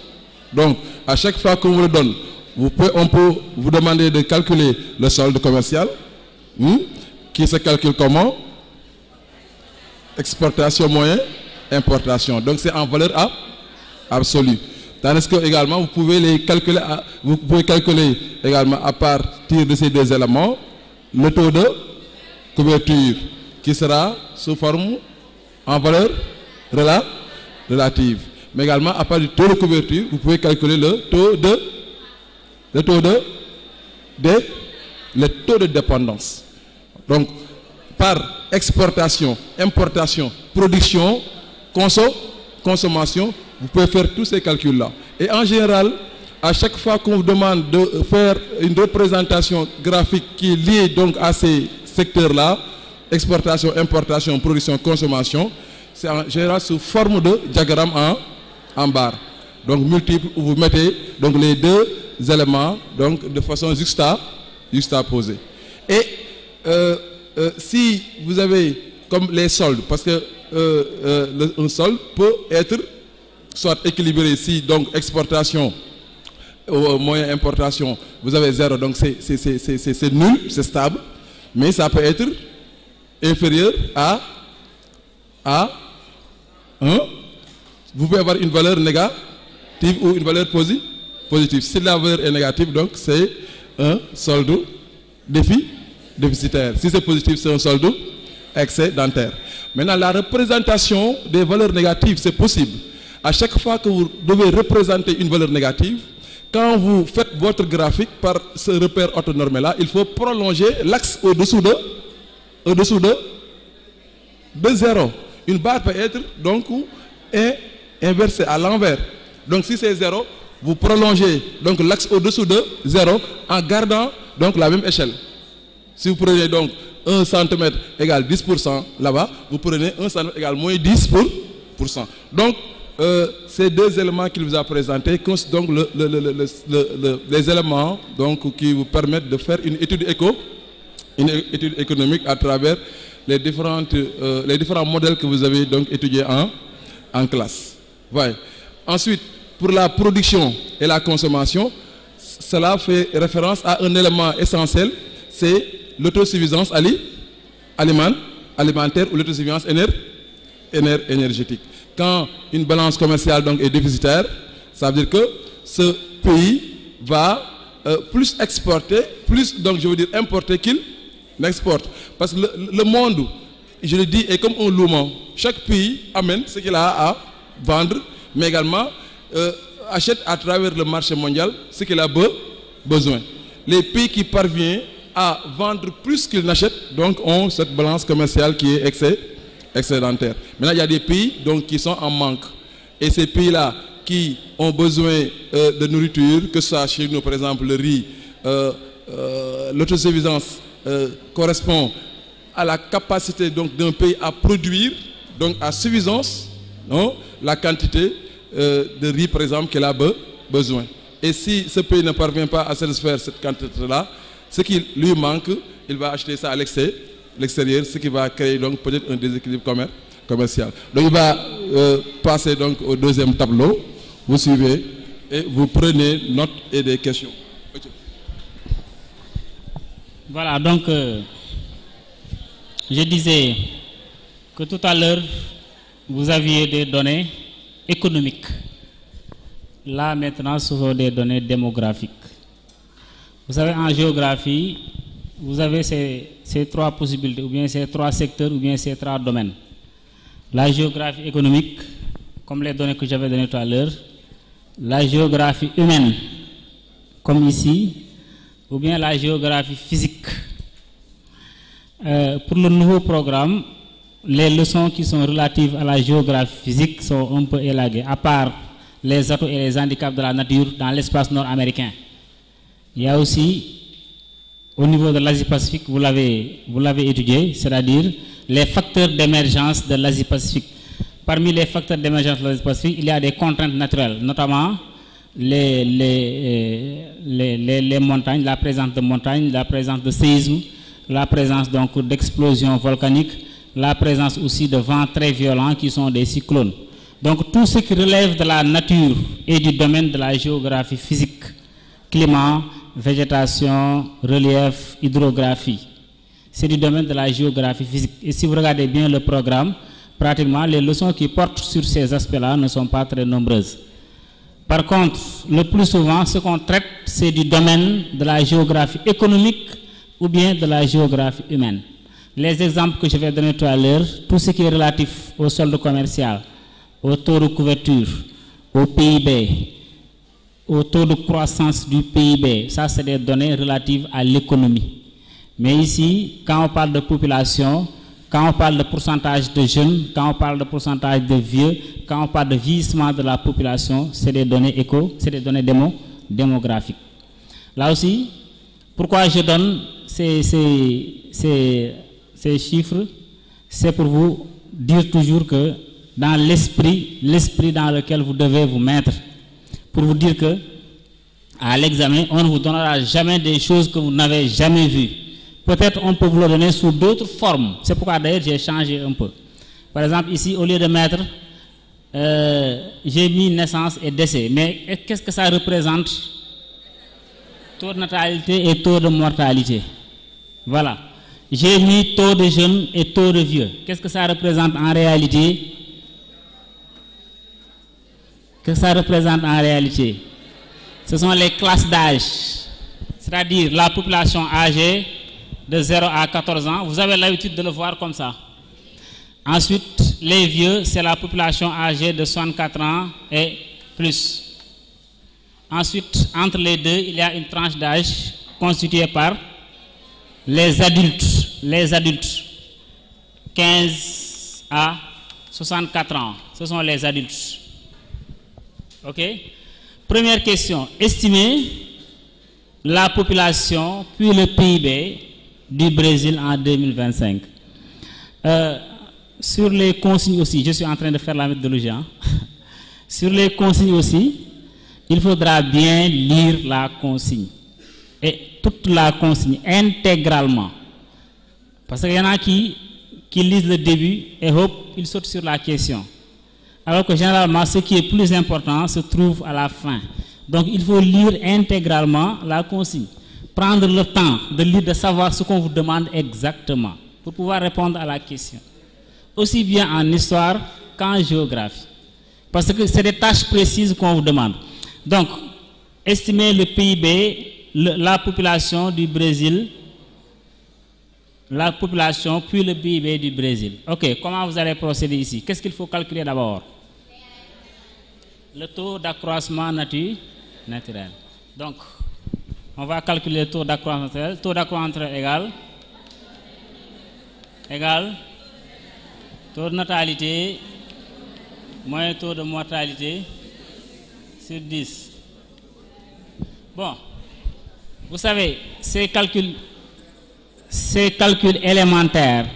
Donc, à chaque fois qu'on vous le donne, vous on peut vous demander de calculer le solde commercial, hmm, qui se calcule comment Exportation moyenne, importation. Donc, c'est en valeur absolue ce que également, vous pouvez les calculer, vous pouvez calculer également à partir de ces deux éléments le taux de couverture qui sera sous forme en valeur relative. Mais également, à partir du taux de couverture, vous pouvez calculer le taux de le taux de, de le taux de dépendance. Donc, par exportation, importation, production, consommation, vous pouvez faire tous ces calculs-là. Et en général, à chaque fois qu'on vous demande de faire une représentation graphique qui est liée donc à ces secteurs-là, exportation, importation, production, consommation, c'est en général sous forme de diagramme en, en barre. Donc multiple, où vous mettez donc, les deux éléments donc, de façon juste à poser et euh, euh, si vous avez comme les soldes, parce que euh, un peut être soit équilibré si donc exportation au euh, moyen importation, vous avez zéro, donc c'est nul, c'est stable, mais ça peut être inférieur à, à 1. Vous pouvez avoir une valeur négative ou une valeur positive. Si la valeur est négative, donc c'est un solde défi, déficitaire. Si c'est positif, c'est un solde excédentaire. Maintenant, la représentation des valeurs négatives, c'est possible à chaque fois que vous devez représenter une valeur négative, quand vous faites votre graphique par ce repère orthonormé-là, il faut prolonger l'axe au-dessous de, au-dessous de, de 0. Une barre peut être donc inversée à l'envers. Donc si c'est 0, vous prolongez donc l'axe au-dessous de 0 en gardant donc la même échelle. Si vous prenez donc 1 cm égale 10% là-bas, vous prenez 1 cm égale moins 10%. Donc euh, ces deux éléments qu'il vous a présentés donc les éléments donc, qui vous permettent de faire une étude éco, une étude économique à travers les, différentes, euh, les différents modèles que vous avez donc étudiés en, classe. Ensuite, pour la production et la consommation, cela fait référence à un élément essentiel, c'est l'autosuffisance alimentaire ou l'autosuffisance énergétique quand une balance commerciale donc, est déficitaire, ça veut dire que ce pays va euh, plus exporter, plus, donc je veux dire importer qu'il n'exporte. Parce que le, monde, je le dis, est comme un louement. Chaque pays amène ce qu'il a à vendre, mais également euh, achète à travers le marché mondial ce qu'il a besoin. Les pays qui parviennent à vendre plus qu'ils n'achètent, donc ont cette balance commerciale qui est excès terre. Maintenant, il y a des pays donc, qui sont en manque. Et ces pays-là qui ont besoin euh, de nourriture, que ce soit chez nous, par exemple, le riz, euh, euh, l'autosuffisance correspond à la capacité donc d'un pays à produire, donc à suffisance, non, la quantité de riz, par exemple, qu'il a besoin. Et si ce pays ne parvient pas à satisfaire cette quantité-là, ce qui lui manque, il va acheter ça à l'excès l'extérieur, ce qui va créer donc peut-être un déséquilibre commercial. Donc il va euh, passer donc au deuxième tableau. Vous suivez et vous prenez note et des questions. Voilà, donc euh, je disais que tout à l'heure, vous aviez des données économiques. Là, maintenant, ce sont des données démographiques. Vous savez, en géographie, vous avez ces ces trois possibilités, ou bien ces trois secteurs, ou bien ces trois domaines. La géographie économique, comme les données que j'avais données tout à l'heure, la géographie humaine, comme ici, ou bien la géographie physique. Euh, pour le nouveau programme, les leçons qui sont relatives à la géographie physique sont un peu élaguées, à part les atouts et les handicaps de la nature dans l'espace nord-américain. Il y a aussi au niveau de l'Asie-Pacifique, vous l'avez étudié, c'est-à-dire les facteurs d'émergence de l'Asie-Pacifique. Parmi les facteurs d'émergence de l'Asie-Pacifique, il y a des contraintes naturelles, notamment les, euh, les, les, les, montagnes, la présence de montagnes, la présence de séismes, la présence d'explosions volcaniques, la présence aussi de vents très violents qui sont des cyclones. Donc tout ce qui relève de la nature et du domaine de la géographie physique, climat, végétation, relief, hydrographie. C'est du domaine de la géographie physique. Et si vous regardez bien le programme, pratiquement les leçons qui portent sur ces aspects-là ne sont pas très nombreuses. Par contre, le plus souvent, ce qu'on traite, c'est du domaine de la géographie économique ou bien de la géographie humaine. Les exemples que je vais donner tout à l'heure, tout ce qui est relatif au solde commercial, aux taux de couverture, au PIB, au taux de croissance du PIB. Ça, c'est des données relatives à l'économie. Mais ici, quand on parle de population, quand on parle de pourcentage de jeunes, quand on parle de pourcentage de vieux, quand on parle de vieillissement de la population, c'est des données éco, c'est des données démographiques. Là aussi, pourquoi je donne ces, ces, ces, ces chiffres C'est pour vous dire toujours que dans l'esprit, l'esprit dans lequel vous devez vous mettre, pour vous dire que à l'examen, on ne vous donnera jamais des choses que vous n'avez jamais vues. Peut-être on peut vous le donner sous d'autres formes. C'est pourquoi d'ailleurs j'ai changé un peu. Par exemple, ici, au lieu de mettre, euh, j'ai mis naissance et décès. Mais qu'est-ce que ça représente Taux de natalité et taux de mortalité. Voilà. J'ai mis taux de jeunes et taux de vieux. Qu'est-ce que ça représente en réalité que ça représente en réalité. Ce sont les classes d'âge, c'est-à-dire la population âgée de 0 à 14 ans. Vous avez l'habitude de le voir comme ça. Ensuite, les vieux, c'est la population âgée de 64 ans et plus. Ensuite, entre les deux, il y a une tranche d'âge constituée par les adultes, les adultes, 15 à 64 ans. Ce sont les adultes. OK Première question. estimez la population puis le PIB du Brésil en 2025. Euh, sur les consignes aussi, je suis en train de faire la méthodologie. Hein. sur les consignes aussi, il faudra bien lire la consigne. Et toute la consigne, intégralement. Parce qu'il y en a qui, qui lisent le début et hop, ils sautent sur la question alors que généralement ce qui est plus important se trouve à la fin. Donc il faut lire intégralement la consigne, prendre le temps de lire, de savoir ce qu'on vous demande exactement pour pouvoir répondre à la question, aussi bien en histoire qu'en géographie. Parce que c'est des tâches précises qu'on vous demande. Donc, estimer le PIB, la population du Brésil, la population, puis le PIB du Brésil. OK, comment vous allez procéder ici Qu'est-ce qu'il faut calculer d'abord le taux d'accroissement naturel. Donc, on va calculer le taux d'accroissement naturel. Taux d'accroissement naturel égal, égal taux de natalité moins taux de mortalité sur 10. Bon, vous savez, ces calculs, ces calculs élémentaires,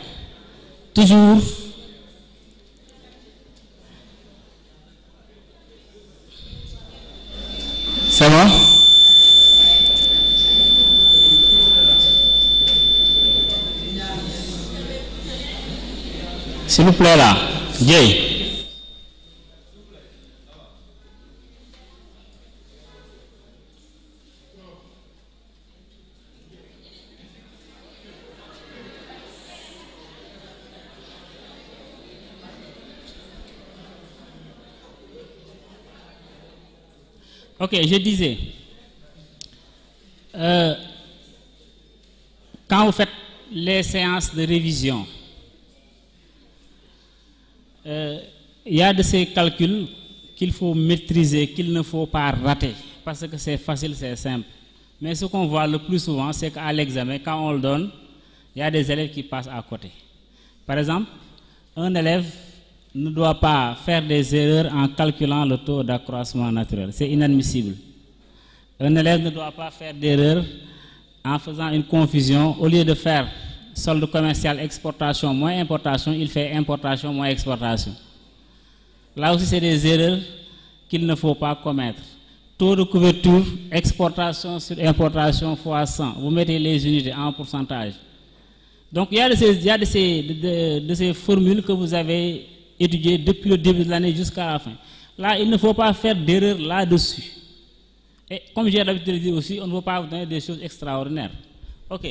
toujours Sei lá. S'il vous plaît là. Ok, je disais, euh, quand vous faites les séances de révision, il euh, y a de ces calculs qu'il faut maîtriser, qu'il ne faut pas rater, parce que c'est facile, c'est simple. Mais ce qu'on voit le plus souvent, c'est qu'à l'examen, quand on le donne, il y a des élèves qui passent à côté. Par exemple, un élève ne doit pas faire des erreurs en calculant le taux d'accroissement naturel. C'est inadmissible. Un élève ne doit pas faire d'erreur en faisant une confusion. Au lieu de faire solde commercial exportation moins importation, il fait importation moins exportation. Là aussi, c'est des erreurs qu'il ne faut pas commettre. Taux de couverture, exportation sur importation fois 100. Vous mettez les unités en pourcentage. Donc, il y a ces, de ces formules que vous avez étudié depuis le début de l'année jusqu'à la fin. Là, il ne faut pas faire d'erreur là-dessus. Et comme j'ai l'habitude de dire aussi, on ne veut pas vous donner des choses extraordinaires. Ok,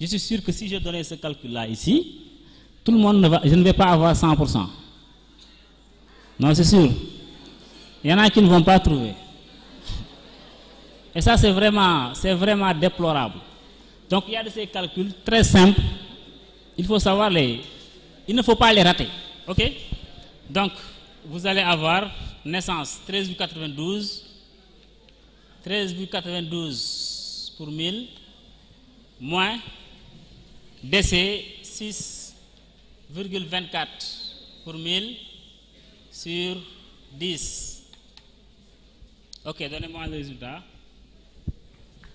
je suis sûr que si je donnais ce calcul-là ici, tout le monde ne va, je ne vais pas avoir 100%. Non, c'est sûr. Il y en a qui ne vont pas trouver. Et ça, c'est vraiment, c'est vraiment déplorable. Donc, il y a de ces calculs très simples. Il faut savoir les... Il ne faut pas les rater. OK donc, vous allez avoir naissance 13,92, 13,92 pour 1000, moins décès 6,24 pour 1000 sur 10. Ok, donnez-moi le résultat.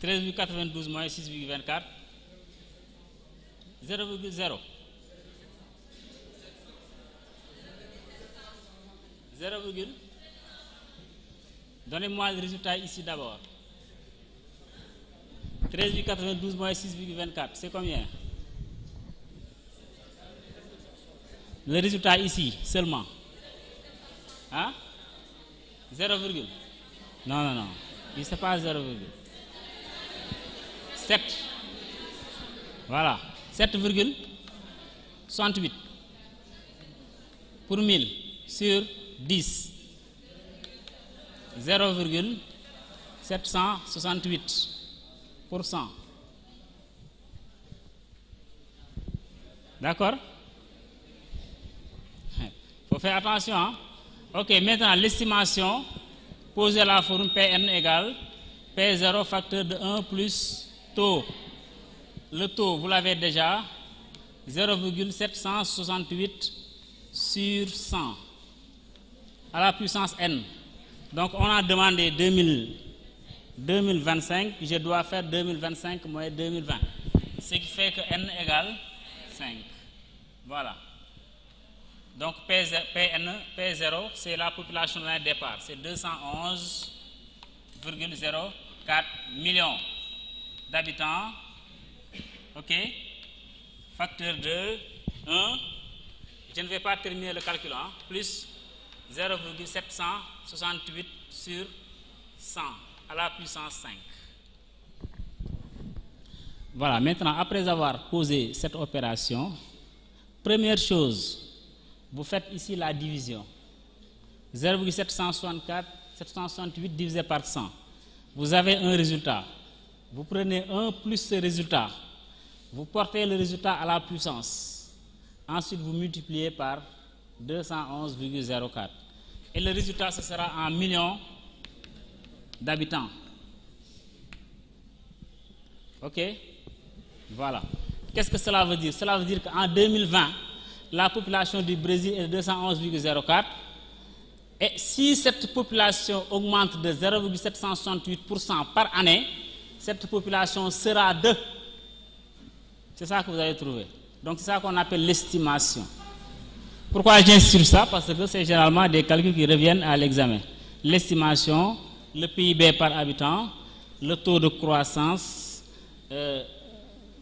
13,92 moins 6,24, 0,0. 0 Donnez-moi le résultat ici d'abord. 13,92 moins 6,24, c'est combien Le résultat ici seulement. Hein 0 Non, non, non. Il ne pas 0 7. Voilà. 7 pour 1000 sur 10 0,768 D'accord Il d'accord faut faire attention hein. ok maintenant l'estimation posée à la forme Pn égale P0 facteur de 1 plus taux le taux vous l'avez déjà 0,768 sur 100 à la puissance N. Donc on a demandé 2000, 2025, je dois faire 2025 moins 2020. Ce qui fait que N égale 5. Voilà. Donc P0, c'est la population de départ. C'est 211,04 millions d'habitants. OK Facteur 2, 1. Je ne vais pas terminer le calcul. Hein. Plus 0,768 sur 100 à la puissance 5. Voilà, maintenant, après avoir posé cette opération, première chose, vous faites ici la division. 0,764, 768 divisé par 100. Vous avez un résultat. Vous prenez 1 plus ce résultat. Vous portez le résultat à la puissance. Ensuite, vous multipliez par 211,04. Et le résultat, ce sera un million d'habitants. OK Voilà. Qu'est-ce que cela veut dire Cela veut dire qu'en 2020, la population du Brésil est de 211,04. Et si cette population augmente de 0,768% par année, cette population sera de... C'est ça que vous avez trouvé. Donc c'est ça qu'on appelle l'estimation. Pourquoi j'insiste sur ça Parce que c'est généralement des calculs qui reviennent à l'examen. L'estimation, le PIB par habitant, le taux de croissance, euh,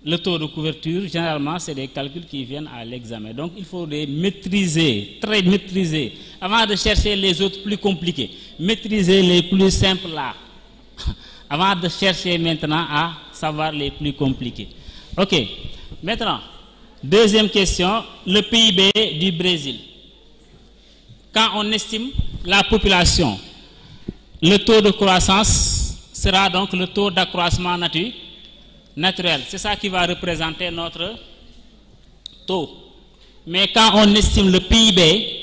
le taux de couverture, généralement, c'est des calculs qui viennent à l'examen. Donc, il faut les maîtriser, très maîtriser, avant de chercher les autres plus compliqués. Maîtriser les plus simples là, avant de chercher maintenant à savoir les plus compliqués. OK. Maintenant, Deuxième question, le PIB du Brésil. Quand on estime la population, le taux de croissance sera donc le taux d'accroissement naturel. C'est ça qui va représenter notre taux. Mais quand on estime le PIB,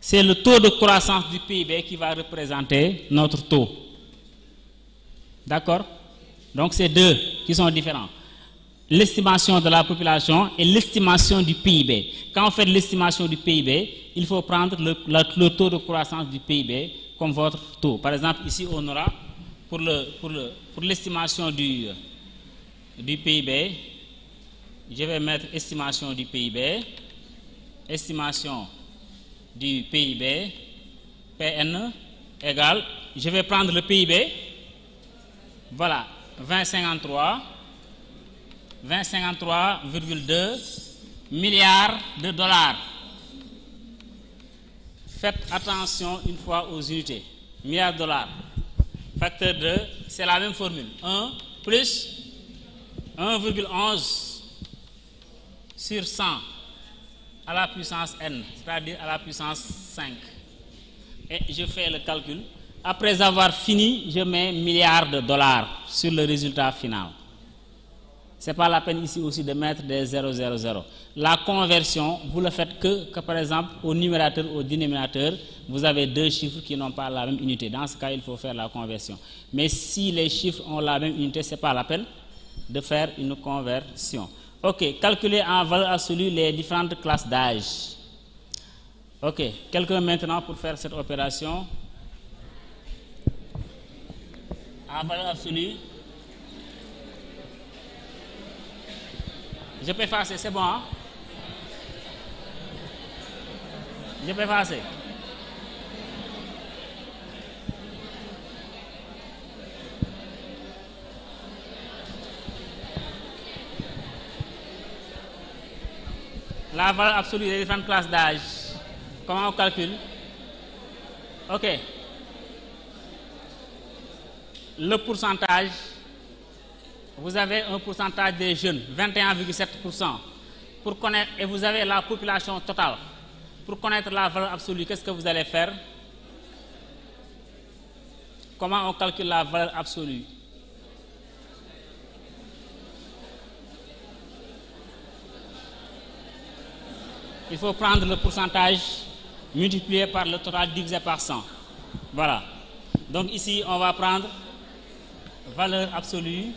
c'est le taux de croissance du PIB qui va représenter notre taux. D'accord Donc c'est deux qui sont différents l'estimation de la population et l'estimation du PIB. Quand on fait l'estimation du PIB, il faut prendre le, taux de croissance du PIB comme votre taux. Par exemple, ici, on aura, pour l'estimation du, PIB, je vais mettre estimation du PIB, estimation du PIB, PN égale, je vais prendre le PIB, voilà, 20,53 25,3,2 milliards de dollars. Faites attention une fois aux unités. Milliards de dollars. Facteur 2, c'est la même formule. 1 plus 1,11 sur 100 à la puissance n, c'est-à-dire à la puissance 5. Et je fais le calcul. Après avoir fini, je mets milliards de dollars sur le résultat final n'est pas la peine ici aussi de mettre des 0, 0, 0. La conversion, vous le faites que, que, par exemple, au numérateur, ou au dénominateur, vous avez deux chiffres qui n'ont pas la même unité. Dans ce cas, il faut faire la conversion. Mais si les chiffres ont la même unité, ce n'est pas la peine de faire une conversion. OK, calculer en valeur absolue les différentes classes d'âge. OK, quelqu'un maintenant pour faire cette opération en valeur absolue Je peux effacer, c'est bon. Hein? Je peux effacer. La valeur absolue des différentes classes d'âge. Comment on calcule Ok. Le pourcentage vous avez un pourcentage des jeunes, 21,7%. et vous avez la population totale. Pour connaître la valeur absolue, qu'est-ce que vous allez faire Comment on calcule la valeur absolue Il faut prendre le pourcentage multiplié par le total divisé par 100. Voilà. Donc ici, on va prendre valeur absolue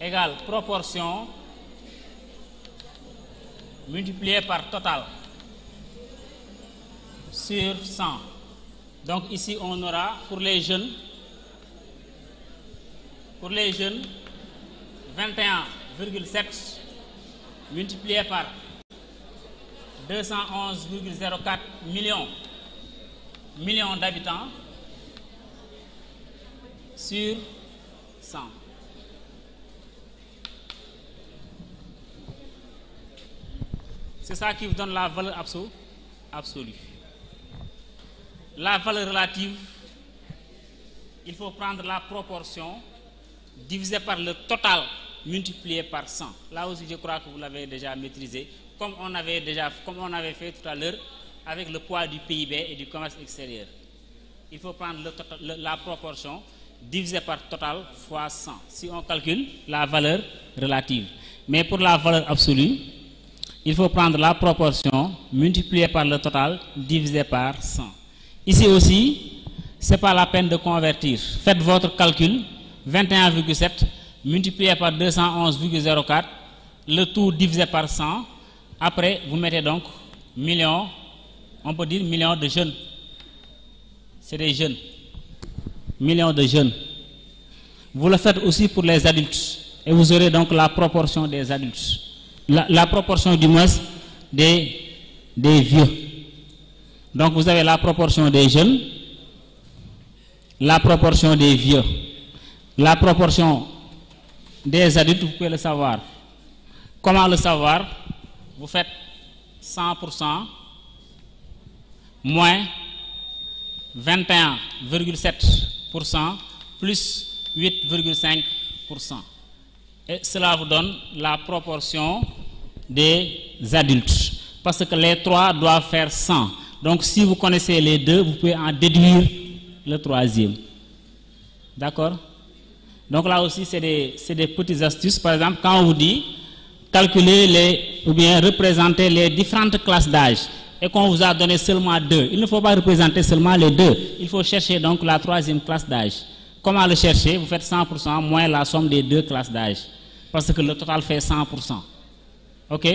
égale proportion multipliée par total sur 100. Donc ici, on aura pour les jeunes, pour les jeunes, 21,7 multiplié par 211,04 millions, millions d'habitants sur 100. C'est ça qui vous donne la valeur absolue. La valeur relative, il faut prendre la proportion divisée par le total multiplié par 100. Là aussi, je crois que vous l'avez déjà maîtrisé, comme on avait déjà, comme on avait fait tout à l'heure avec le poids du PIB et du commerce extérieur. Il faut prendre tota-, la proportion divisée par total fois 100, si on calcule la valeur relative. Mais pour la valeur absolue, il faut prendre la proportion multipliée par le total divisé par 100. Ici aussi, ce n'est pas la peine de convertir. Faites votre calcul, 21,7 multiplié par 211,04, le tout divisé par 100. Après, vous mettez donc millions, on peut dire millions de jeunes. C'est des jeunes. Millions de jeunes. Vous le faites aussi pour les adultes. Et vous aurez donc la proportion des adultes la, proportion du moins des, des vieux. Donc vous avez la proportion des jeunes, la proportion des vieux, la proportion des adultes, vous pouvez le savoir. Comment le savoir Vous faites 100% moins 21,7% plus 8,5% cela vous donne la proportion des adultes. Parce que les trois doivent faire 100. Donc si vous connaissez les deux, vous pouvez en déduire le troisième. D'accord Donc là aussi, c'est des, petites astuces. Par exemple, quand on vous dit calculer les, ou bien représenter les différentes classes d'âge et qu'on vous a donné seulement deux, il ne faut pas représenter seulement les deux. Il faut chercher donc la troisième classe d'âge. Comment le chercher Vous faites 100% moins la somme des deux classes d'âge parce que le total fait 100%. OK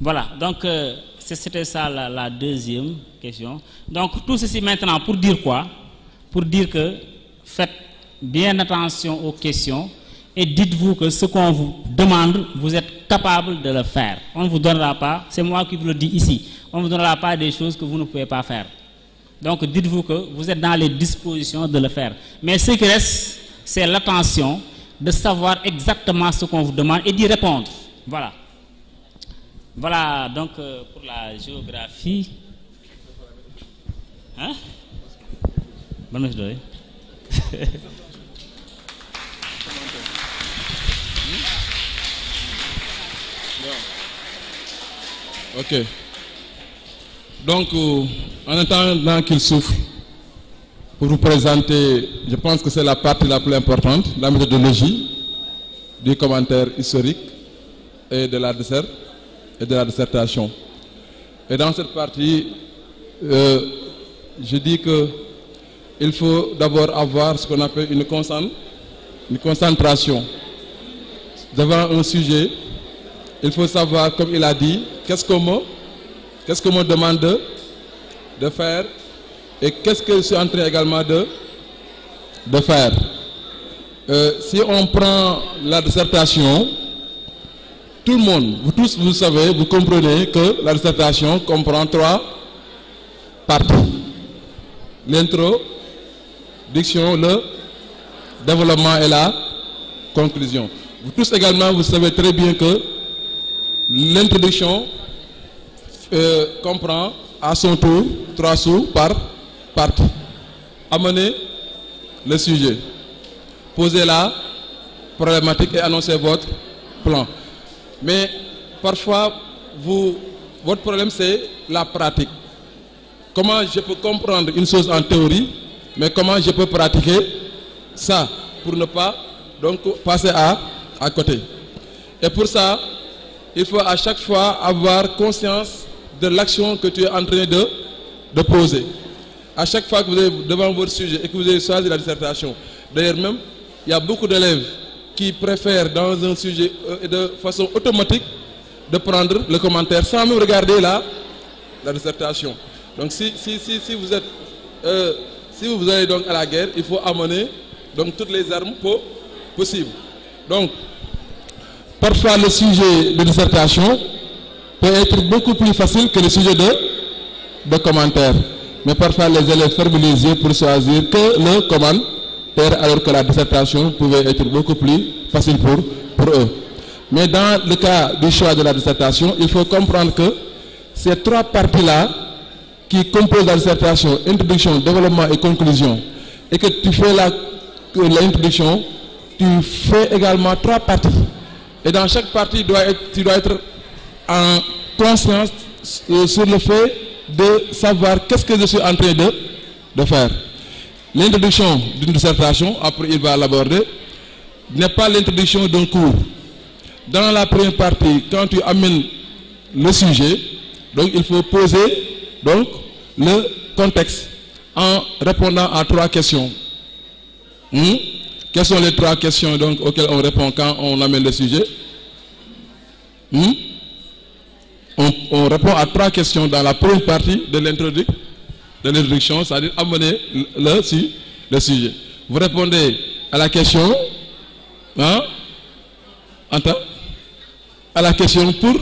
Voilà, donc euh, c'était ça la, la, deuxième question. Donc tout ceci maintenant pour dire quoi Pour dire que faites bien attention aux questions et dites-vous que ce qu'on vous demande, vous êtes capable de le faire. On ne vous donnera pas, c'est moi qui vous le dis ici, on ne vous donnera pas des choses que vous ne pouvez pas faire. Donc dites-vous que vous êtes dans les dispositions de le faire. Mais ce qui reste, c'est l'attention de savoir exactement ce qu'on vous demande et d'y répondre. Voilà. Voilà donc euh, pour la géographie. Hein? Bonne journée. Ok. Donc, euh, en attendant qu'il souffre, pour vous présenter, je pense que c'est la partie la plus importante, la méthodologie du commentaire historique et de la dessert, et de la dissertation. Et dans cette partie, euh, je dis que il faut d'abord avoir ce qu'on appelle une, concentration. Devant un sujet, il faut savoir, comme il a dit, qu'est-ce qu'on me demande de faire et qu'est-ce que je suis en train également de, de faire euh, Si on prend la dissertation, tout le monde, vous tous, vous savez, vous comprenez que la dissertation comprend trois parties. L'intro, diction, le développement et la conclusion. Vous tous également, vous savez très bien que l'introduction euh, comprend à son tour trois sous par Partie, Amenez le sujet. Posez la problématique et annoncer votre plan. Mais parfois, vous, votre problème, c'est la pratique. Comment je peux comprendre une chose en théorie, mais comment je peux pratiquer ça pour ne pas donc, passer à, à côté. Et pour ça, il faut à chaque fois avoir conscience de l'action que tu es en train de, de poser à chaque fois que vous êtes devant votre sujet et que vous avez choisi la dissertation, d'ailleurs même, il y a beaucoup d'élèves qui préfèrent dans un sujet euh, de façon automatique de prendre le commentaire sans même regarder la, la dissertation. Donc si, si, vous êtes euh, si vous allez donc à la guerre, il faut amener donc toutes les armes possibles. Donc parfois le sujet de dissertation peut être beaucoup plus facile que le sujet de, de commentaire mais parfois les élèves ferment les yeux pour choisir que le père alors que la dissertation pouvait être beaucoup plus facile pour, eux. Mais dans le cas du choix de la dissertation, il faut comprendre que ces trois parties-là qui composent la dissertation, introduction, développement et conclusion, et que tu fais la euh, l'introduction, tu fais également trois parties. Et dans chaque partie, tu dois être en conscience euh, sur le fait de savoir qu'est-ce que je suis en train de, de faire. L'introduction d'une dissertation, après il va l'aborder, n'est pas l'introduction d'un cours. Dans la première partie, quand tu amènes le sujet, donc il faut poser donc, le contexte en répondant à trois questions. Hmm? Quelles sont les trois questions donc, auxquelles on répond quand on amène le sujet hmm? on, répond à trois questions dans la première partie de l'introduction, c'est-à-dire amener le, le, sujet. Vous répondez à la question, hein, Attends. à la question pour,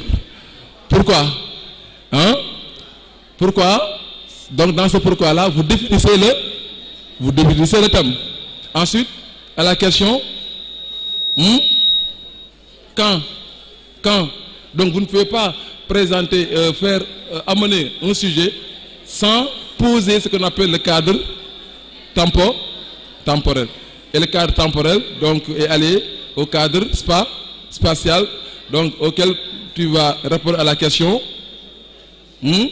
pourquoi, hein, pourquoi, donc dans ce pourquoi-là, vous définissez le, vous définissez le thème. Ensuite, à la question, hmm? quand, quand, donc vous ne pouvez pas présenter, euh, faire euh, amener un sujet sans poser ce qu'on appelle le cadre temporel. Et le cadre temporel, donc, est allé au cadre spa, spatial, donc, auquel tu vas répondre à la question. Hmm,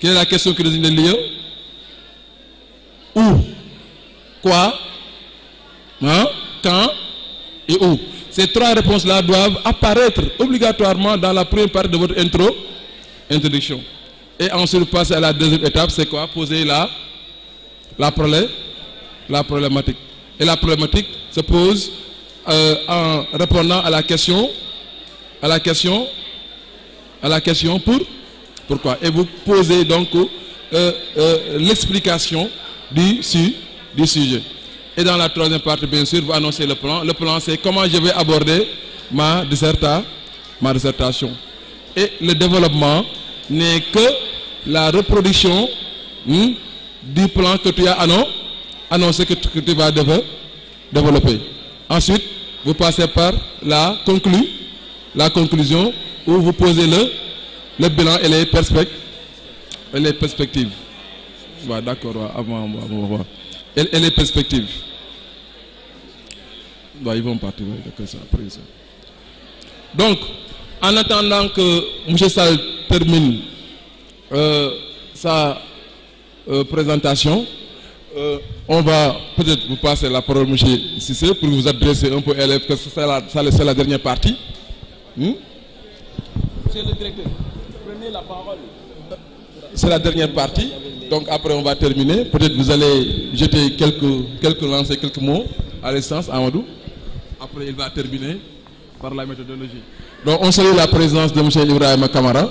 quelle est la question que nous le lieu Où Quoi hein? Quand Et où ces trois réponses-là doivent apparaître obligatoirement dans la première partie de votre intro, introduction. Et ensuite, passe à la deuxième étape, c'est quoi Poser la, la, la problématique. Et la problématique se pose euh, en répondant à la question, à la question, à la question pour pourquoi. Et vous posez donc euh, euh, l'explication du, du sujet. Et dans la troisième partie, bien sûr, vous annoncez le plan. Le plan, c'est comment je vais aborder ma, ma dissertation. Et le développement n'est que la reproduction hmm, du plan que tu as annoncé, que tu, vas développer. Ensuite, vous passez par la, conclu, la conclusion où vous posez le, bilan et les, perspectives. les D'accord, avant, avant, avant. Et, les perspectives bah, Ils vont partir avec ça après ça. Donc, en attendant que M. Sall termine euh, sa euh, présentation, euh, on va peut-être vous passer la parole, M. Sissé, pour vous adresser un peu à l'élève, parce que c'est la, dernière partie. Hmm? le directeur, prenez la parole. C'est la dernière partie. Donc après, on va terminer. Peut-être vous allez jeter quelques, quelques lancers, quelques mots à l'essence, à Amadou. Après, il va terminer par la méthodologie. Donc on salue la présence de M. Ibrahim Kamara.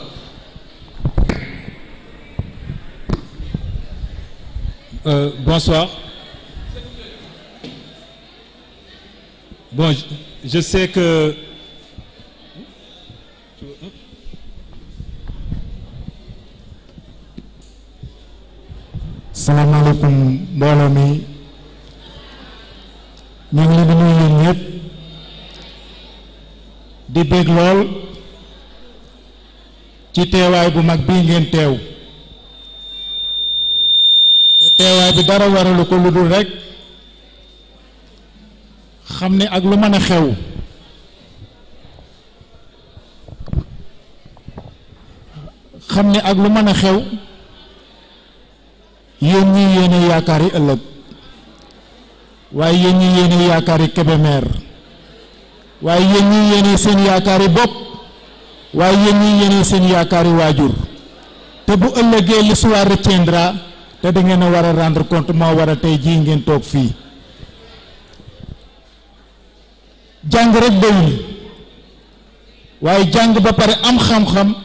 Euh, bonsoir. Bon, je sais que salaamaaleykum mbooloo mi ñu ngi leen di nuyu yéen di bég lool ci teewaay bu mag bii ngeen teew te teewaay bi dara waralu ko lu dul rekk xam ne ak lu mën a xew xam ne ak lu mën a xew yéen ñi yéene yaakaar yi ëllëg waaye yéen ñi yéene yaakaar yi waaye yéen ñi yéene seen yaakaar yi bopp waaye yéen ñi yéene seen yaakaar yi waajur te bu ëllëgee l'histoire retiendra te da ngeen war a rendre compte moo war a tey jii ngeen toog fii jàng rek doyul waaye jàng ba pare am xam-xam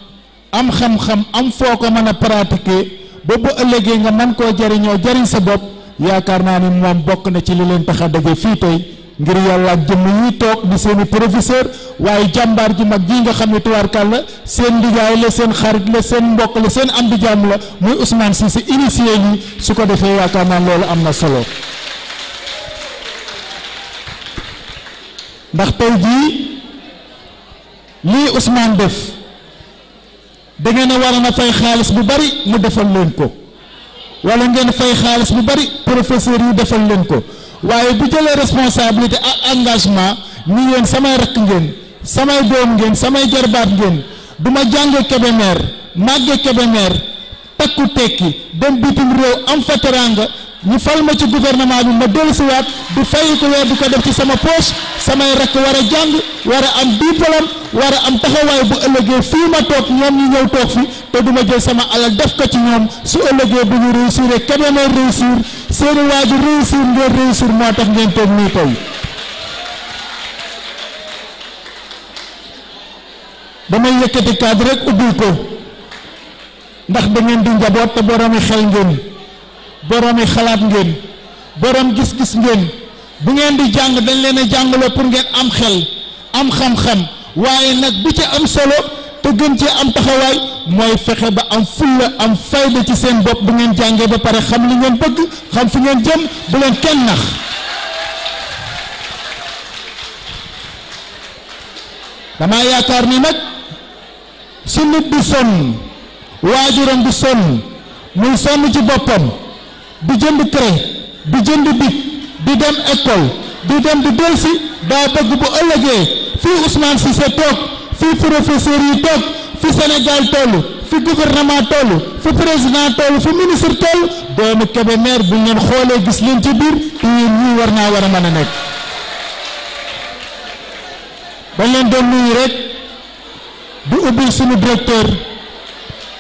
am xam-xam am foo ko mën a pratiquer bobu ëllëgé nga man ko jariñoo jariñ sa bop yaakaar naa ni moom bokk na ci li leen taxa dajé fi tay ngir yalla jëm ñi tok di seen professeur waye jambar ji mag gi nga xamni tuwar tubaarkàl la seen ndigaay la seen xarit la seen mbokk la seen am di la muy Ousmane Cissé initié ñi su ko defee yaakaar loolu amna solo ndax tay ji lii Ousmane def da ngeen a a fay xaalis bu bari mu defal leen ko wala ngeen fay xaalis bu bari professeur yi defal leen ko waaye bu jëlee responsabilité ak engagement ni yéen samay rakk ngeen samay doom ngeen samay jarbaat ngeen du ma jànge Kébémer màgge Kébémer takku tekki dem bitim réew am fa ñu fal ma ci gouvernement bi ma dellusi wat du fay ko weer du ko def ci sama poche sama rek wara jang wara am diplôme wara am taxaway bu ëllëgé fi ma tok ñom ñu ñëw tok fi te duma jël sama alal def ko ci ñom su ëllëgé bu ñu réussir keneen may réussir seen waaju réussir ngeen réussir mo tax ngeen toog nii tey damay yëkkati cadre rek ubbil ko ndax da ngeen di njabot te borom xel ngeen boroomi xalaat ngeen borom gis-gis ngeen bu ngeen di jàng dañ leen a jàngaloo pour ngeen am xel am xam-xam waaye nag bi ci am solo te gën ci am taxawaay mooy fexe ba am fulla am fayda ci seen bopp bu ngeen jàngee ba pare xam li ngeen bëgg xam fi ngeen jëm bu leen kenn nax dama yaakaar ni nag su nit di sonn waajuram di sonn muy sonn ci boppam di jënd craie di jënd bic di dem école di dem di delsi da bëgg bu ëllëgé fi Ousmane Cissé tok fi professeur yi tok fi Sénégal tollu fi gouvernement tollu fi président tollu fi ministre toll doomu kebe maire bu ngeen xolé gis leen ci bir ñi ñii war na wara mëna nek ba nekk dañ leen doon nuyu rek di ubbi suñu directeur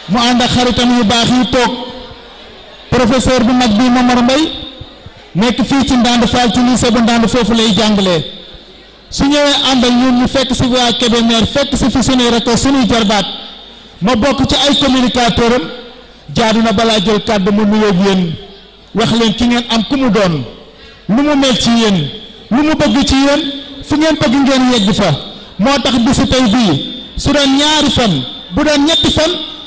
mu and ak xaritam yu baax yi tok professeur bu mag bi Momar Mbay nek fi ci ndand Fall ci ni bu ndand fofu lay jangale su ñewé ànd ak ñun ñu fekk wa waa Kébémer fekk ci fi suñu rek suñu jarbat ma bok ci ay communicateur am jaadu na balaa jël kàddu mu nuyo yeen wax leen ki ngeen am ku mu doon lu mu mel ci yeen lu mu bëgg ci yeen fu ngeen bëgg ngeen yegg fa motax bisu tay bi su doon ñaari fan bu doon ñetti fan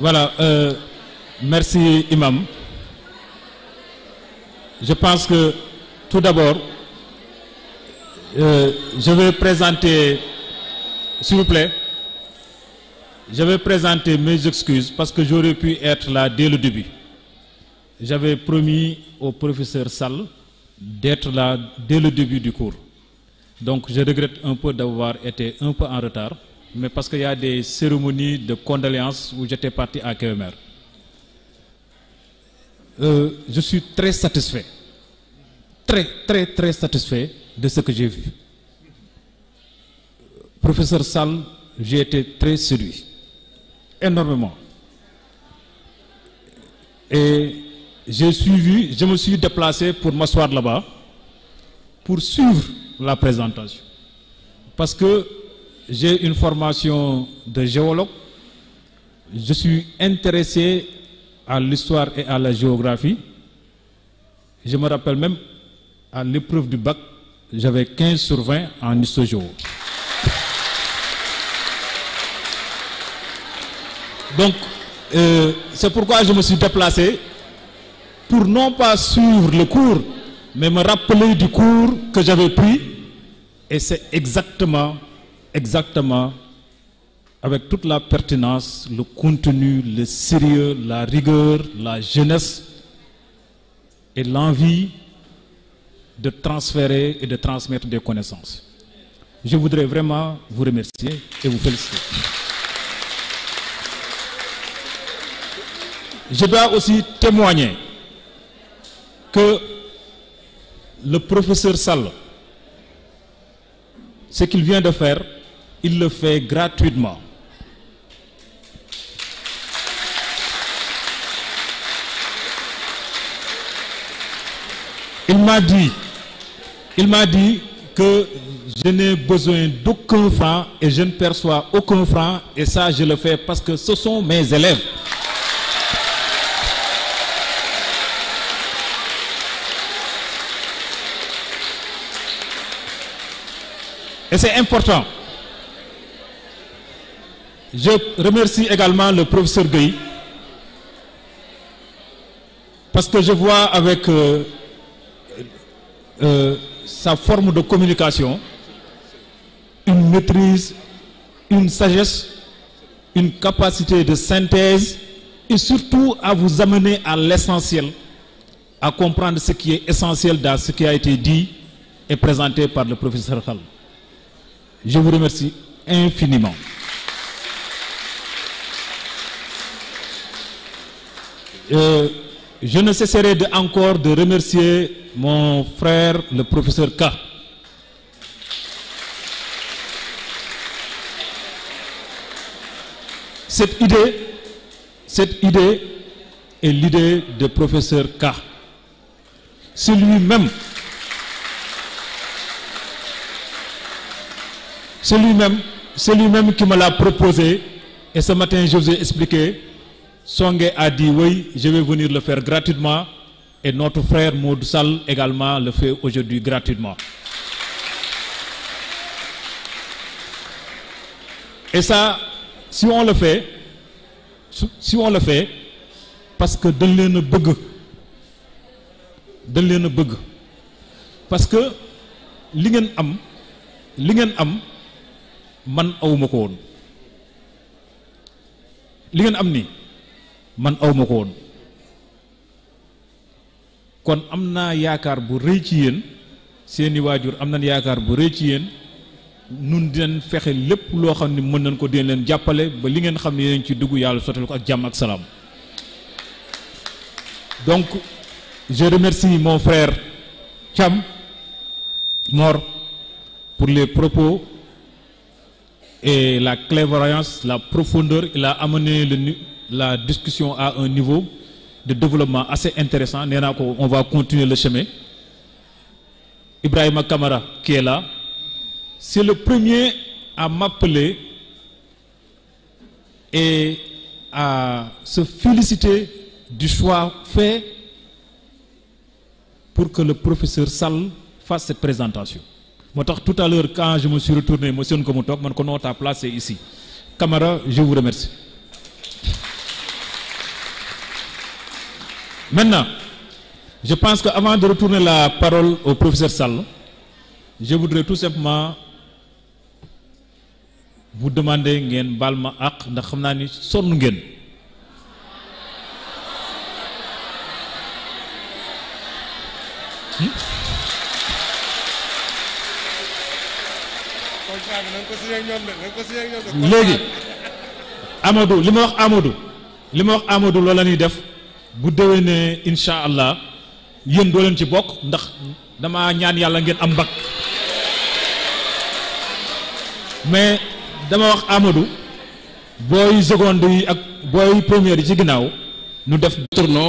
Voilà, euh, merci Imam. Je pense que tout d'abord, euh, je vais présenter, s'il vous plaît, je vais présenter mes excuses parce que j'aurais pu être là dès le début. J'avais promis au professeur Sall d'être là dès le début du cours. Donc je regrette un peu d'avoir été un peu en retard mais parce qu'il y a des cérémonies de condoléances où j'étais parti à KMR. Euh, je suis très satisfait, très, très, très satisfait de ce que j'ai vu. Professeur Sall, j'ai été très séduit, énormément. Et j'ai suivi, je me suis déplacé pour m'asseoir là-bas, pour suivre la présentation. Parce que j'ai une formation de géologue. Je suis intéressé à l'histoire et à la géographie. Je me rappelle même à l'épreuve du bac, j'avais 15 sur 20 en histoire Donc, euh, c'est pourquoi je me suis déplacé pour non pas suivre le cours, mais me rappeler du cours que j'avais pris. Et c'est exactement exactement, avec toute la pertinence, le contenu, le sérieux, la rigueur, la jeunesse et l'envie de transférer et de transmettre des connaissances. Je voudrais vraiment vous remercier et vous féliciter. Je dois aussi témoigner que le professeur Sall ce qu'il vient de faire, il le fait gratuitement. Il m'a dit, il m'a dit que je n'ai besoin d'aucun franc et je ne perçois aucun franc et ça je le fais parce que ce sont mes élèves. Et c'est important. Je remercie également le professeur Guy parce que je vois avec euh, euh, sa forme de communication une maîtrise, une sagesse, une capacité de synthèse et surtout à vous amener à l'essentiel, à comprendre ce qui est essentiel dans ce qui a été dit et présenté par le professeur Khal. Je vous remercie infiniment. Euh, je ne cesserai de, encore de remercier mon frère, le professeur K. Cette idée, cette idée est l'idée du professeur K. C'est lui-même. C'est lui-même, c'est lui-même qui me l'a proposé. Et ce matin, je vous ai expliqué Songe a dit oui, je vais venir le faire gratuitement. Et notre frère Maud Sal également le fait aujourd'hui gratuitement. Et ça, si on le fait, si on le fait, parce que de leen parce que man man awma ko woon kon amna yaakar bu reey ci yéen seeni waajur amna yaakar bu reey ci yéen nun den fexé lepp lo xamni meun nan ko den len jappalé ba li ngeen xamni ne ci duggu yalla sottal ko ak jàmm ak salam donc je remercie mon frère cham Mor pour les propos et la clairvoyance la profondeur il a amené le la discussion a un niveau de développement assez intéressant on va continuer le chemin Ibrahim Kamara qui est là c'est le premier à m'appeler et à se féliciter du choix fait pour que le professeur Sall fasse cette présentation tout à l'heure quand je me suis retourné Monsieur me suis ici Kamara je vous remercie Maintenant, je pense qu'avant de retourner la parole au professeur Sall, je voudrais tout simplement vous demander de balma ak ndax xamna ni sonn ngeen hmm? léegi Amadou li wax Amadou li wax Amadou loolu la def bu ne incha allah yéen doo leen ci bokk ndax dama ñaan yàlla ngeen am mbag mais dama wax Amadou booy seconde yi ak booy première yi ci ginnaaw nu def tournoi